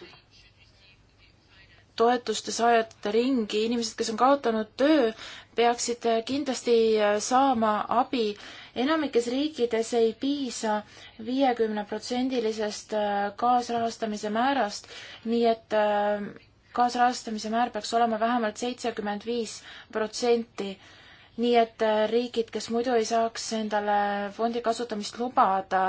toetuste saajate ringi, inimesed, kes on kaotanud töö, peaksid kindlasti saama abi enamikes riikides ei piisa viiekümneprotsendilisest äh, kaasrahastamise määrast, nii et äh, kaasrahastamise määr peaks olema vähemalt seitsekümmend viis protsenti. nii et äh, riigid, kes muidu ei saaks endale fondi kasutamist lubada,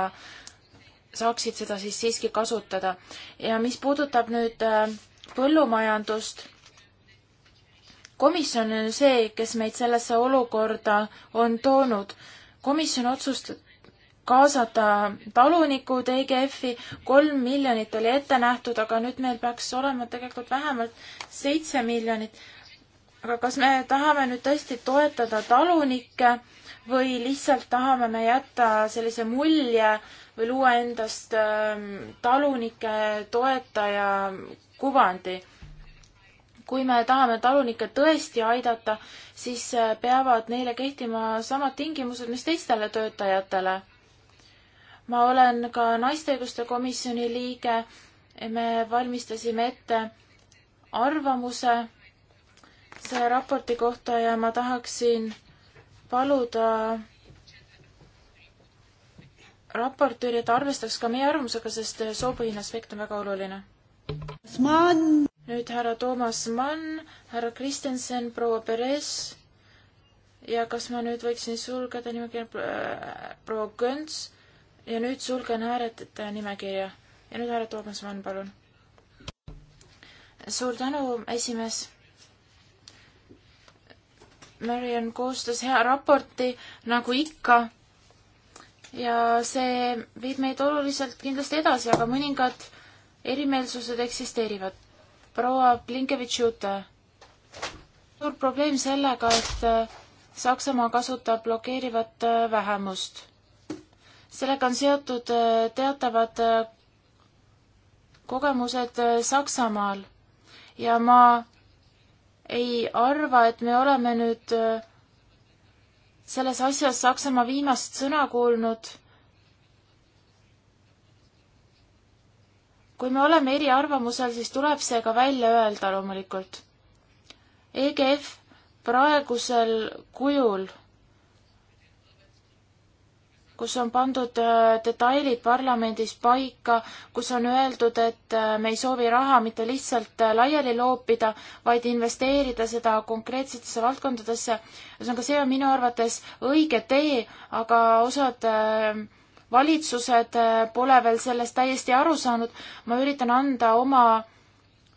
saaksid seda siis siiski kasutada. ja mis puudutab nüüd põllumajandust, komisjon on see, kes meid sellesse olukorda on toonud komisjon otsustas kaasata talunikud EGF-i, kolm miljonit oli ette nähtud, aga nüüd meil peaks olema tegelikult vähemalt seitse miljonit. aga kas me tahame nüüd tõesti toetada talunikke või lihtsalt tahame me jätta sellise mulje või luua endast ähm, talunike toetaja kuvandi? kui me tahame talunikke tõesti aidata, siis äh, peavad neile kehtima samad tingimused, mis teistele töötajatele. ma olen ka naisteõiguste komisjoni liige, me valmistasime ette arvamuse selle raporti kohta ja ma tahaksin paluda raportööri, et arvestaks ka meie arvamusega, sest äh, soopõhine aspekt on väga oluline nüüd härra Toomas Mann, härra Kristjansen, proua Perez ja kas ma nüüd võiksin sulgeda nimekirja äh, proua Könts ja nüüd sulgen hääletajate nimekirja ja nüüd härra Toomas Mann, palun. suur tänu, esimees. Mariann koostas hea raporti nagu ikka ja see viib meid oluliselt kindlasti edasi, aga mõningad erimeelsused eksisteerivad proua Blinkevitš-Jute. suur probleem sellega, et äh, Saksamaa kasutab blokeerivat äh, vähemust. sellega on seotud äh, teatavad kogemused Saksamaal ja ma ei arva, et me oleme nüüd selles asjas Saksamaa viimast sõna kuulnud kui me oleme eriarvamusel, siis tuleb see ka välja öelda loomulikult. EGF praegusel kujul, kus on pandud äh, detailid parlamendis paika, kus on öeldud, et äh, me ei soovi raha mitte lihtsalt äh, laiali loopida, vaid investeerida seda konkreetsetesse valdkondadesse, ühesõnaga, see on minu arvates õige tee, aga osad äh, valitsused äh, pole veel sellest täiesti aru saanud. ma üritan anda oma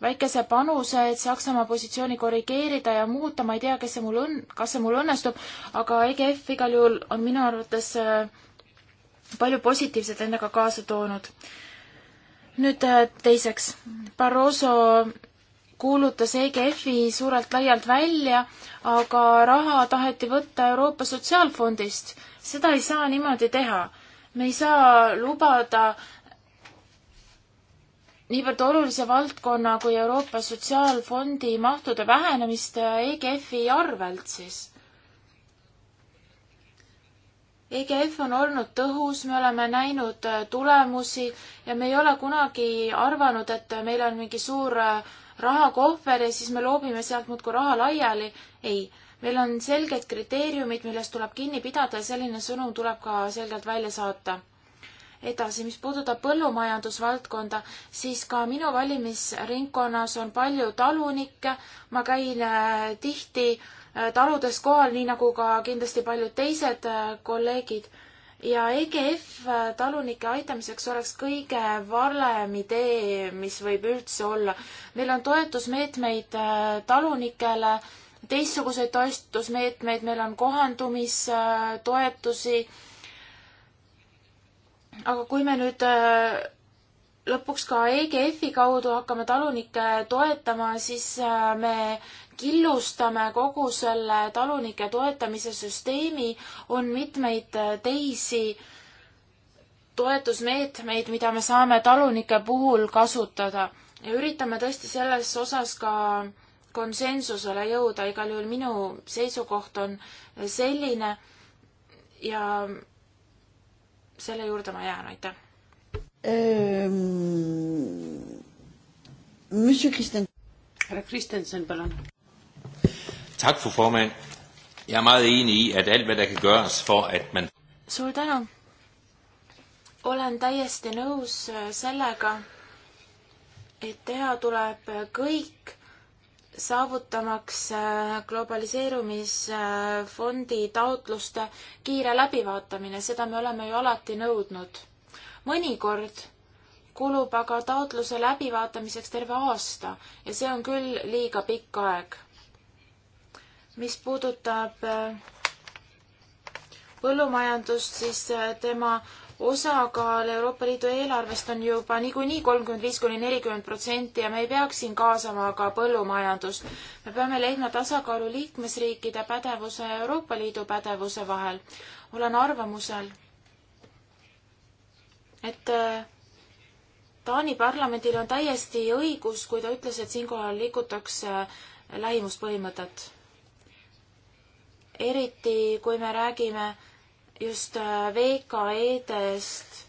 väikese panuse, et Saksamaa positsiooni korrigeerida ja muuta, ma ei tea, kes see mul on, kas see mul õnnestub, aga EGF igal juhul on minu arvates äh, palju positiivset endaga kaasa toonud. nüüd äh, teiseks, Barroso kuulutas EGF-i suurelt laialt välja, aga raha taheti võtta Euroopa Sotsiaalfondist. seda ei saa niimoodi teha me ei saa lubada niivõrd olulise valdkonna kui Euroopa Sotsiaalfondi mahtude vähenemist EGF-i arvelt siis. EGF on olnud tõhus, me oleme näinud tulemusi ja me ei ole kunagi arvanud, et meil on mingi suur rahakohver ja siis me loobime sealt muudkui raha laiali. ei meil on selged kriteeriumid, millest tuleb kinni pidada ja selline sõnum tuleb ka selgelt välja saata. edasi, mis puudutab põllumajandusvaldkonda, siis ka minu valimisringkonnas on palju talunikke, ma käin äh, tihti äh, taludes kohal, nii nagu ka kindlasti paljud teised äh, kolleegid ja EGF talunike aitamiseks oleks kõige valem idee, mis võib üldse olla. meil on toetusmeetmeid talunikele teistsuguseid toetusmeetmeid, meil on kohandumistoetusi. aga kui me nüüd äh, lõpuks ka EGF-i kaudu hakkame talunikke toetama, siis äh, me killustame kogu selle talunike toetamise süsteemi, on mitmeid äh, teisi toetusmeetmeid, mida me saame talunike puhul kasutada ja üritame tõesti selles osas ka äh, konsensusele jõuda, igal juhul minu seisukoht on selline ja selle juurde ma jään, aitäh ähm,. Monsieur Kristen. härra Kristensen, palun. Tak for formand. Jeg er meget enig i, at alt, hvad der kan gøres for, at man... Suur tänu. Olen täiesti nõus äh, sellega, et teha tuleb kõik saavutamaks äh, globaliseerumisfondi taotluste kiire läbivaatamine, seda me oleme ju alati nõudnud. mõnikord kulub aga taotluse läbivaatamiseks terve aasta ja see on küll liiga pikk aeg. mis puudutab äh, põllumajandust, siis äh, tema osakaal Euroopa Liidu eelarvest on juba niikuinii kolmkümmend viis kuni nelikümmend protsenti ja me ei peaks siin kaasama ka põllumajandust. me peame leidma tasakaalu liikmesriikide pädevuse ja Euroopa Liidu pädevuse vahel. olen arvamusel, et äh, Taani parlamendil on täiesti õigus, kui ta ütles, et siinkohal liigutakse äh, lähimuspõhimõtet. eriti, kui me räägime just äh, VKE-dest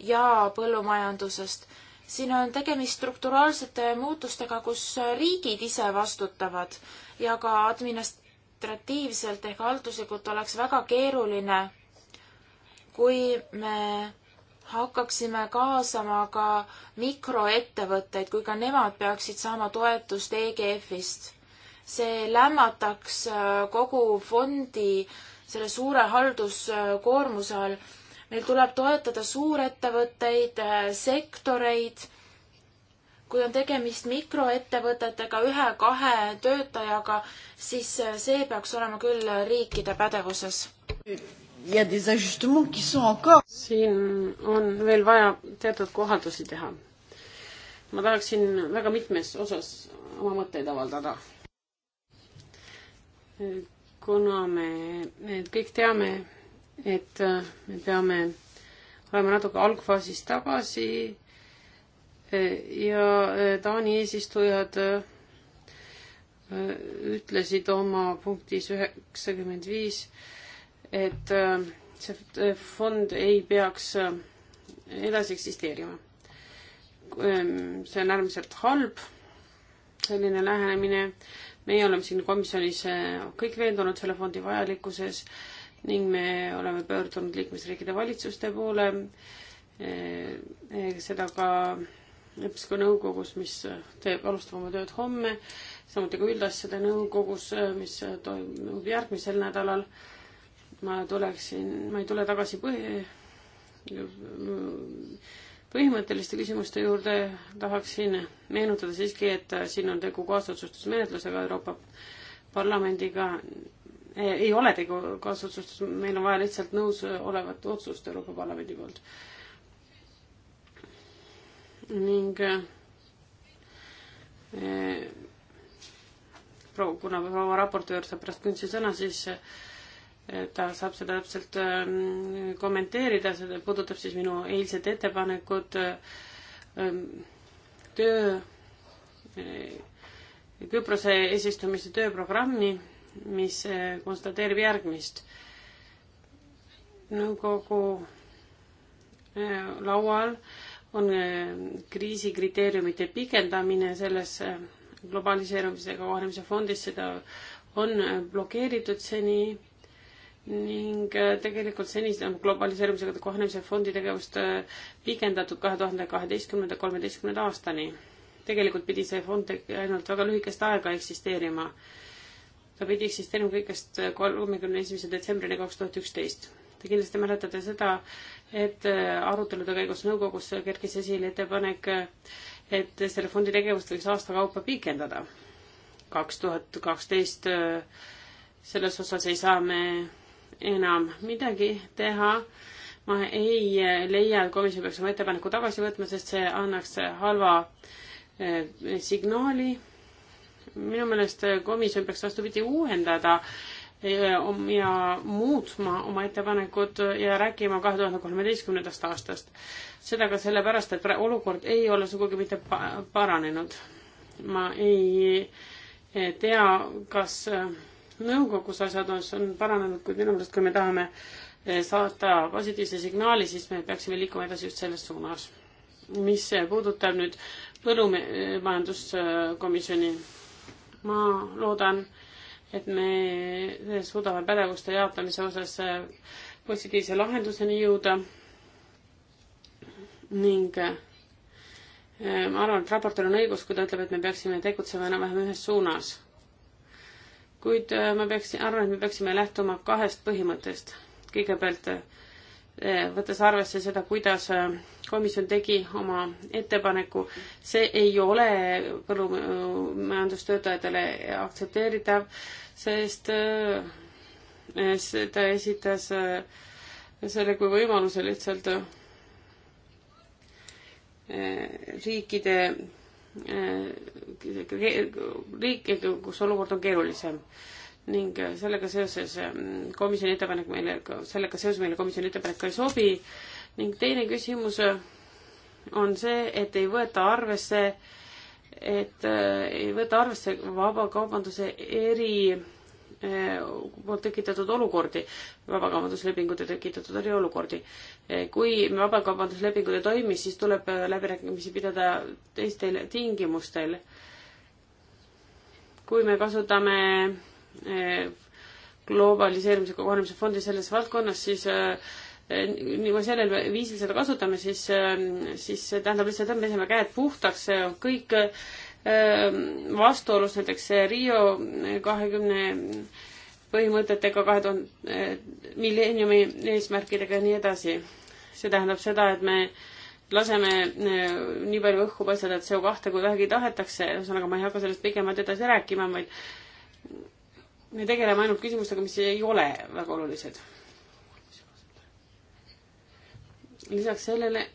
ja põllumajandusest. siin on tegemist strukturaalsete muutustega, kus riigid ise vastutavad ja ka administratiivselt ehk halduslikult oleks väga keeruline, kui me hakkaksime kaasama ka mikroettevõtteid, kui ka nemad peaksid saama toetust EGF-ist. see lämmataks äh, kogu fondi äh, selle suure halduskoormuse all. meil tuleb toetada suurettevõtteid, äh, sektoreid. kui on tegemist mikroettevõtetega, ühe-kahe töötajaga, siis äh, see peaks olema küll riikide pädevuses. siin on veel vaja teatud kohandusi teha ma tahaksin väga mitmes osas oma mõtteid avaldada kuna me, me kõik teame, et äh, me peame olema natuke algfaasis tagasi äh, ja äh, Taani eesistujad ütlesid oma punktis üheksakümmend viis, et see fond ei peaks edasi eksisteerima. see on äärmiselt halb, selline lähenemine meie oleme siin komisjonis eh, kõik veendunud selle fondi vajalikkuses ning me oleme pöördunud liikmesriikide valitsuste poole, eh, eh, seda ka EBSCO nõukogus, mis teeb, alustab oma tööd homme, samuti ka üldasjade nõukogus, mis toimub järgmisel nädalal. ma tuleksin, ma ei tule tagasi põhi, põhimõtteliste küsimuste juurde tahaksin meenutada siiski, et siin on tegu kaasotsustusmenetlusega Euroopa Parlamendiga. ei ole tegu kaasotsustus, meil on vaja lihtsalt nõus olevat otsust Euroopa Parlamendi poolt. ning eh, kuna proua raportöör saab pärast kunstisõna, siis eh, ta saab seda täpselt ähm, kommenteerida, see puudutab siis minu eilset ettepanekut ähm, töö, äh, Küprose eesistumise tööprogrammi, mis äh, konstateerib järgmist. nõukogu äh, laual on kriisikriteeriumite pikendamine selles globaliseerumisega kohanemise fondis, seda on blokeeritud seni ning äh, tegelikult senist on globaliseerumisega kohanemise fondi tegevust äh, pikendatud kahe tuhande kaheteistkümnenda, kolmeteistkümnenda aastani. tegelikult pidi see fond ainult väga lühikest aega eksisteerima. ta pidi eksisteerima kõigest äh, kolmekümne esimese detsembrini kaks tuhat üksteist. Te kindlasti mäletate seda, et arutelude käigus nõukogus kerkis esile ettepanek, et selle fondi tegevust võiks aasta kaupa pikendada. kaks tuhat kaksteist selles osas ei saa me enam midagi teha. ma ei leia, et komisjon peaks oma ettepaneku tagasi võtma, sest see annaks halva eh, signaali. minu meelest komisjon peaks vastupidi uuendada eh, ja muutma oma ettepanekud ja rääkima kahe tuhande kolmeteistkümnendast aastast. seda ka sellepärast, et olukord ei ole sugugi mitte paranenud. ma ei eh, tea, kas nõukogus asjad on, on paranenud, kuid minu meelest, kui me tahame eh, saata positiivse signaali, siis me peaksime liikuma edasi just selles suunas. mis eh, puudutab nüüd põllumajanduskomisjoni, eh, ma loodan, et me suudame pädevuste jaotamise osas positiivse lahenduseni jõuda ning ma arvan, et raportöör on õigus, kui ta ütleb, et me peaksime tegutsema enam-vähem ühes suunas kuid äh, ma peaksin, arvan, et me peaksime lähtuma kahest põhimõttest. kõigepealt äh, võttes arvesse seda, kuidas äh, komisjon tegi oma ettepaneku, see ei ole põllumajandustöötajatele aktsepteeritav, sest ta esitas selle kui võimaluse lihtsalt riikide riike, kus olukord on keerulisem ning sellega seoses mm, komisjoni ettepanek meile, sellega seoses meile komisjoni ettepanek ka ei sobi ning teine küsimus mm, on see, et ei võeta arvesse, et mm, ei võeta arvesse vabakaubanduse eri Eh, poolt tekitatud olukordi, vabakaubanduslepingute tekitatud eriolukordi. Eh, kui vabakaubanduslepingud ei toimi, siis tuleb eh, läbirääkimisi pidada teistel tingimustel. kui me kasutame globaliseerimisega kohanemise fondi selles valdkonnas, siis nii kui sellel viisil seda kasutame, siis, siis see tähendab lihtsalt, et me peseme käed puhtaks, see on kõik Ehm, vastuolus näiteks Rio kahekümne põhimõtetega, kahe tuhande eh, milleeniumi eesmärkidega ja nii edasi. see tähendab seda, et me laseme eh, nii palju õhku paistada CO kahte, kui vähegi tahetakse, ühesõnaga ma ei hakka sellest pikemalt edasi rääkima, vaid me tegeleme ainult küsimustega, mis ei ole väga olulised. lisaks sellele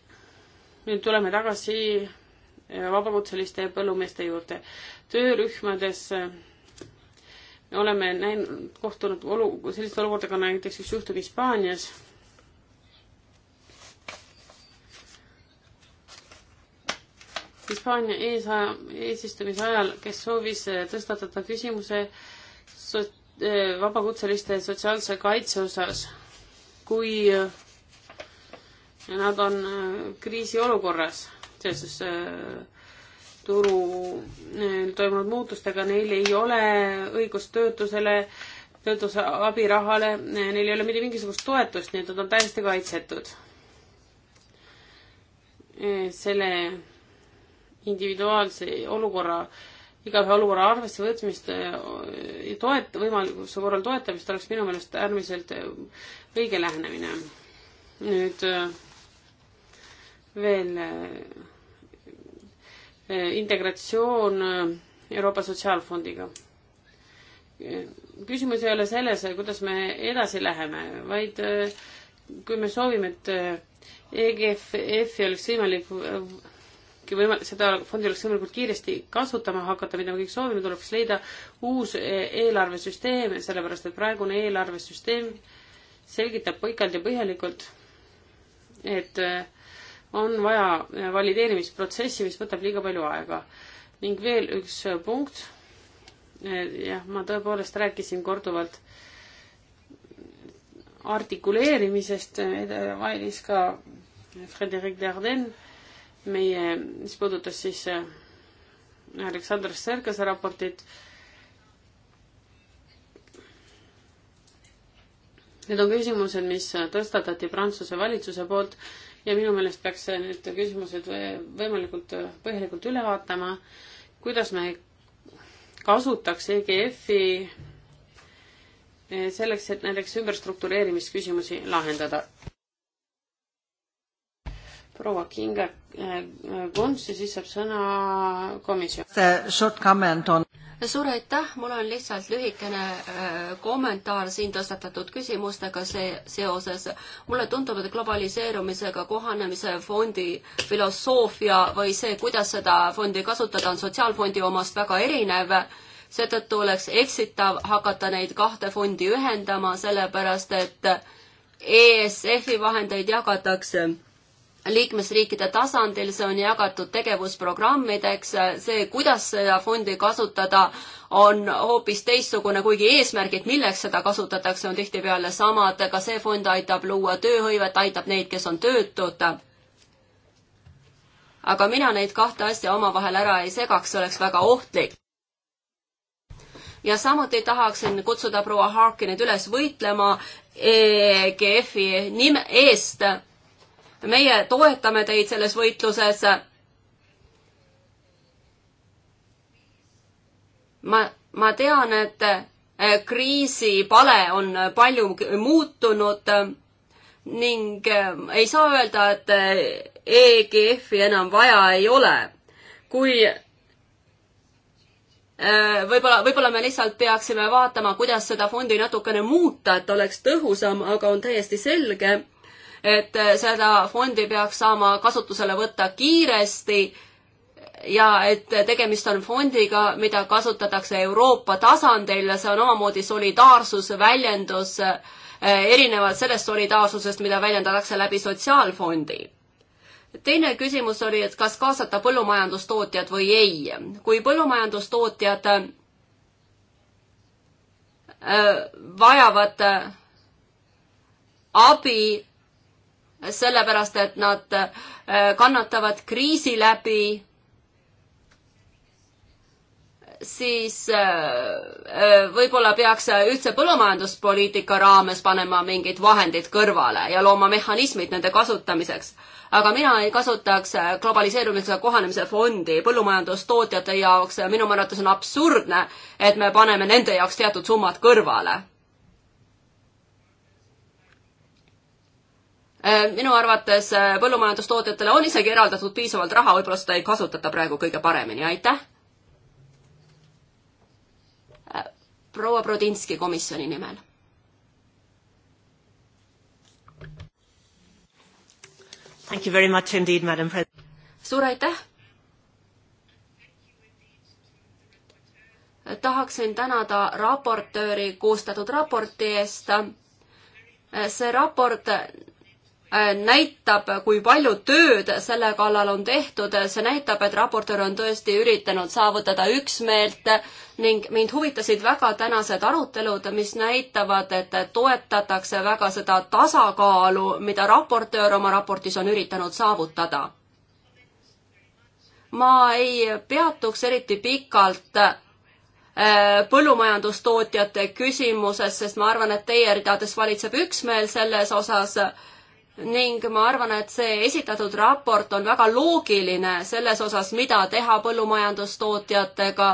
nüüd tuleme tagasi Äh, vabakutseliste põllumeeste juurde. töörühmades äh, me oleme näinud, kohtunud olu-, selliste olukordadega näiteks, mis juhtub Hispaanias. Hispaania eesaja, eesistumise ajal, kes soovis äh, tõstatada küsimuse so-, vabakutseliste sotsiaalse kaitse osas, kui nad on kriisiolukorras seoses äh, turul äh, toimunud muutustega, neil ei ole õigust töötusele, töötuse abirahale, äh, neil ei ole mitte mingisugust toetust, nii et nad on täiesti kaitsetud. selle individuaalse olukorra, igaühe olukorra arvesse võtmist ja toet-, võimaluse korral toetamist oleks minu meelest äärmiselt õige lähenemine. nüüd veel integratsioon äh, Euroopa Sotsiaalfondiga. küsimus ei ole selles, kuidas me edasi läheme, vaid äh, kui me soovime, et äh, EGF-i oleks võimalik võimalik, seda fondi oleks võimalikult kiiresti kasutama hakata, mida me kõik soovime, tuleks leida uus eelarvesüsteem, sellepärast et praegune eelarvesüsteem selgitab pikalt ja põhjalikult, et äh, on vaja valideerimisprotsessi, mis võtab liiga palju aega. ning veel üks punkt. jah, ma tõepoolest rääkisin korduvalt artikuleerimisest, mainis ka Frederic Dardenne, meie, mis puudutas siis äh, Aleksandr Sergase raportit. Need on küsimused, mis tõstatati Prantsuse valitsuse poolt ja minu meelest peaks need küsimused võimalikult äh, põhjalikult üle vaatama, kuidas me kasutaks EGF-i eh, selleks, et näiteks ümberstruktureerimisküsimusi lahendada. proua Kinga Kunst äh, ja siis saab sõna komisjon. On suur aitäh, mul on lihtsalt lühikene äh, kommentaar siin tõstatatud küsimustega see, seoses. mulle tundub, et globaliseerumisega kohanemise fondi filosoofia või see, kuidas seda fondi kasutada, on sotsiaalfondi omast väga erinev. seetõttu oleks eksitav hakata neid kahte fondi ühendama, sellepärast et ESF-i vahendeid jagatakse liikmesriikide tasandil, see on jagatud tegevusprogrammideks, see, kuidas seda fondi kasutada, on hoopis teistsugune, kuigi eesmärgid, milleks seda kasutatakse, on tihtipeale samad, ka see fond aitab luua tööhõivet, aitab neid, kes on töötud. aga mina neid kahte asja omavahel ära ei segaks, see oleks väga ohtlik. ja samuti tahaksin kutsuda proua Harkinit üles võitlema EGF-i nime eest meie toetame teid selles võitluses. ma, ma tean, et eh, kriisi pale on palju muutunud ning eh, ei saa öelda, et EGF-i eh, e enam vaja ei ole. kui võib-olla, võib-olla me lihtsalt peaksime vaatama, kuidas seda fondi natukene muuta, et oleks tõhusam, aga on täiesti selge, et äh, seda fondi peaks saama kasutusele võtta kiiresti ja et tegemist on fondiga, mida kasutatakse Euroopa tasandil, see on omamoodi solidaarsuse väljendus, äh, erinevalt sellest solidaarsusest, mida väljendatakse läbi sotsiaalfondi. teine küsimus oli, et kas kaasata põllumajandustootjad või ei. kui põllumajandustootjad äh, vajavad abi sellepärast et nad äh, kannatavad kriisi läbi, siis äh, äh, võib-olla peaks üldse põllumajanduspoliitika raames panema mingid vahendid kõrvale ja looma mehhanismid nende kasutamiseks. aga mina ei kasutaks globaliseerumisega kohanemise fondi põllumajandustootjate jaoks ja minu arvates on absurdne, et me paneme nende jaoks teatud summad kõrvale Äh, minu arvates äh, põllumajandustootjatele on isegi eraldatud piisavalt raha, võib-olla seda ei kasutata praegu kõige paremini, aitäh. Äh, proua Brodinski komisjoni nimel. Thank you very much indeed, madam president. suur aitäh. tahaksin tänada raportööri koostatud raporti eest see raport Äh, näitab, kui palju tööd selle kallal on tehtud, see näitab, et raportöör on tõesti üritanud saavutada üksmeelt ning mind huvitasid väga tänased arutelud, mis näitavad, et toetatakse väga seda tasakaalu, mida raportöör oma raportis on üritanud saavutada. ma ei peatuks eriti pikalt äh, põllumajandustootjate küsimuses, sest ma arvan, et teie ridades valitseb üksmeel selles osas ning ma arvan, et see esitatud raport on väga loogiline selles osas, mida teha põllumajandustootjatega,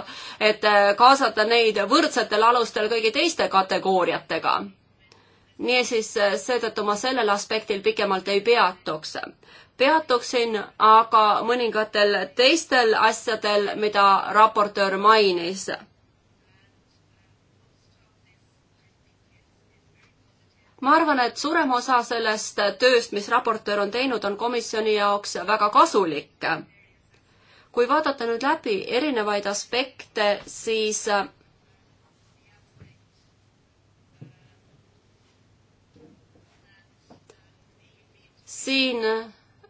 et äh, kaasata neid võrdsetel alustel kõigi teiste kategooriatega. niisiis, äh, seetõttu ma sellel aspektil pikemalt ei peatuks. peatuksin aga mõningatel teistel asjadel, mida raportöör mainis ma arvan, et suurem osa sellest tööst, mis raportöör on teinud, on komisjoni jaoks väga kasulik. kui vaadata nüüd läbi erinevaid aspekte, siis siin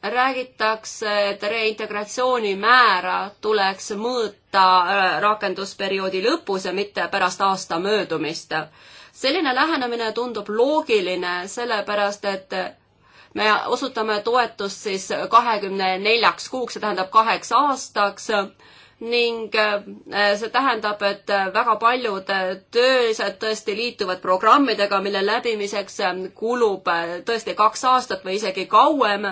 räägitakse, et reintegratsiooni määra tuleks mõõta äh, rakendusperioodi lõpus ja mitte pärast aasta möödumist selline lähenemine tundub loogiline, sellepärast et me osutame toetust siis kahekümne neljaks kuuks, see tähendab kaheks aastaks ning äh, see tähendab, et väga paljud töölised tõesti liituvad programmidega, mille läbimiseks kulub äh, tõesti kaks aastat või isegi kauem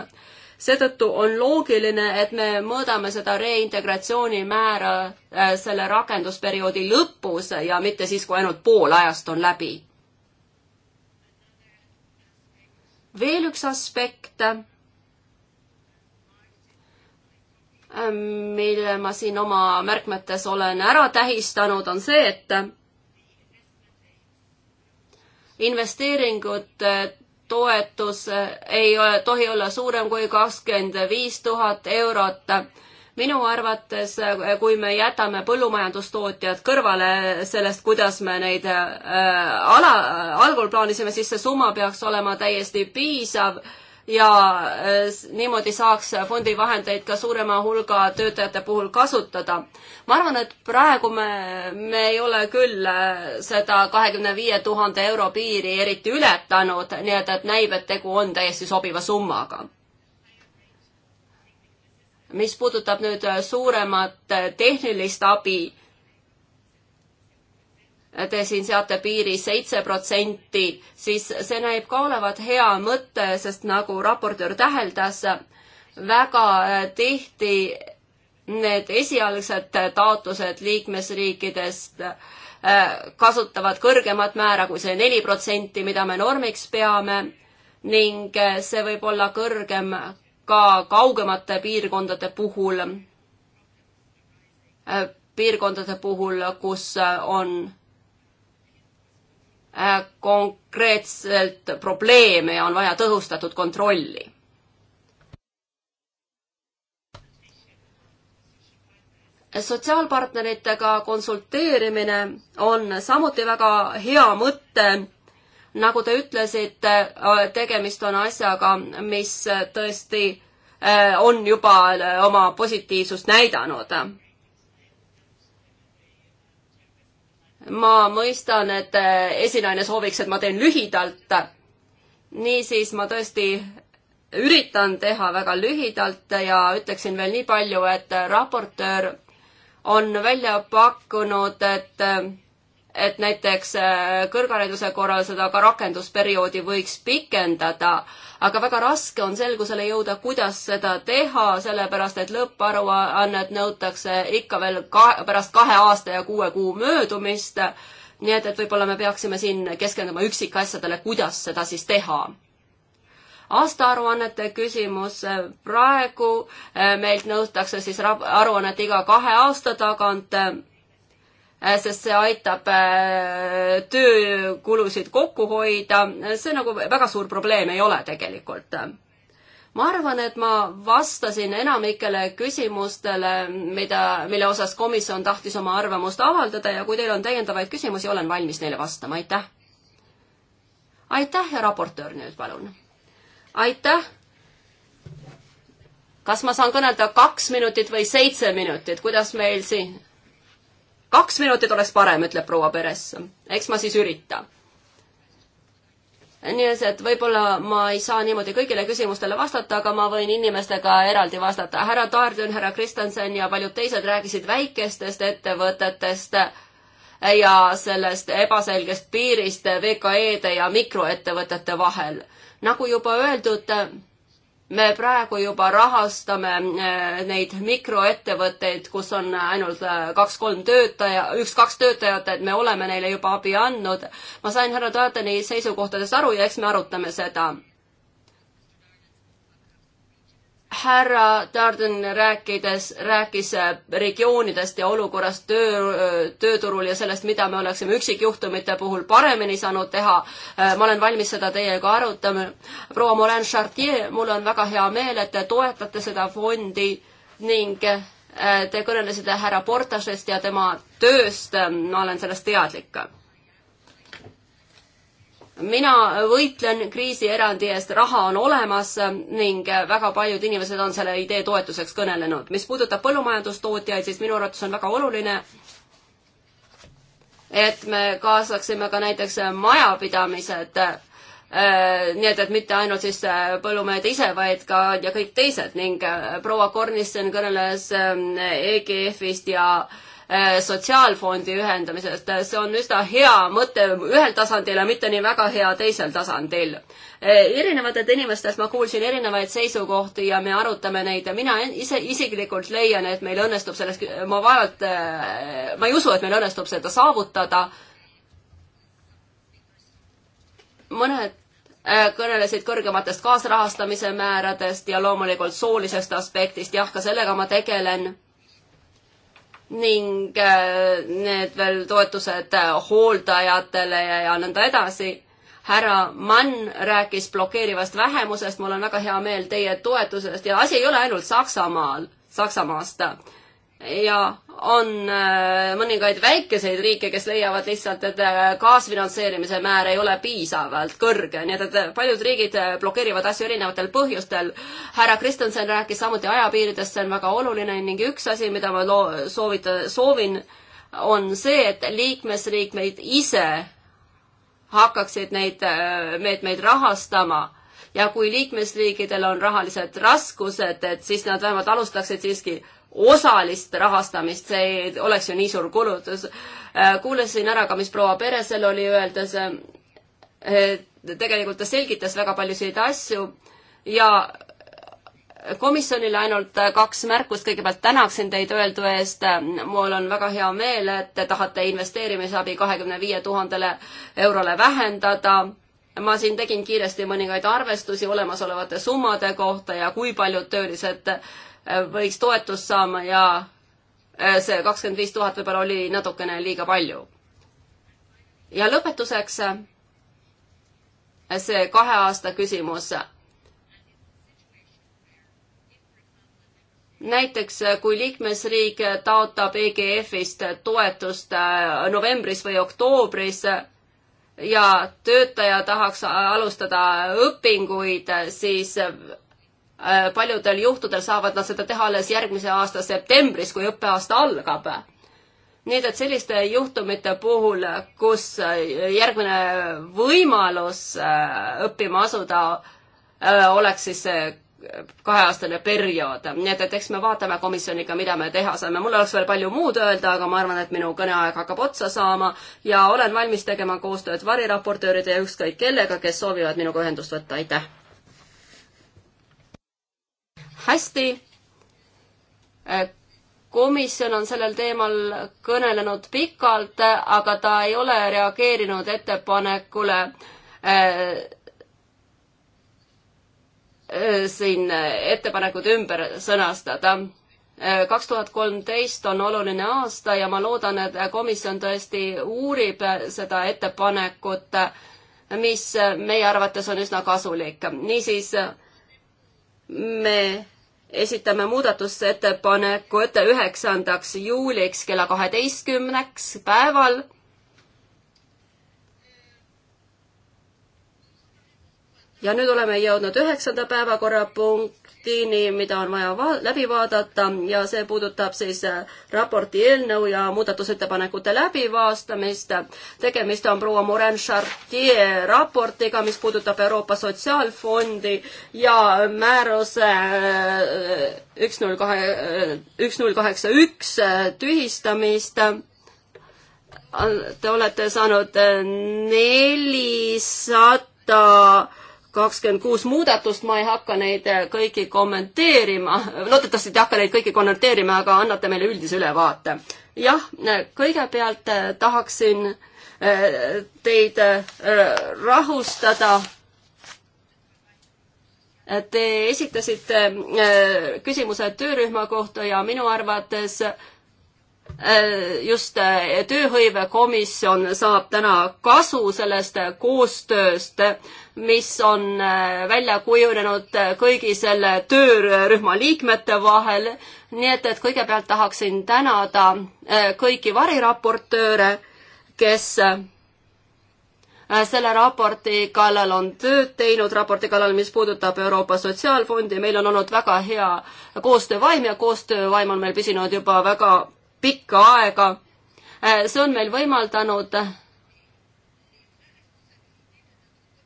seetõttu on loogiline, et me mõõdame seda reintegratsiooni määra äh, selle rakendusperioodi lõpus ja mitte siis, kui ainult pool ajast on läbi. veel üks aspekt, ähm, mille ma siin oma märkmetes olen ära tähistanud, on see, et investeeringud toetus ei ole, tohi olla suurem kui kakskümmend viis tuhat eurot. minu arvates, kui me jätame põllumajandustootjad kõrvale sellest, kuidas me neid äh, ala, algul plaanisime, siis see summa peaks olema täiesti piisav äh, ja äh, niimoodi saaks fondi vahendeid ka suurema hulga töötajate puhul kasutada. ma arvan, et praegu me, me ei ole küll äh, seda kahekümne viie tuhande euro piiri eriti ületanud, nii et, et näib, et tegu on täiesti sobiva summaga mis puudutab nüüd äh, suuremat tehnilist abi, te siin seate piiri seitse protsenti, siis see näib ka olevat hea mõte, sest nagu raportöör täheldas, väga tihti need esialgsed taotlused liikmesriikidest äh, kasutavad kõrgemat määra kui see neli protsenti, mida me normiks peame ning äh, see võib olla kõrgem ka kaugemate piirkondade puhul, äh, piirkondade puhul, kus on Äh, konkreetselt probleeme ja on vaja tõhustatud kontrolli. sotsiaalpartneritega konsulteerimine on samuti väga hea mõte. nagu te ütlesite, äh, tegemist on asjaga, mis tõesti äh, on juba oma positiivsust näidanud ma mõistan, et eh, esinaine sooviks, et ma teen lühidalt. niisiis ma tõesti üritan teha väga lühidalt ja ütleksin veel nii palju, et eh, raportöör on välja pakkunud, et eh, et näiteks äh, kõrghariduse korral seda ka rakendusperioodi võiks pikendada, aga väga raske on selgusele jõuda, kuidas seda teha, sellepärast et lõpparuannet nõutakse ikka veel ka, pärast kahe aasta ja kuue kuu möödumist. nii et, et võib-olla me peaksime siin keskenduma üksikasjadele, kuidas seda siis teha aastaaruannete küsimus. praegu äh, meilt nõutakse siis aruannet iga kahe aasta tagant Äh, sest see aitab äh, töökulusid kokku hoida. see nagu väga suur probleem ei ole tegelikult. ma arvan, et ma vastasin enamikele küsimustele, mida, mille osas komisjon tahtis oma arvamust avaldada ja kui teil on täiendavaid küsimusi, olen valmis neile vastama, aitäh. aitäh ja raportöör nüüd palun. aitäh kas ma saan kõnelda kaks minutit või seitse minutit, kuidas meil siin kaks minutit oleks parem, ütleb proua Peres. eks ma siis üritan nii et võib-olla ma ei saa niimoodi kõigile küsimustele vastata, aga ma võin inimestega eraldi vastata. härra Taardjon, härra Kristjanson ja paljud teised rääkisid väikestest ettevõtetest ja sellest ebaselgest piirist VKE-de ja mikroettevõtete vahel. nagu juba öeldud, me praegu juba rahastame eh, neid mikroettevõtteid, kus on ainult eh, kaks-kolm töötaja, üks-kaks töötajat, et me oleme neile juba abi andnud. ma sain härra Tarteni seisukohtadest aru ja eks me arutame seda härra Darden rääkides, rääkis äh, regioonidest ja olukorrast töö, äh, tööturul ja sellest, mida me oleksime üksikjuhtumite puhul paremini saanud teha. Äh, ma olen valmis seda teiega arutama. proua Morin Chartier, mul on väga hea meel, et te toetate seda fondi ning te kõnelesite härra Portasest ja tema tööst. ma olen sellest teadlik mina võitlen kriisierandi eest, raha on olemas ning väga paljud inimesed on selle idee toetuseks kõnelenud. mis puudutab põllumajandustootjaid, siis minu arvates on väga oluline, et me kaasaksime ka näiteks majapidamised, äh, nii et, et mitte ainult siis äh, põllumehed ise, vaid ka ja kõik teised ning äh, proua Kornissen kõneles ähm, EGF-ist ja äh, Äh, sotsiaalfondi ühendamisest, see on üsna hea mõte ühel tasandil ja mitte nii väga hea teisel tasandil. Äh, erinevatelt inimestelt ma kuulsin erinevaid seisukohti ja me arutame neid ja mina ise isiklikult leian, et meil õnnestub selles, ma vaevalt, äh, ma ei usu, et meil õnnestub seda saavutada. mõned kõnelesid kõrgematest kaasrahastamise määradest ja loomulikult soolisest aspektist, jah, ka sellega ma tegelen ning äh, need veel toetused äh, hooldajatele ja, ja nõnda edasi. härra Mann rääkis blokeerivast vähemusest, mul on väga hea meel teie toetusest ja asi ei ole ainult Saksamaal, Saksamaast ja on äh, mõningaid väikeseid riike, kes leiavad lihtsalt, et äh, kaasfinantseerimise määr ei ole piisavalt kõrge, nii et, et äh, paljud riigid blokeerivad asju erinevatel põhjustel. härra Kristjanson rääkis samuti ajapiiridest, see on väga oluline ning üks asi, mida ma loo-, soovita-, soovin, on see, et liikmesriikmeid ise hakkaksid neid meetmeid rahastama ja kui liikmesriikidel on rahalised raskused, et siis nad vähemalt alustaksid siiski osalist rahastamist, see ei oleks ju nii suur kulutus. Äh, kuulasin ära ka, mis proua Peresel oli öeldes. Äh, tegelikult ta selgitas väga paljusid asju ja komisjonile ainult kaks märkust, kõigepealt tänaksin teid öeldu eest, mul on väga hea meel, et te tahate investeerimisabi kahekümne viie tuhandele eurole vähendada. ma siin tegin kiiresti mõningaid arvestusi olemasolevate summade kohta ja kui paljud töölised võiks toetust saama ja äh, see kakskümmend viis tuhat võib-olla oli natukene liiga palju. ja lõpetuseks äh, see kahe aasta küsimus. näiteks äh, kui liikmesriik taotab EGF-ist toetust novembris või oktoobris ja töötaja tahaks alustada õpinguid, siis Äh, paljudel juhtudel saavad nad seda teha alles järgmise aasta septembris, kui õppeaasta algab. nii et selliste juhtumite puhul, kus äh, järgmine võimalus äh, õppima asuda oleks siis kaheaastane periood, nii et, et eks me vaatame komisjoniga, mida me teha saame, mul oleks veel palju muud öelda, aga ma arvan, et minu kõneaeg hakkab otsa saama ja olen valmis tegema koostööd variraportööride ja ükskõik kellega, kes soovivad minuga ühendust võtta, aitäh! hästi. komisjon on sellel teemal kõnelenud pikalt, aga ta ei ole reageerinud ettepanekule äh, äh, siin ettepanekud ümber sõnastada. kaks tuhat kolmteist on oluline aasta ja ma loodan, et komisjon tõesti uurib seda ettepanekut, mis meie arvates on üsna kasulik. niisiis me esitame muudatusettepaneku ette üheksandaks juuliks kella kaheteistkümneks päeval ja nüüd oleme jõudnud üheksanda päevakorrapunktini, mida on vaja va läbi vaadata ja see puudutab siis äh, raporti eelnõu ja muudatusettepanekute läbivaastamist. tegemist on proua Morin Chartier raportiga, mis puudutab Euroopa Sotsiaalfondi ja määruse äh, üks null kahe, äh, üks null kaheksa üks tühistamist te olete saanud nelisada kakskümmend kuus muudatust, ma ei hakka neid äh, kõiki kommenteerima, loodetavasti te ei hakka neid kõiki kommenteerima, aga annate meile üldise ülevaate. jah, äh, kõigepealt äh, tahaksin teid rahustada. Te esitasite küsimuse töörühma kohta ja minu arvates just tööhõivekomisjon saab täna kasu sellest koostööst mis on äh, välja kujunenud äh, kõigi selle töörühma liikmete vahel. nii et, et kõigepealt tahaksin tänada äh, kõiki variraportööre, kes selle raporti kallal on tööd teinud, raporti kallal, mis puudutab Euroopa Sotsiaalfondi, meil on olnud väga hea koostöövaim ja koostöövaim on meil püsinud juba väga pikka aega. see on meil võimaldanud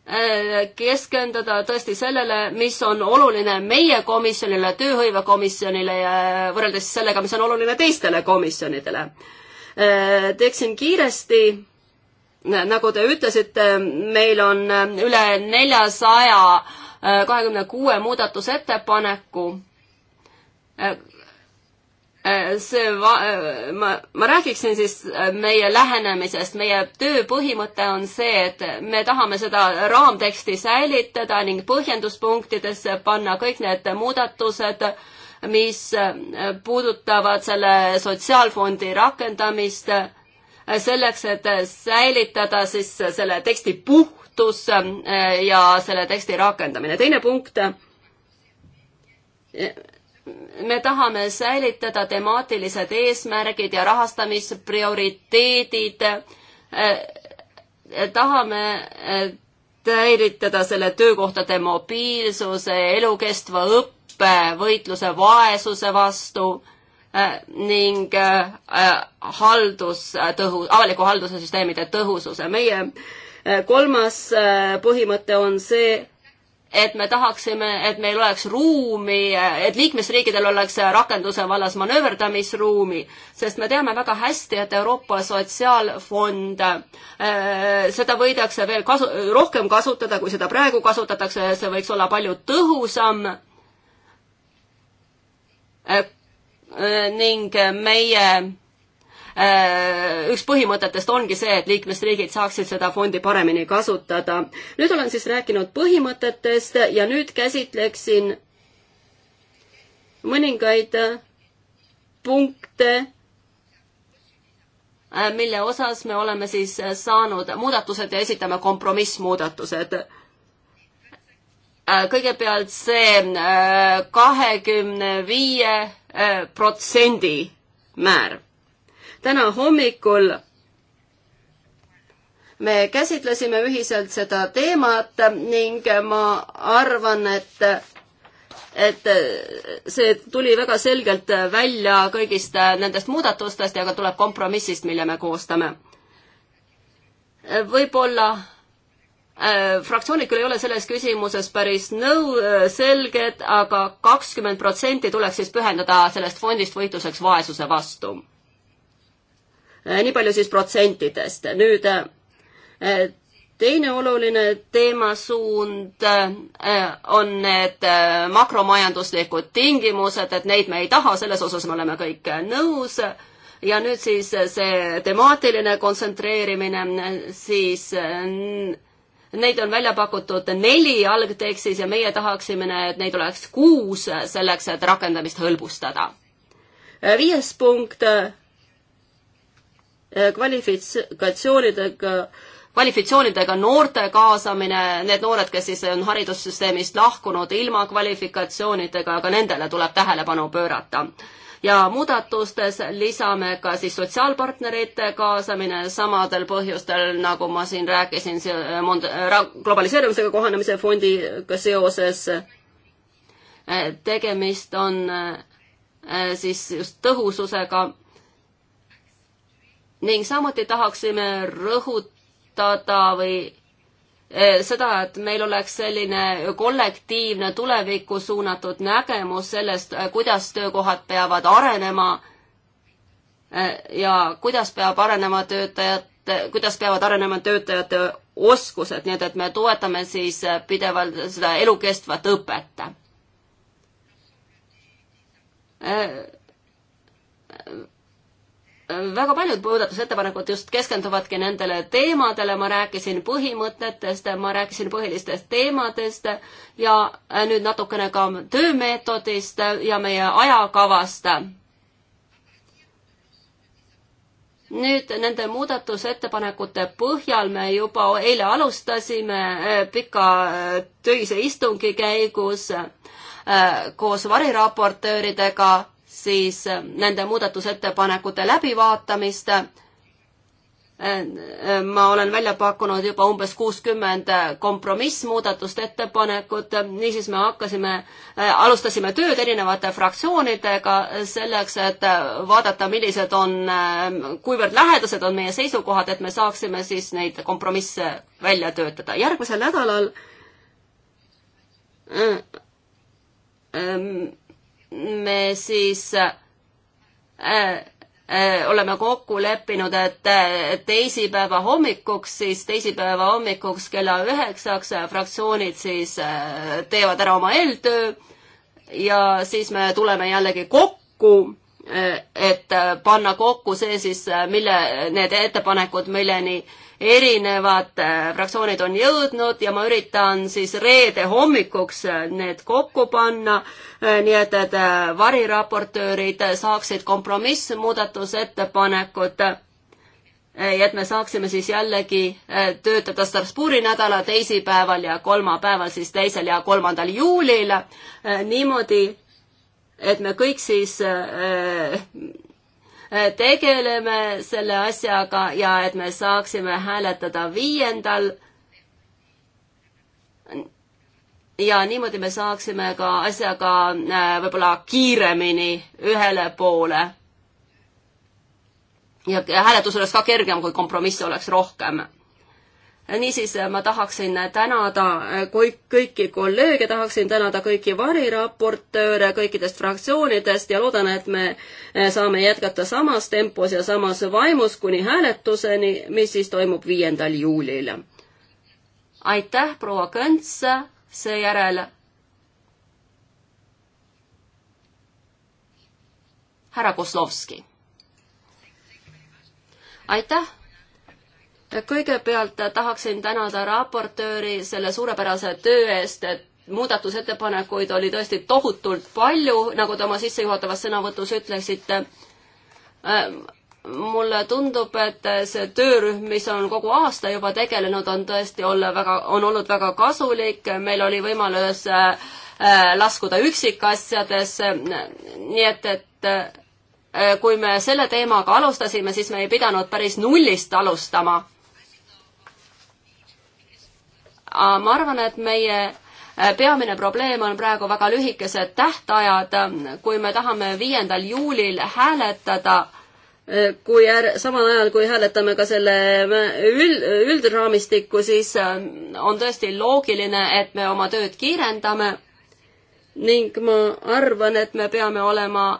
Äh, keskenduda tõesti sellele, mis on oluline meie komisjonile, tööhõivekomisjonile ja võrreldes sellega, mis on oluline teistele komisjonidele. Äh, teeksin kiiresti äh, nagu te ütlesite, meil on üle neljasaja kahekümne kuue muudatusettepaneku. Äh, see va-, äh, ma, ma räägiksin siis äh, meie lähenemisest, meie töö põhimõte on see, et me tahame seda raamteksti säilitada ning põhjenduspunktidesse panna kõik need muudatused, mis puudutavad selle sotsiaalfondi rakendamist, selleks, et säilitada siis selle teksti puhtus ja selle teksti rakendamine. teine punkt me tahame säilitada temaatilised eesmärgid ja rahastamisprioriteedid. Äh, tahame äh, säilitada selle töökohtade mobiilsuse, elukestva õppe, võitluse vaesuse vastu äh, ning haldustõhu, avaliku halduse süsteemide tõhususe. meie kolmas põhimõte on see, et me tahaksime, et meil oleks ruumi, et liikmesriikidel oleks rakenduse vallas manööverdamisruumi, sest me teame väga hästi, et Euroopa Sotsiaalfond äh,, seda võidakse veel kasu, rohkem kasutada, kui seda praegu kasutatakse, see võiks olla palju tõhusam äh,. äh ning meie Äh, üks põhimõtetest ongi see, et liikmesriigid saaksid seda fondi paremini kasutada. nüüd olen siis rääkinud põhimõtetest ja nüüd käsitleksin mõningaid punkte, äh, mille osas me oleme siis saanud muudatused ja esitame kompromissmuudatused. Äh, kõigepealt see kahekümne viie protsendi määr täna hommikul me käsitlesime ühiselt seda teemat ning ma arvan, et et see tuli väga selgelt välja kõigist nendest muudatustest ja ka tuleb kompromissist, mille me koostame. võib-olla äh, fraktsioonid küll ei ole selles küsimuses päris nõu- äh,, selged aga, aga kakskümmend protsenti tuleks siis pühendada sellest fondist võitluseks vaesuse vastu Äh, nii palju siis protsentidest. nüüd äh, teine oluline teemasuund äh, on need makromajanduslikud tingimused, et neid me ei taha, selles osas me oleme kõik nõus. ja nüüd siis see temaatiline kontsentreerimine, siis neid on välja pakutud neli algtekstis ja meie tahaksime, et neid oleks kuus selleks, et rakendamist hõlbustada. viies punkt Eh, kvalifikatsioonidega, kvalifikatsioonidega noorte kaasamine, need noored, kes siis on haridussüsteemist lahkunud ilma kvalifikatsioonidega, ka nendele tuleb tähelepanu pöörata ja muudatustes lisame ka siis sotsiaalpartnerite kaasamine samadel põhjustel, nagu ma siin rääkisin mond-, globaliseerumisega kohanemise fondiga seoses. Eh, tegemist on eh, siis just tõhususega ning samuti tahaksime rõhutada või e, seda, et meil oleks selline kollektiivne tulevikku suunatud nägemus sellest, e, kuidas töökohad peavad arenema e, ja kuidas peab arenema töötajate, kuidas peavad arenema töötajate oskused, nii et, et me toetame siis pidevalt seda elukestvat õpet väga paljud muudatusettepanekud just keskenduvadki nendele teemadele, ma rääkisin põhimõtetest, ma rääkisin põhilistest teemadest ja äh, nüüd natukene ka töömeetodist ja meie ajakavast. nüüd nende muudatusettepanekute põhjal me juba eile alustasime äh, pika äh, töise istungi käigus koos variraportööridega siis äh, nende muudatusettepanekute läbivaatamist. Äh, äh, ma olen välja pakkunud juba umbes kuuskümmend kompromissmuudatust ettepanekut, niisiis me hakkasime, alustasime tööd erinevate fraktsioonidega selleks, et vaadata, millised on, kuivõrd lähedased on meie seisukohad, et me saaksime siis neid kompromisse välja töötada. järgmisel nädalal ähm, me siis äh, äh, oleme kokku leppinud, et äh, teisipäeva hommikuks, siis teisipäeva hommikuks kella üheksaks fraktsioonid siis äh, teevad ära oma eeltöö ja siis me tuleme jällegi kokku, et panna kokku see siis, mille, need ettepanekud, milleni erinevad äh, fraktsioonid on jõudnud ja ma üritan siis reede hommikuks äh, need kokku panna, äh, nii et, et variraportöörid saaksid kompromissmuudatusettepanekud ja et me saaksime siis jällegi töötada Strasbourgi nädala teisipäeval ja kolmapäeval, siis teisel ja kolmandal juulil niimoodi, et me kõik siis äh, Äh, tegeleme selle asjaga ja et me saaksime hääletada viiendal. ja niimoodi me saaksime ka asjaga äh, võib-olla kiiremini ühele poole. ja hääletus oleks ka kergem, kui kompromisse oleks rohkem niisiis ma tahaksin tänada äh, kõik, kõiki kolleege, tahaksin tänada kõiki variraportööre kõikidest fraktsioonidest ja loodan, et me äh, saame jätkata samas tempos ja samas vaimus kuni hääletuseni, mis siis toimub viiendal juulil. aitäh, proua Kõnts, seejärel härra Kozlovski. aitäh kõigepealt tahaksin tänada raportööri selle suurepärase töö eest, et muudatusettepanekuid oli tõesti tohutult palju, nagu te oma sissejuhatavas sõnavõtus ütlesite. Ehm, mulle tundub, et see töörühm, mis on kogu aasta juba tegelenud, on tõesti olla väga, on olnud väga kasulik, meil oli võimalus ehm, laskuda üksikasjadesse, nii et, et ehm, kui me selle teemaga alustasime, siis me ei pidanud päris nullist alustama ma arvan, et meie äh, peamine probleem on praegu väga lühikesed tähtajad, kui me tahame viiendal juulil hääletada, äh, kui är-, samal ajal, kui hääletame ka selle äh, üld, üldraamistikku, siis on tõesti loogiline, et me oma tööd kiirendame ning ma arvan, et me peame olema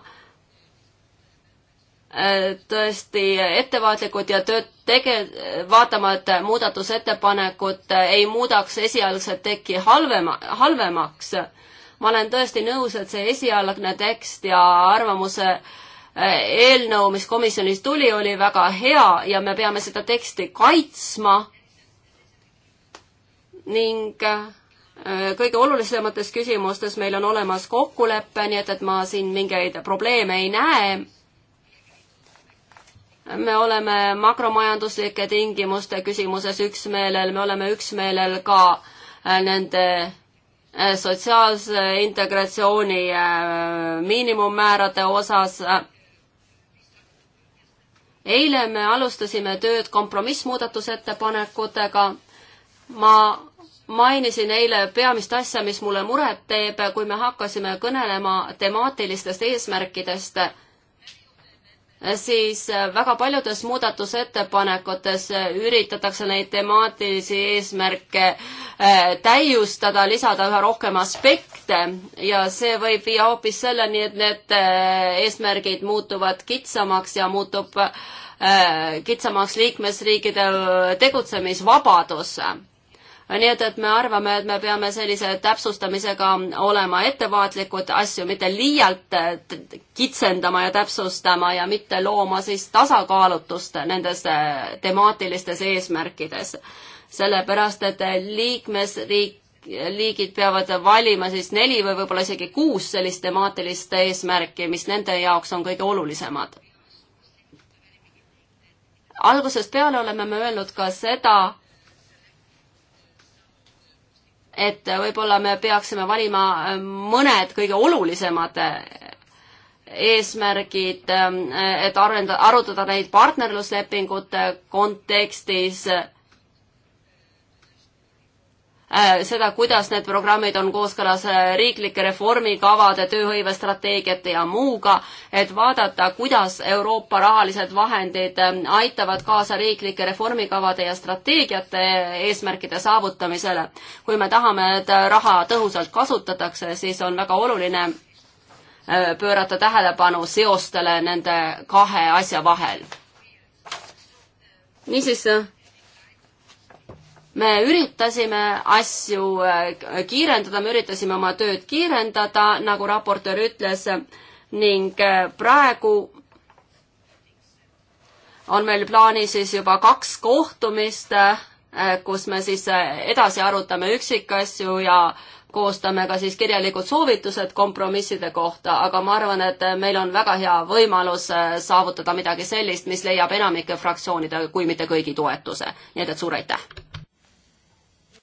tõesti ettevaatlikud ja tööt-, tege-, vaatama, et muudatusettepanekud ei muudaks esialgset tekki halvema, halvemaks. ma olen tõesti nõus, et see esialgne tekst ja arvamuse äh, eelnõu, mis komisjonis tuli, oli väga hea ja me peame seda teksti kaitsma ning äh, kõige olulisemates küsimustes meil on olemas kokkulepe, nii et, et ma siin mingeid probleeme ei näe me oleme makromajanduslike tingimuste küsimuses üksmeelel, me oleme üksmeelel ka äh, nende äh, sotsiaalse integratsiooni äh, miinimummäärade osas. eile me alustasime tööd kompromissmuudatusettepanekutega. ma mainisin eile peamist asja, mis mulle muret teeb, kui me hakkasime kõnelema temaatilistest eesmärkidest siis äh, väga paljudes muudatusettepanekutes äh, üritatakse neid temaatilisi eesmärke äh, täiustada, lisada üha rohkem aspekte ja see võib viia hoopis selleni, et need eesmärgid muutuvad kitsamaks ja muutub kitsamaks liikmesriikidel tegutsemisvabadus nii et, et me arvame, et me peame sellise täpsustamisega olema ettevaatlikud, asju mitte liialt kitsendama ja täpsustama ja mitte looma siis tasakaalutust nendes äh, temaatilistes eesmärkides. sellepärast, et liikmesriik liigid peavad valima siis neli või võib-olla isegi kuus sellist temaatilist eesmärki, mis nende jaoks on kõige olulisemad. algusest peale oleme me öelnud ka seda, et võib-olla me peaksime valima äh, mõned kõige olulisemad äh, eesmärgid, äh, et arendada, arutada neid partnerluslepingute kontekstis Äh, seda, kuidas need programmid on kooskõlas äh, riiklike reformikavade, tööhõivestrateegiate ja muuga, et vaadata, kuidas Euroopa rahalised vahendid äh, aitavad kaasa riiklike reformikavade ja strateegiate eesmärkide saavutamisele. kui me tahame, et raha tõhusalt kasutatakse, siis on väga oluline pöörata tähelepanu seostele nende kahe asja vahel. niisiis me üritasime asju äh, kiirendada, me üritasime oma tööd kiirendada, nagu raportöör ütles, ning äh, praegu on meil plaanis siis juba kaks kohtumist, äh, kus me siis edasi arutame üksikasju ja koostame ka siis kirjalikud soovitused kompromisside kohta, aga ma arvan, et meil on väga hea võimalus saavutada midagi sellist, mis leiab enamike fraktsioonide, kui mitte kõigi toetuse. nii et, et suur aitäh!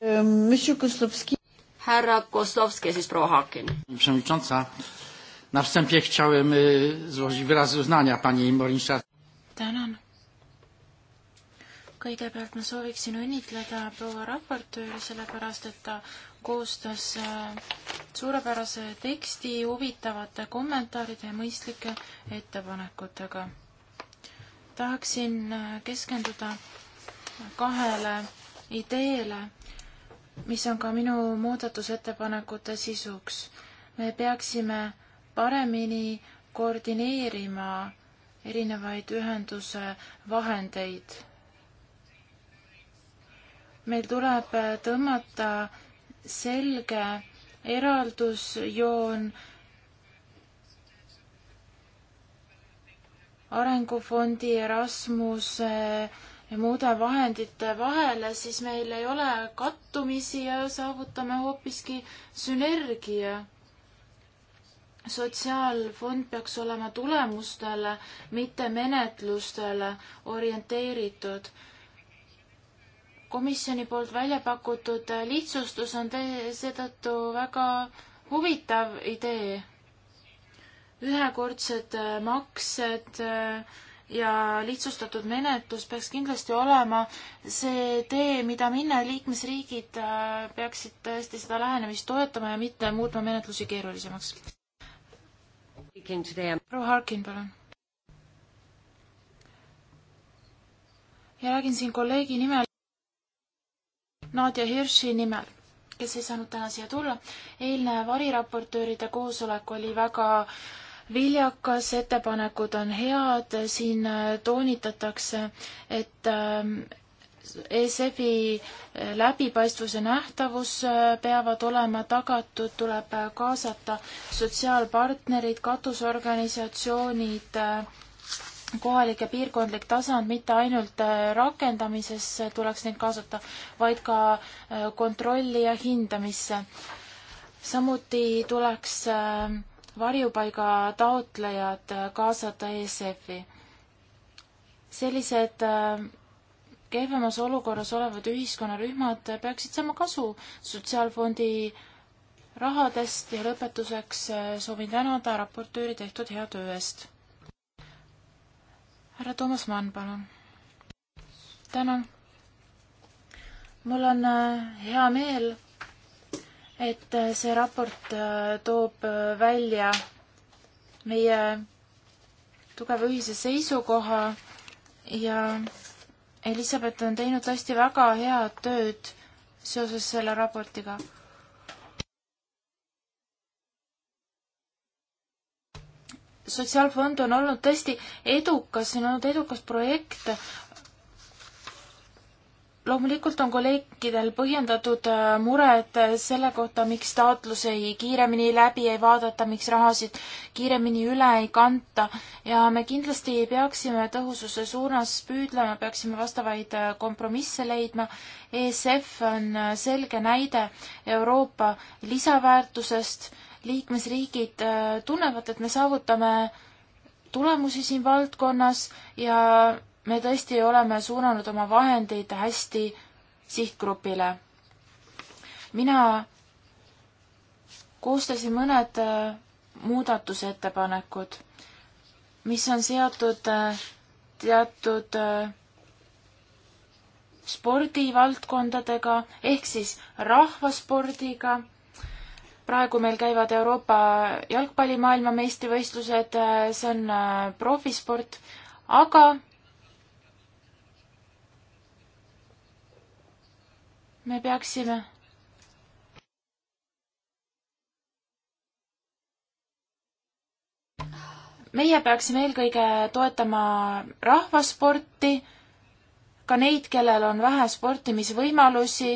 Ehm, härra Kozlovski ja siis proua Haakin. Na wstępie chciałem złożyć wyraz uznania pani Morinszat. tänan. kõigepealt ma sooviksin õnnitleda proua raportööri, sellepärast et ta koostas äh, suurepärase teksti huvitavate kommentaaride ja mõistlike ettepanekutega. tahaksin äh, keskenduda kahele ideele mis on ka minu muudatusettepanekute sisuks. me peaksime paremini koordineerima erinevaid ühenduse vahendeid. meil tuleb tõmmata selge eraldusjoon arengufondi Erasmuse äh, muude vahendite vahele, siis meil ei ole kattumisi ja saavutame hoopiski sünergia. sotsiaalfond peaks olema tulemustele, mitte menetlustele orienteeritud komisjoni poolt välja pakutud lihtsustus on seetõttu väga huvitav idee. ühekordsed maksed äh, ja lihtsustatud menetlus peaks kindlasti olema see tee, mida minna, liikmesriigid äh, peaksid tõesti seda lähenemist toetama ja mitte muutma menetlusi keerulisemaks. proua Harkin, palun. ja räägin siin kolleegi nimel, Nadja Hirši nimel kes ei saanud täna siia tulla. eilne variraportööride koosolek oli väga äh, viljakas, ettepanekud on head, siin äh, toonitatakse, et ähm, ESF-i äh, läbipaistvus ja nähtavus äh, peavad olema tagatud, tuleb kaasata sotsiaalpartnerid, katusorganisatsioonid, kohalik ja piirkondlik tasand, mitte ainult rakendamisesse tuleks neid kaasata, vaid ka kontrolli ja hindamisse. samuti tuleks äh, varjupaiga taotlejad kaasata ESF-i. sellised äh, kehvemas olukorras olevad ühiskonnarühmad peaksid saama kasu Sotsiaalfondi rahadest ja lõpetuseks äh, soovin tänada raportööri tehtud hea töö eest. härra Toomas Mann, palun. tänan. mul on äh, hea meel et äh, see raport äh, toob äh, välja meie tugeva ühise seisukoha ja Elisabeth on teinud tõesti väga head tööd seoses selle raportiga. sotsiaalfond on olnud tõesti edukas, see on olnud edukas projekt, loomulikult on kolleegidel põhjendatud äh, mured äh, selle kohta, miks taotlusi kiiremini läbi ei vaadata, miks rahasid kiiremini üle ei kanta ja me kindlasti peaksime tõhususe suunas püüdlema, peaksime vastavaid äh, kompromisse leidma. ESF on selge näide Euroopa lisaväärtusest, liikmesriigid tunnevad, et me saavutame tulemusi siin valdkonnas ja me tõesti oleme suunanud oma vahendeid hästi sihtgrupile. mina koostasin mõned äh, muudatusettepanekud, mis on seotud äh, teatud äh, spordivaldkondadega ehk siis rahvaspordiga. praegu meil käivad Euroopa jalgpalli maailmameistrivõistlused, see on profisport, aga me peaksime meie peaksime eelkõige toetama rahvasporti, ka neid, kellel on vähe sportimisvõimalusi.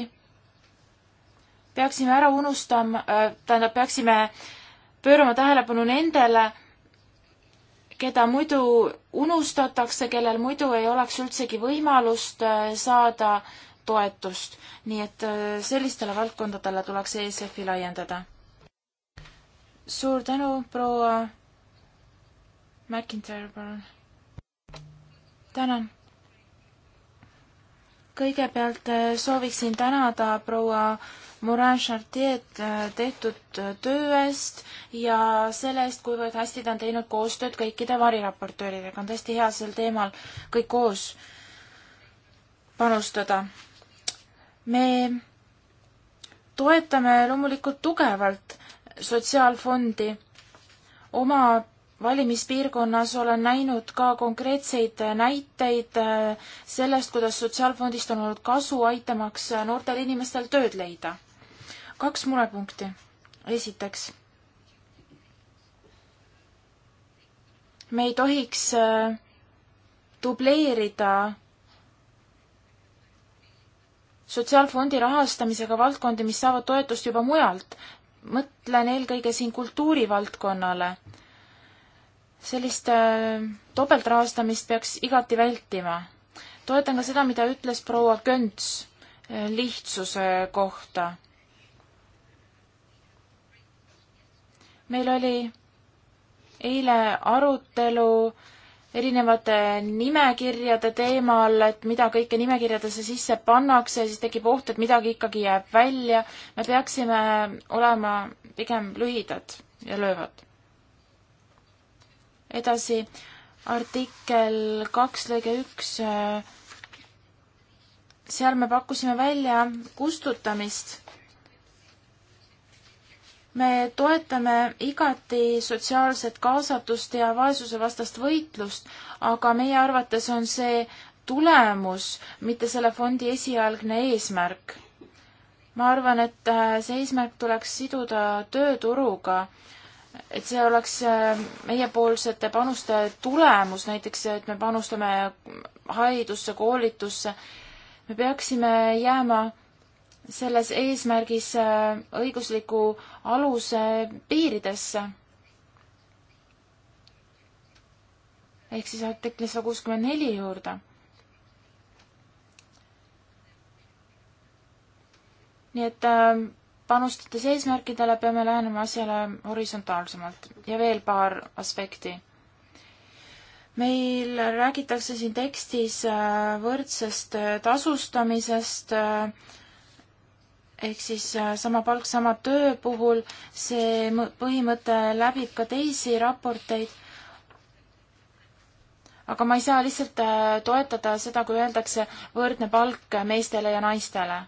peaksime ära unustama, äh, tähendab, peaksime pöörama tähelepanu nendele, keda muidu unustatakse, kellel muidu ei oleks üldsegi võimalust äh, saada toetust, nii et äh, sellistele valdkondadele tuleks ESF-i laiendada. suur tänu, proua McIntyre, palun. tänan. kõigepealt äh, sooviksin tänada proua Morin Chartier'd äh, tehtud töö eest ja selle eest, kuivõrd hästi ta on teinud koostööd kõikide variraportööridega, on tõesti hea sel teemal kõik koos panustada me toetame loomulikult tugevalt sotsiaalfondi. oma valimispiirkonnas olen näinud ka konkreetseid näiteid äh, sellest, kuidas sotsiaalfondist on olnud kasu, aitamaks äh, noortel inimestel tööd leida. kaks murepunkti. esiteks, me ei tohiks äh, dubleerida sotsiaalfondi rahastamisega valdkondi, mis saavad toetust juba mujalt. mõtlen eelkõige siin kultuurivaldkonnale. sellist äh, topeltrahastamist peaks igati vältima. toetan ka seda, mida ütles proua Könts äh, lihtsuse kohta. meil oli eile arutelu äh, erinevate nimekirjade teemal, et mida kõike nimekirjadesse sisse pannakse, siis tekib oht, et midagi ikkagi jääb välja. me peaksime olema pigem lühidad ja löövad. edasi, artikkel kaks lõige üks. seal me pakkusime välja kustutamist me toetame igati sotsiaalset kaasatust ja vaesusevastast võitlust, aga meie arvates on see tulemus, mitte selle fondi esialgne eesmärk. ma arvan, et äh, see eesmärk tuleks siduda tööturuga, et see oleks äh, meiepoolsete panuste tulemus, näiteks et me panustame haridusse, koolitusse, me peaksime jääma selles eesmärgis äh, õigusliku aluse piiridesse. ehk siis artikli sada kuuskümmend neli juurde. nii et äh, panustades eesmärkidele, peame lähenema asjale horisontaalsemalt ja veel paar aspekti meil räägitakse siin tekstis äh, võrdsest tasustamisest ehk siis äh, sama palk sama töö puhul, see põhimõte läbib ka teisi raporteid. aga ma ei saa lihtsalt äh, toetada seda, kui öeldakse võrdne palk meestele ja naistele.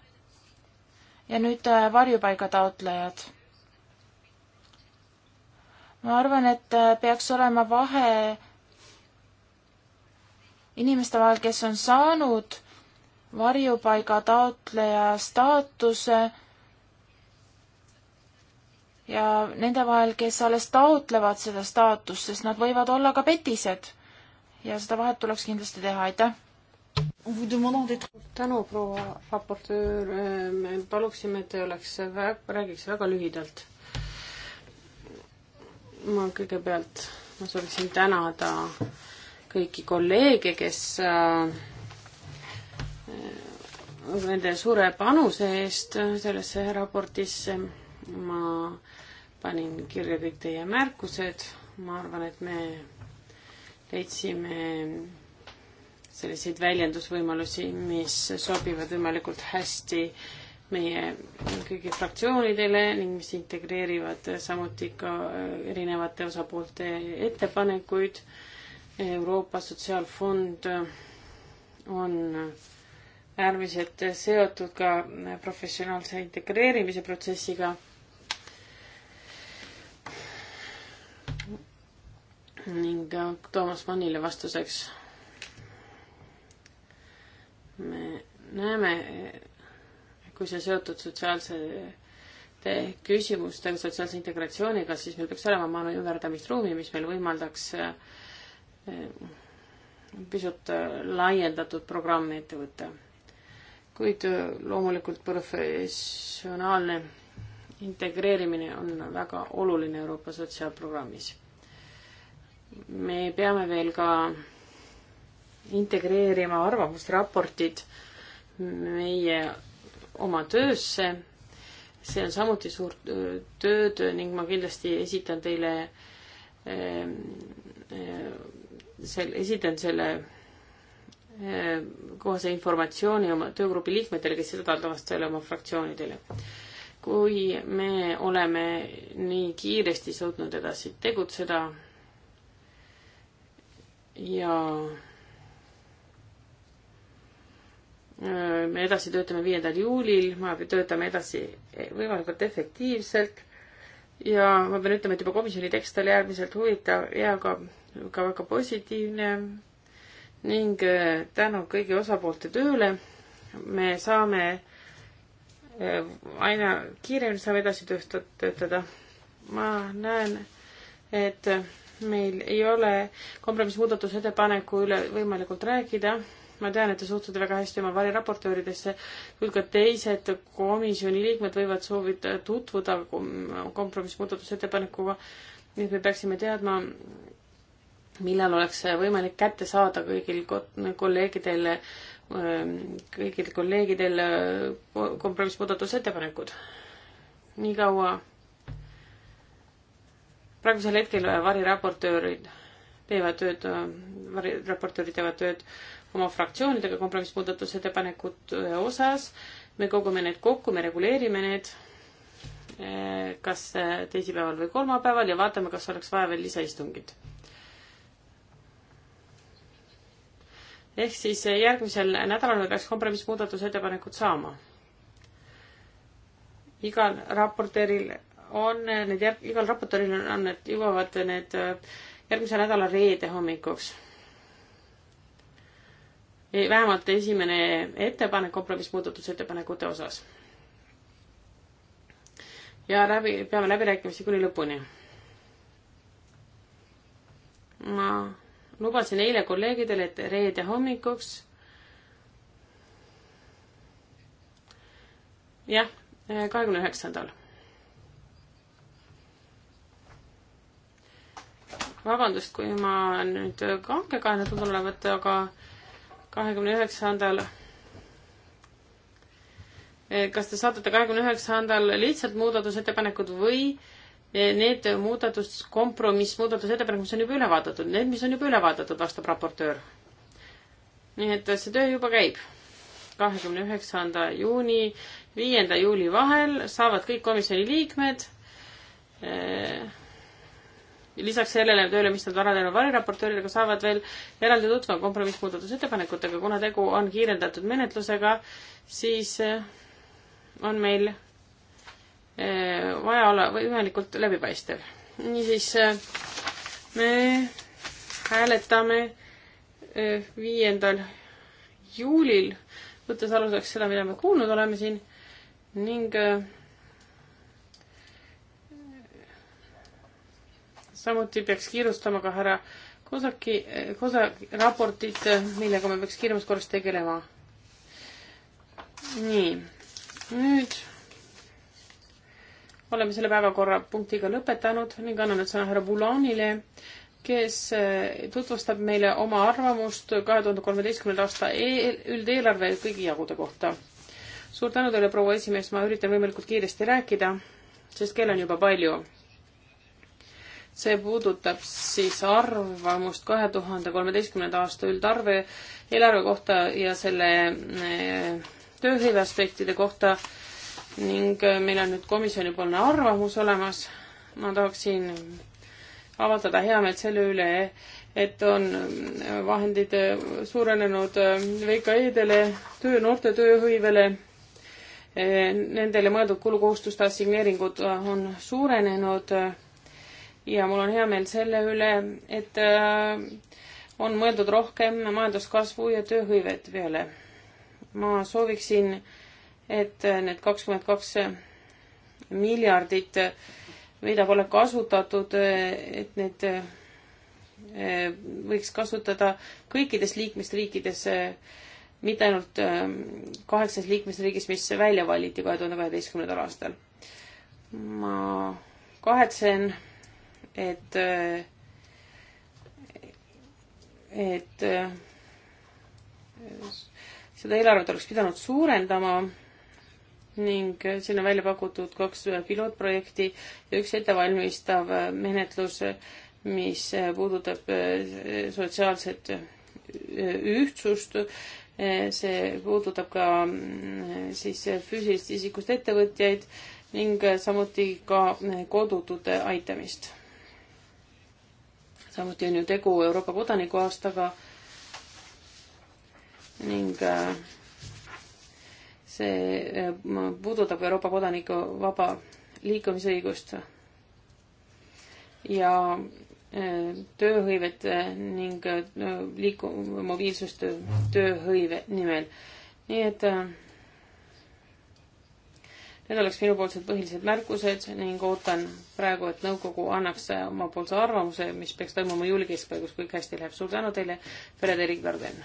ja nüüd äh, varjupaiga taotlejad. ma arvan, et peaks olema vahe inimeste vahel, kes on saanud varjupaiga taotleja staatuse ja nende vahel, kes alles taotlevad seda staatust, sest nad võivad olla ka petised. ja seda vahet tuleks kindlasti teha, aitäh! tänu, proua raportöör, me paluksime, et te oleks, räägiks väga lühidalt. ma kõigepealt, ma sooviksin tänada kõiki kolleege, kes äh, Äh, nende suure panuse eest sellesse raportisse. ma panin kirja kõik teie märkused, ma arvan, et me leidsime selliseid väljendusvõimalusi, mis sobivad võimalikult hästi meie kõigi fraktsioonidele ning mis integreerivad samuti ka äh, erinevate osapoolte ettepanekuid. Euroopa Sotsiaalfond on äärmiselt seotud ka professionaalse integreerimise protsessiga. ning Toomas Mannile vastuseks. me näeme, kui see seotud sotsiaalse küsimustega, sotsiaalse integratsiooniga, siis meil peaks olema maailma ümardamisruumi, mis meil võimaldaks eh, pisut laiendatud programmi ette võtta kuid äh, loomulikult professionaalne integreerimine on väga oluline Euroopa sotsiaalprogrammis. me peame veel ka integreerima arvamusraportid meie oma töösse. see on samuti suur äh, tööd ning ma kindlasti esitan teile äh, sel-, esitan selle kohase informatsiooni oma töögrupi liikmetele, kes edaldavad selle oma fraktsioonidele. kui me oleme nii kiiresti suutnud edasi tegutseda ja me edasi töötame viiendal juulil, me töötame edasi võimalikult efektiivselt ja ma pean ütlema, et juba komisjoni tekst oli äärmiselt huvitav ja ka, ka väga positiivne ning eh, tänu kõigi osapoolte tööle me saame eh, aina kiiremini saame edasi töötada. ma näen, et meil ei ole kompromissmuudatusettepaneku üle võimalikult rääkida. ma tean, et te suhtute väga hästi oma variraportööridesse, küll ka teised komisjoni liikmed võivad soovida tutvuda kompromissmuudatusettepanekuga. nii et me peaksime teadma, millal oleks võimalik kätte saada kõigil kolleegidel, ähm, kõigil kolleegidel äh, kompromissmuudatusettepanekud. niikaua praegusel hetkel äh, variraportöörid teevad tööd, äh, variraportöörid teevad tööd oma fraktsioonidega kompromissmuudatusettepanekute osas, me kogume need kokku, me reguleerime need kas teisipäeval või kolmapäeval ja vaatame, kas oleks vaja veel lisaistungit ehk siis järgmisel nädalal me peaks kompromissmuudatusettepanekud saama. igal raportööril on need järg-, igal raportööril on, on need, jõuavad need äh, järgmise nädala reede hommikuks. vähemalt esimene ettepanek kompromissmuudatusettepanekute osas. ja läbi, peame läbirääkimisi kuni lõpuni. ma lubasin eile kolleegidele, et reede hommikuks jah, kahekümne üheksandal. vabandust, kui ma nüüd kangekaelne tundun olevat, aga kahekümne üheksandal eh, kas te saadate kahekümne üheksandal lihtsalt muudatusettepanekud või Eh, need muudatus, kompromiss, muudatusettepanekud, mis on juba üle vaadatud, need, mis on juba üle vaadatud, vastab raportöör. nii et see töö juba käib. kahekümne üheksanda juuni, viienda juuli vahel saavad kõik komisjoni liikmed eh, lisaks sellele tööle, mis nad varem teinud variraportööridega, saavad veel eraldi tutvuda kompromissmuudatusettepanekutega, kuna tegu on kiirendatud menetlusega, siis eh, on meil Eh, vaja olla võimalikult läbipaistev. niisiis eh, me hääletame eh, viiendal juulil, võttes aluseks seda, mida me kuulnud oleme siin ning samuti peaks kiirustama ka härra Kosaki, Kosa raportit, millega me peaks kiiremas korras tegelema. nii, nüüd oleme selle päevakorrapunktiga lõpetanud ning annan nüüd sõna härra Bulanile, kes äh, tutvustab meile oma arvamust kahe tuhande kolmeteistkümnenda aasta eel, üldeelarve kõigi jagude kohta. suur tänu teile, proua esimees, ma üritan võimalikult kiiresti rääkida, sest kell on juba palju. see puudutab siis arvamust kahe tuhande kolmeteistkümnenda aasta üldarve, eelarve kohta ja selle äh, tööhõive aspektide kohta ning äh, meil on nüüd komisjonipoolne arvamus olemas. ma tahaksin avaldada heameelt selle üle, et on äh, vahendid äh, suurenenud VKE-dele, töö, noorte tööhõivele, nendele mõeldud kulukohustuste assigneeringud on suurenenud ja mul on hea meel selle üle, et on mõeldud rohkem majanduskasvu ja tööhõivet peale. ma sooviksin äh, et äh, need kakskümmend kaks äh, miljardit, äh, mida pole kasutatud, et need võiks kasutada kõikides liikmesriikides, mitte ainult kaheksas liikmesriigis, mis välja valiti kahe tuhande kaheteistkümnendal aastal. ma kahetsen, et, et seda eelarvet oleks pidanud suurendama ning siin on välja pakutud kaks pilootprojekti ja üks ettevalmistav menetlus, mis puudutab eh, sotsiaalset eh, ühtsust. Eh, see puudutab ka mm, siis füüsilisest isikust ettevõtjaid ning samuti ka kodutute aitamist. samuti on ju tegu Euroopa kodanikuaastaga ning see eh, puudutab Euroopa kodaniku vaba liikumisõigust ja eh, tööhõivet eh, ning liiku-, mobiilsust tööhõive nimel. nii et Need oleks minupoolsed põhilised märkused ning ootan praegu, et nõukogu annaks omapoolse arvamuse, mis peaks toimuma juuli keskpaigus, kõik hästi läheb. suur tänu teile, Frederik Darden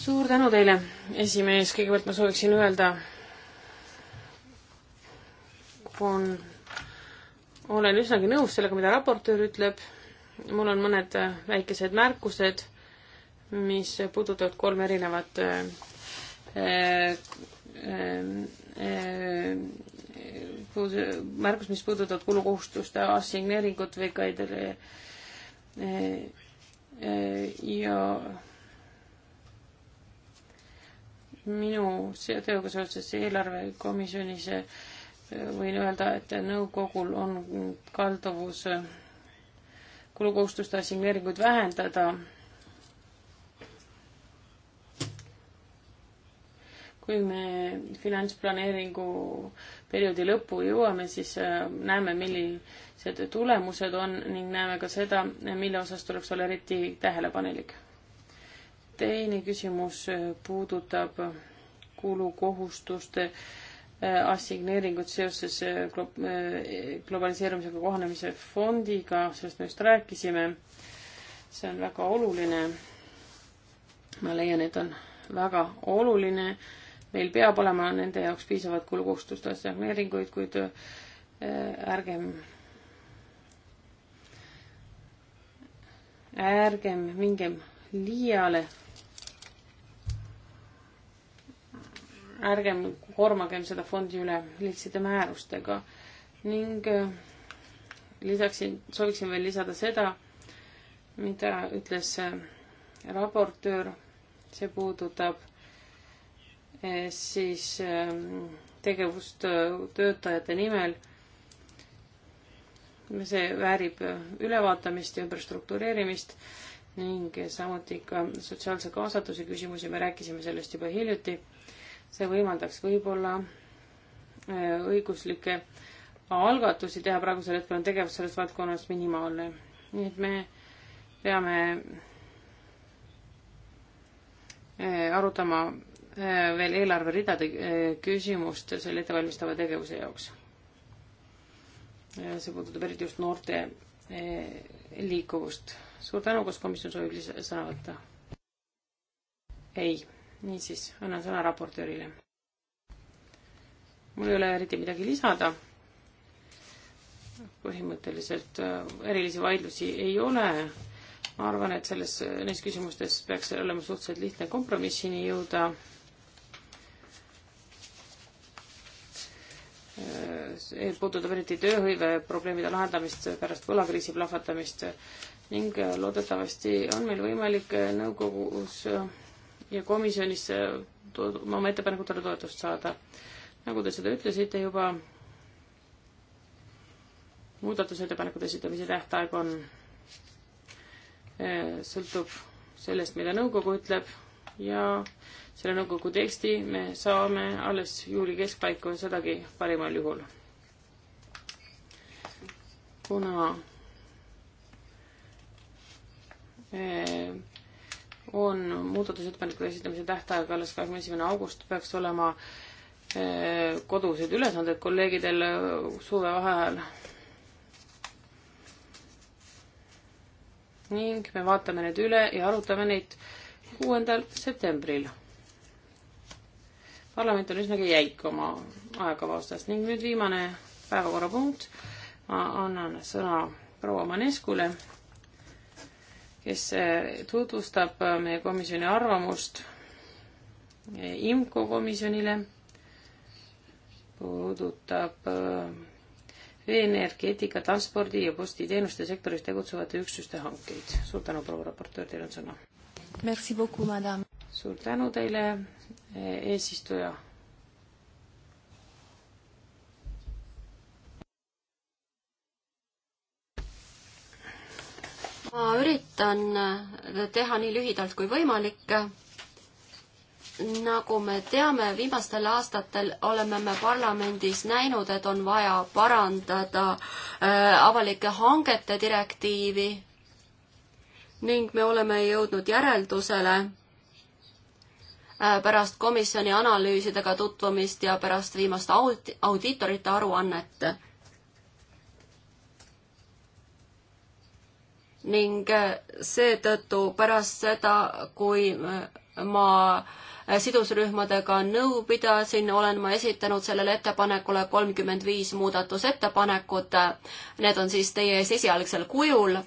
suur tänu teile, esimees, kõigepealt ma sooviksin öelda, on, olen üsnagi nõus sellega, mida raportöör ütleb, mul on mõned äh, väikesed märkused, mis puudutavad kolme erinevat äh, äh, äh märkus, mis puudutab kulukohustuste assigneeringut VKI-dele ja minu tööga seoses eelarvekomisjonis eh, võin öelda, et nõukogul on kalduvus eh, kulukohustuste assigneeringuid vähendada. kui me finantsplaneeringu perioodi lõppu jõuame, siis eh, näeme, millised tulemused on ning näeme ka seda, mille osas tuleks olla eriti tähelepanelik teine küsimus äh, puudutab kulukohustuste äh, assigneeringut seoses äh, globaliseerumisega kohanemise fondiga, sellest me just rääkisime. see on väga oluline. ma leian, et on väga oluline. meil peab olema nende jaoks piisavalt kulukohustuste assigneeringuid, kuid ärgem ärgem mingem liiale ärgem koormagem seda fondi üle lihtsate määrustega ning äh, lisaksin, sooviksin veel lisada seda, mida ütles äh, raportöör, see puudutab äh, siis tegevust töötajate nimel. see väärib ülevaatamist ja ümberstruktureerimist ning samuti ka sotsiaalse kaasatuse küsimusi, me rääkisime sellest juba hiljuti see võimaldaks võib-olla äh, õiguslikke algatusi teha, praegusel hetkel on tegevus selles valdkonnas minimaalne. nii et me peame äh, arutama äh, veel eelarveridade küsimust selle ettevalmistava tegevuse jaoks. see puudutab eriti just noorte liikuvust. suur tänu, kas komisjon soovib lisa, sõna võtta? ei niisiis, annan sõna raportöörile. mul ei ole eriti midagi lisada. põhimõtteliselt äh, erilisi vaidlusi ei ole. ma arvan, et selles, äh, neis küsimustes peaks olema suhteliselt lihtne kompromissini jõuda. Äh, see puudutab eriti tööhõive probleemide lahendamist pärast võlakriisi plahvatamist ning loodetavasti on meil võimalik nõukogus ja komisjonis eh, oma ettepanekutele toetust saada. nagu te seda ütlesite juba, muudatusettepanekute esitamise tähtaeg on, eh, sõltub sellest, mida nõukogu ütleb ja selle nõukogu teksti me saame alles juuli keskpaiku, sedagi parimal juhul. kuna eh, on muudatusettepanekute esitamise tähtaeg alles kahekümne esimene august, peaks olema eh, kodused ülesanded kolleegidel eh, suvevaheajal. ning me vaatame need üle ja arutame neid kuuendal septembril. parlament on üsnagi jäik oma ajakava osas ning nüüd viimane päevakorrapunkt. ma annan sõna proua Maneskule kes eh, tutvustab eh, meie komisjoni arvamust IMCO komisjonile, puudutab eh, veeenergeetika, transpordi ja postiteenuste sektoris tegutsevate üksuste hankeid. suur tänu, proua raportöör, teil on sõna. suur tänu teile, eesistuja ma üritan äh, teha nii lühidalt kui võimalik. nagu me teame, viimastel aastatel oleme me parlamendis näinud, et on vaja parandada äh, avalike hangete direktiivi ning me oleme jõudnud järeldusele äh, pärast komisjoni analüüsidega tutvumist ja pärast viimast audit, audiitorite aruannet ning äh, seetõttu pärast seda, kui äh, ma äh, sidusrühmadega nõu pidasin, olen ma esitanud sellele ettepanekule kolmkümmend viis muudatusettepanekut. Need on siis teie ees esialgsel kujul.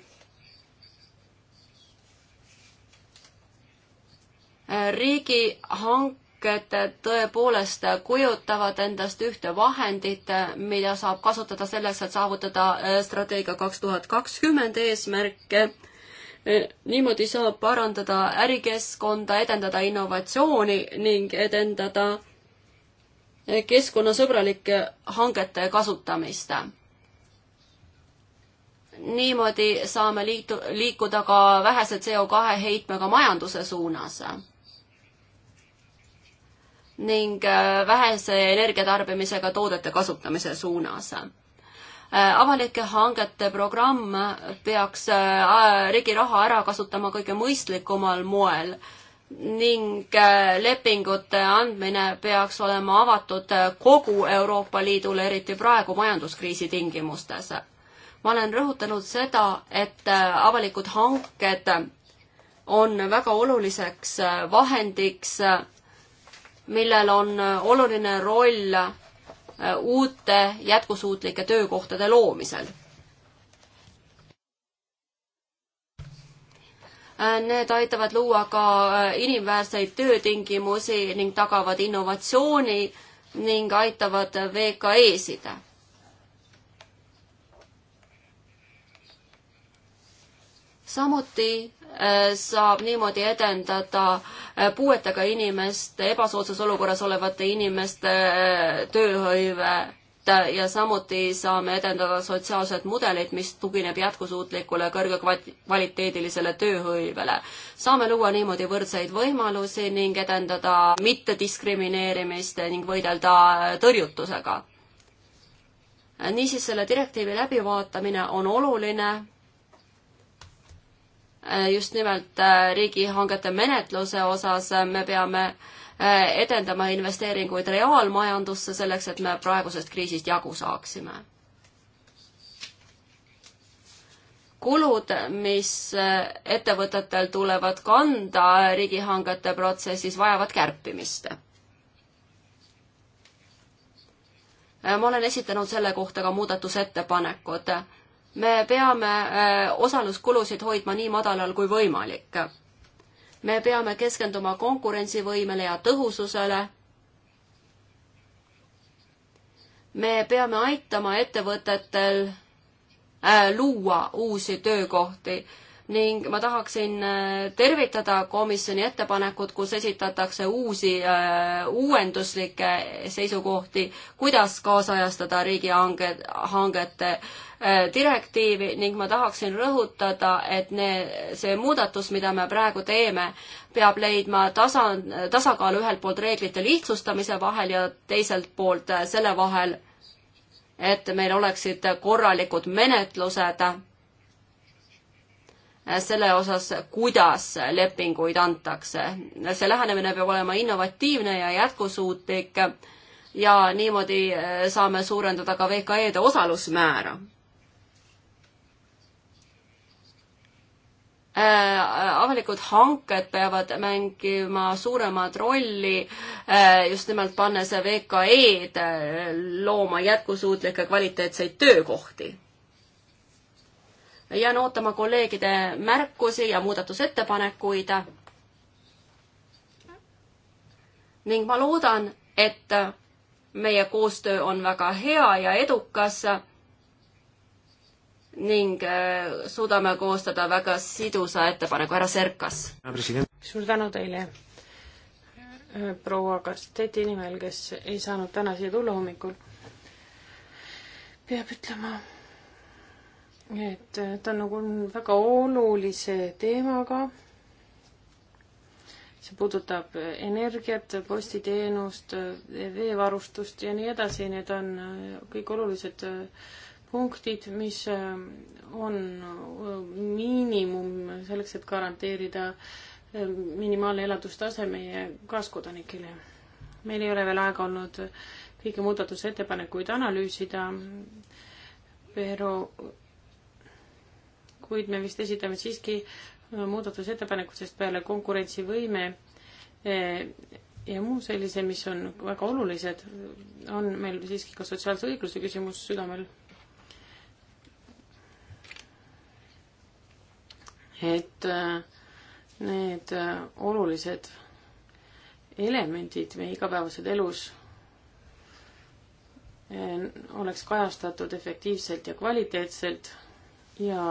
riigihank-, hanked tõepoolest kujutavad endast ühte vahendit, mida saab kasutada selleks, et saavutada äh, strateegia kaks tuhat kakskümmend eesmärke. Äh, niimoodi saab parandada ärikeskkonda, edendada innovatsiooni ning edendada äh, keskkonnasõbralike hangete kasutamist niimoodi saame liitu, liikuda ka vähese CO2 heitmega majanduse suunas ning äh, vähese energiatarbimisega toodete kasutamise suunas. Äh, avalike hangete programm peaks äh, riigi raha ära kasutama kõige mõistlikumal moel ning lepingute andmine peaks olema avatud kogu Euroopa Liidule, eriti praegu majanduskriisi tingimustes. ma olen rõhutanud seda, et avalikud hanked on väga oluliseks vahendiks millel on äh, oluline roll äh, uute jätkusuutlike töökohtade loomisel. Äh, need aitavad luua ka inimväärseid töötingimusi ning tagavad innovatsiooni ning aitavad VKE-sid samuti Äh, saab niimoodi edendada äh, puuetega inimeste, ebasoodsas olukorras olevate inimeste äh, tööhõivet ja samuti saame edendada sotsiaalset mudelit, mis tugineb jätkusuutlikule kõrge kvaliteedilisele tööhõivele. saame luua niimoodi võrdseid võimalusi ning edendada mittediskrimineerimist ning võidelda tõrjutusega niisiis selle direktiivi läbivaatamine on oluline Äh, just nimelt äh, riigihangete menetluse osas äh, me peame edendama investeeringuid reaalmajandusse selleks, et me praegusest kriisist jagu saaksime. kulud, mis ettevõtetel tulevad kanda riigihangete protsessis, vajavad kärpimist. ma olen esitanud selle kohta ka muudatusettepanekud me peame äh, osaluskulusid hoidma nii madalal kui võimalik. me peame keskenduma konkurentsivõimele ja tõhususele. me peame aitama ettevõtetel äh, luua uusi töökohti ning ma tahaksin äh, tervitada komisjoni ettepanekut, kus esitatakse uusi uuenduslikke seisukohti, kuidas kaasajastada riigihangete Äh, direktiivi ning ma tahaksin rõhutada, et ne, see muudatus, mida me praegu teeme, peab leidma tasa, tasakaalu ühelt poolt reeglite lihtsustamise vahel ja teiselt poolt äh, selle vahel, et meil oleksid korralikud menetlused äh, selle osas, kuidas lepinguid antakse. see lähenemine peab olema innovatiivne ja jätkusuutlik ja niimoodi saame suurendada ka VKE-de osalusmäära Äh, avalikud hanked peavad mängima suuremat rolli, äh, just nimelt pannes VKE-d äh, looma jätkusuutlikke kvaliteetseid töökohti. jään ootama kolleegide märkusi ja muudatusettepanekuid. ning ma loodan, et meie koostöö on väga hea ja edukas ning äh, suudame koostada väga sidusa ettepaneku, härra Serkas. suur tänu teile, äh, proua Kasteti nimel, kes ei saanud täna siia tulla hommikul. peab ütlema, et äh, ta on nagu väga olulise teemaga. see puudutab energiat, postiteenust, veevarustust ja nii edasi, need on kõik olulised punktid, mis äh, on äh, miinimum selleks, et garanteerida äh, minimaalne elatustase meie kaaskodanikele. meil ei ole veel aega olnud kõiki muudatusettepanekuid analüüsida, pero kuid me vist esitame siiski muudatusettepanekud, sest peale konkurentsivõime ja muu sellise, mis on väga olulised, on meil siiski ka sotsiaalse õigluse küsimus südamel et äh, need äh, olulised elemendid meie igapäevased elus äh, oleks kajastatud efektiivselt ja kvaliteetselt ja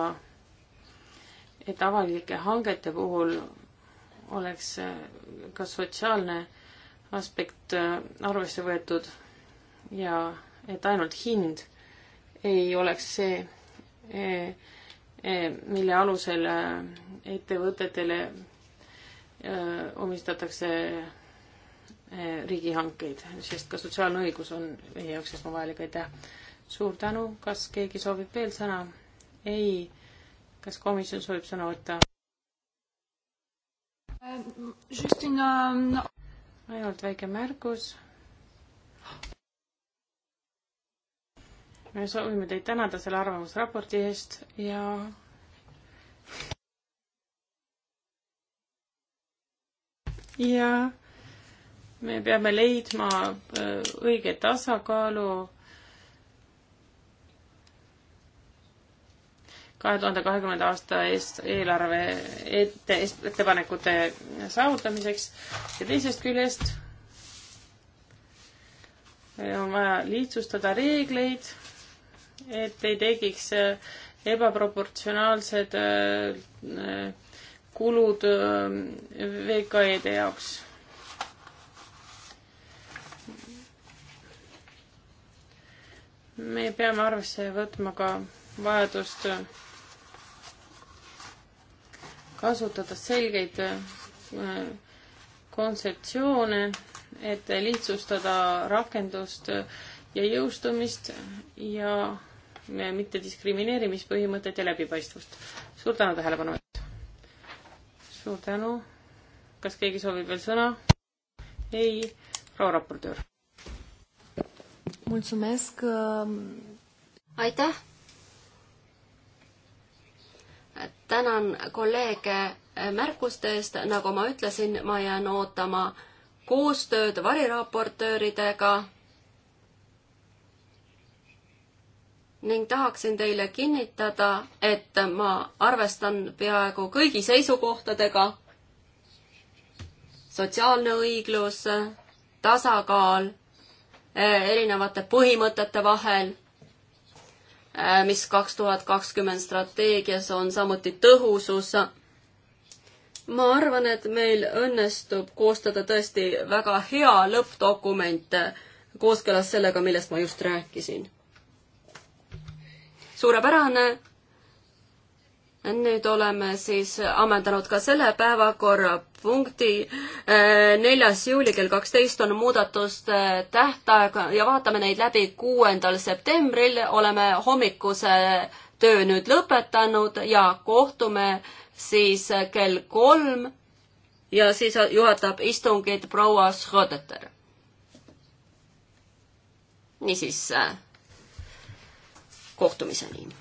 et avalike hangete puhul oleks ka sotsiaalne aspekt arvesse võetud ja et ainult hind ei oleks see, mille alusel äh, ettevõtetele äh, omistatakse äh, riigihankeid, sest ka sotsiaalne õigus on meie jaoks esmavajalik, aitäh. suur tänu, kas keegi soovib veel sõna? ei. kas komisjon soovib sõna võtta? Ähm, ähm, ainult väike märkus me soovime teid tänada selle arvamusraporti eest ja ja me peame leidma äh, õige tasakaalu kahe tuhande kahekümnenda aasta eest eelarve ette, ettepanekute saavutamiseks ja teisest küljest on vaja lihtsustada reegleid et ei tekiks äh, ebaproportsionaalsed äh, kulud äh, VKE-de jaoks. me peame arvesse võtma ka vajadust kasutada selgeid kontseptsioone, et lihtsustada rakendust ja jõustumist ja Äh, mittediskrimineerimispõhimõtet ja läbipaistvust. suur tänu tähelepanu eest! suur tänu! kas keegi soovib veel sõna? ei, proua raportöör. Um, aitäh! tänan kolleege märkuste eest, nagu ma ütlesin, ma jään ootama koostööd variraportööridega ning tahaksin teile kinnitada, et ma arvestan peaaegu kõigi seisukohtadega. sotsiaalne õiglus, tasakaal eh, erinevate põhimõtete vahel, eh, mis kaks tuhat kakskümmend strateegias on samuti tõhusus. ma arvan, et meil õnnestub koostada tõesti väga hea lõppdokument kooskõlas sellega, millest ma just rääkisin suurepärane. nüüd oleme siis ammendanud ka selle päevakorrapunkti. neljas juuli kell kaksteist on muudatuste tähtaeg ja vaatame neid läbi kuuendal septembril. oleme hommikuse töö nüüd lõpetanud ja kohtume siis kell kolm ja siis juhatab istungit proua Schröder. niisiis kohtumiseni!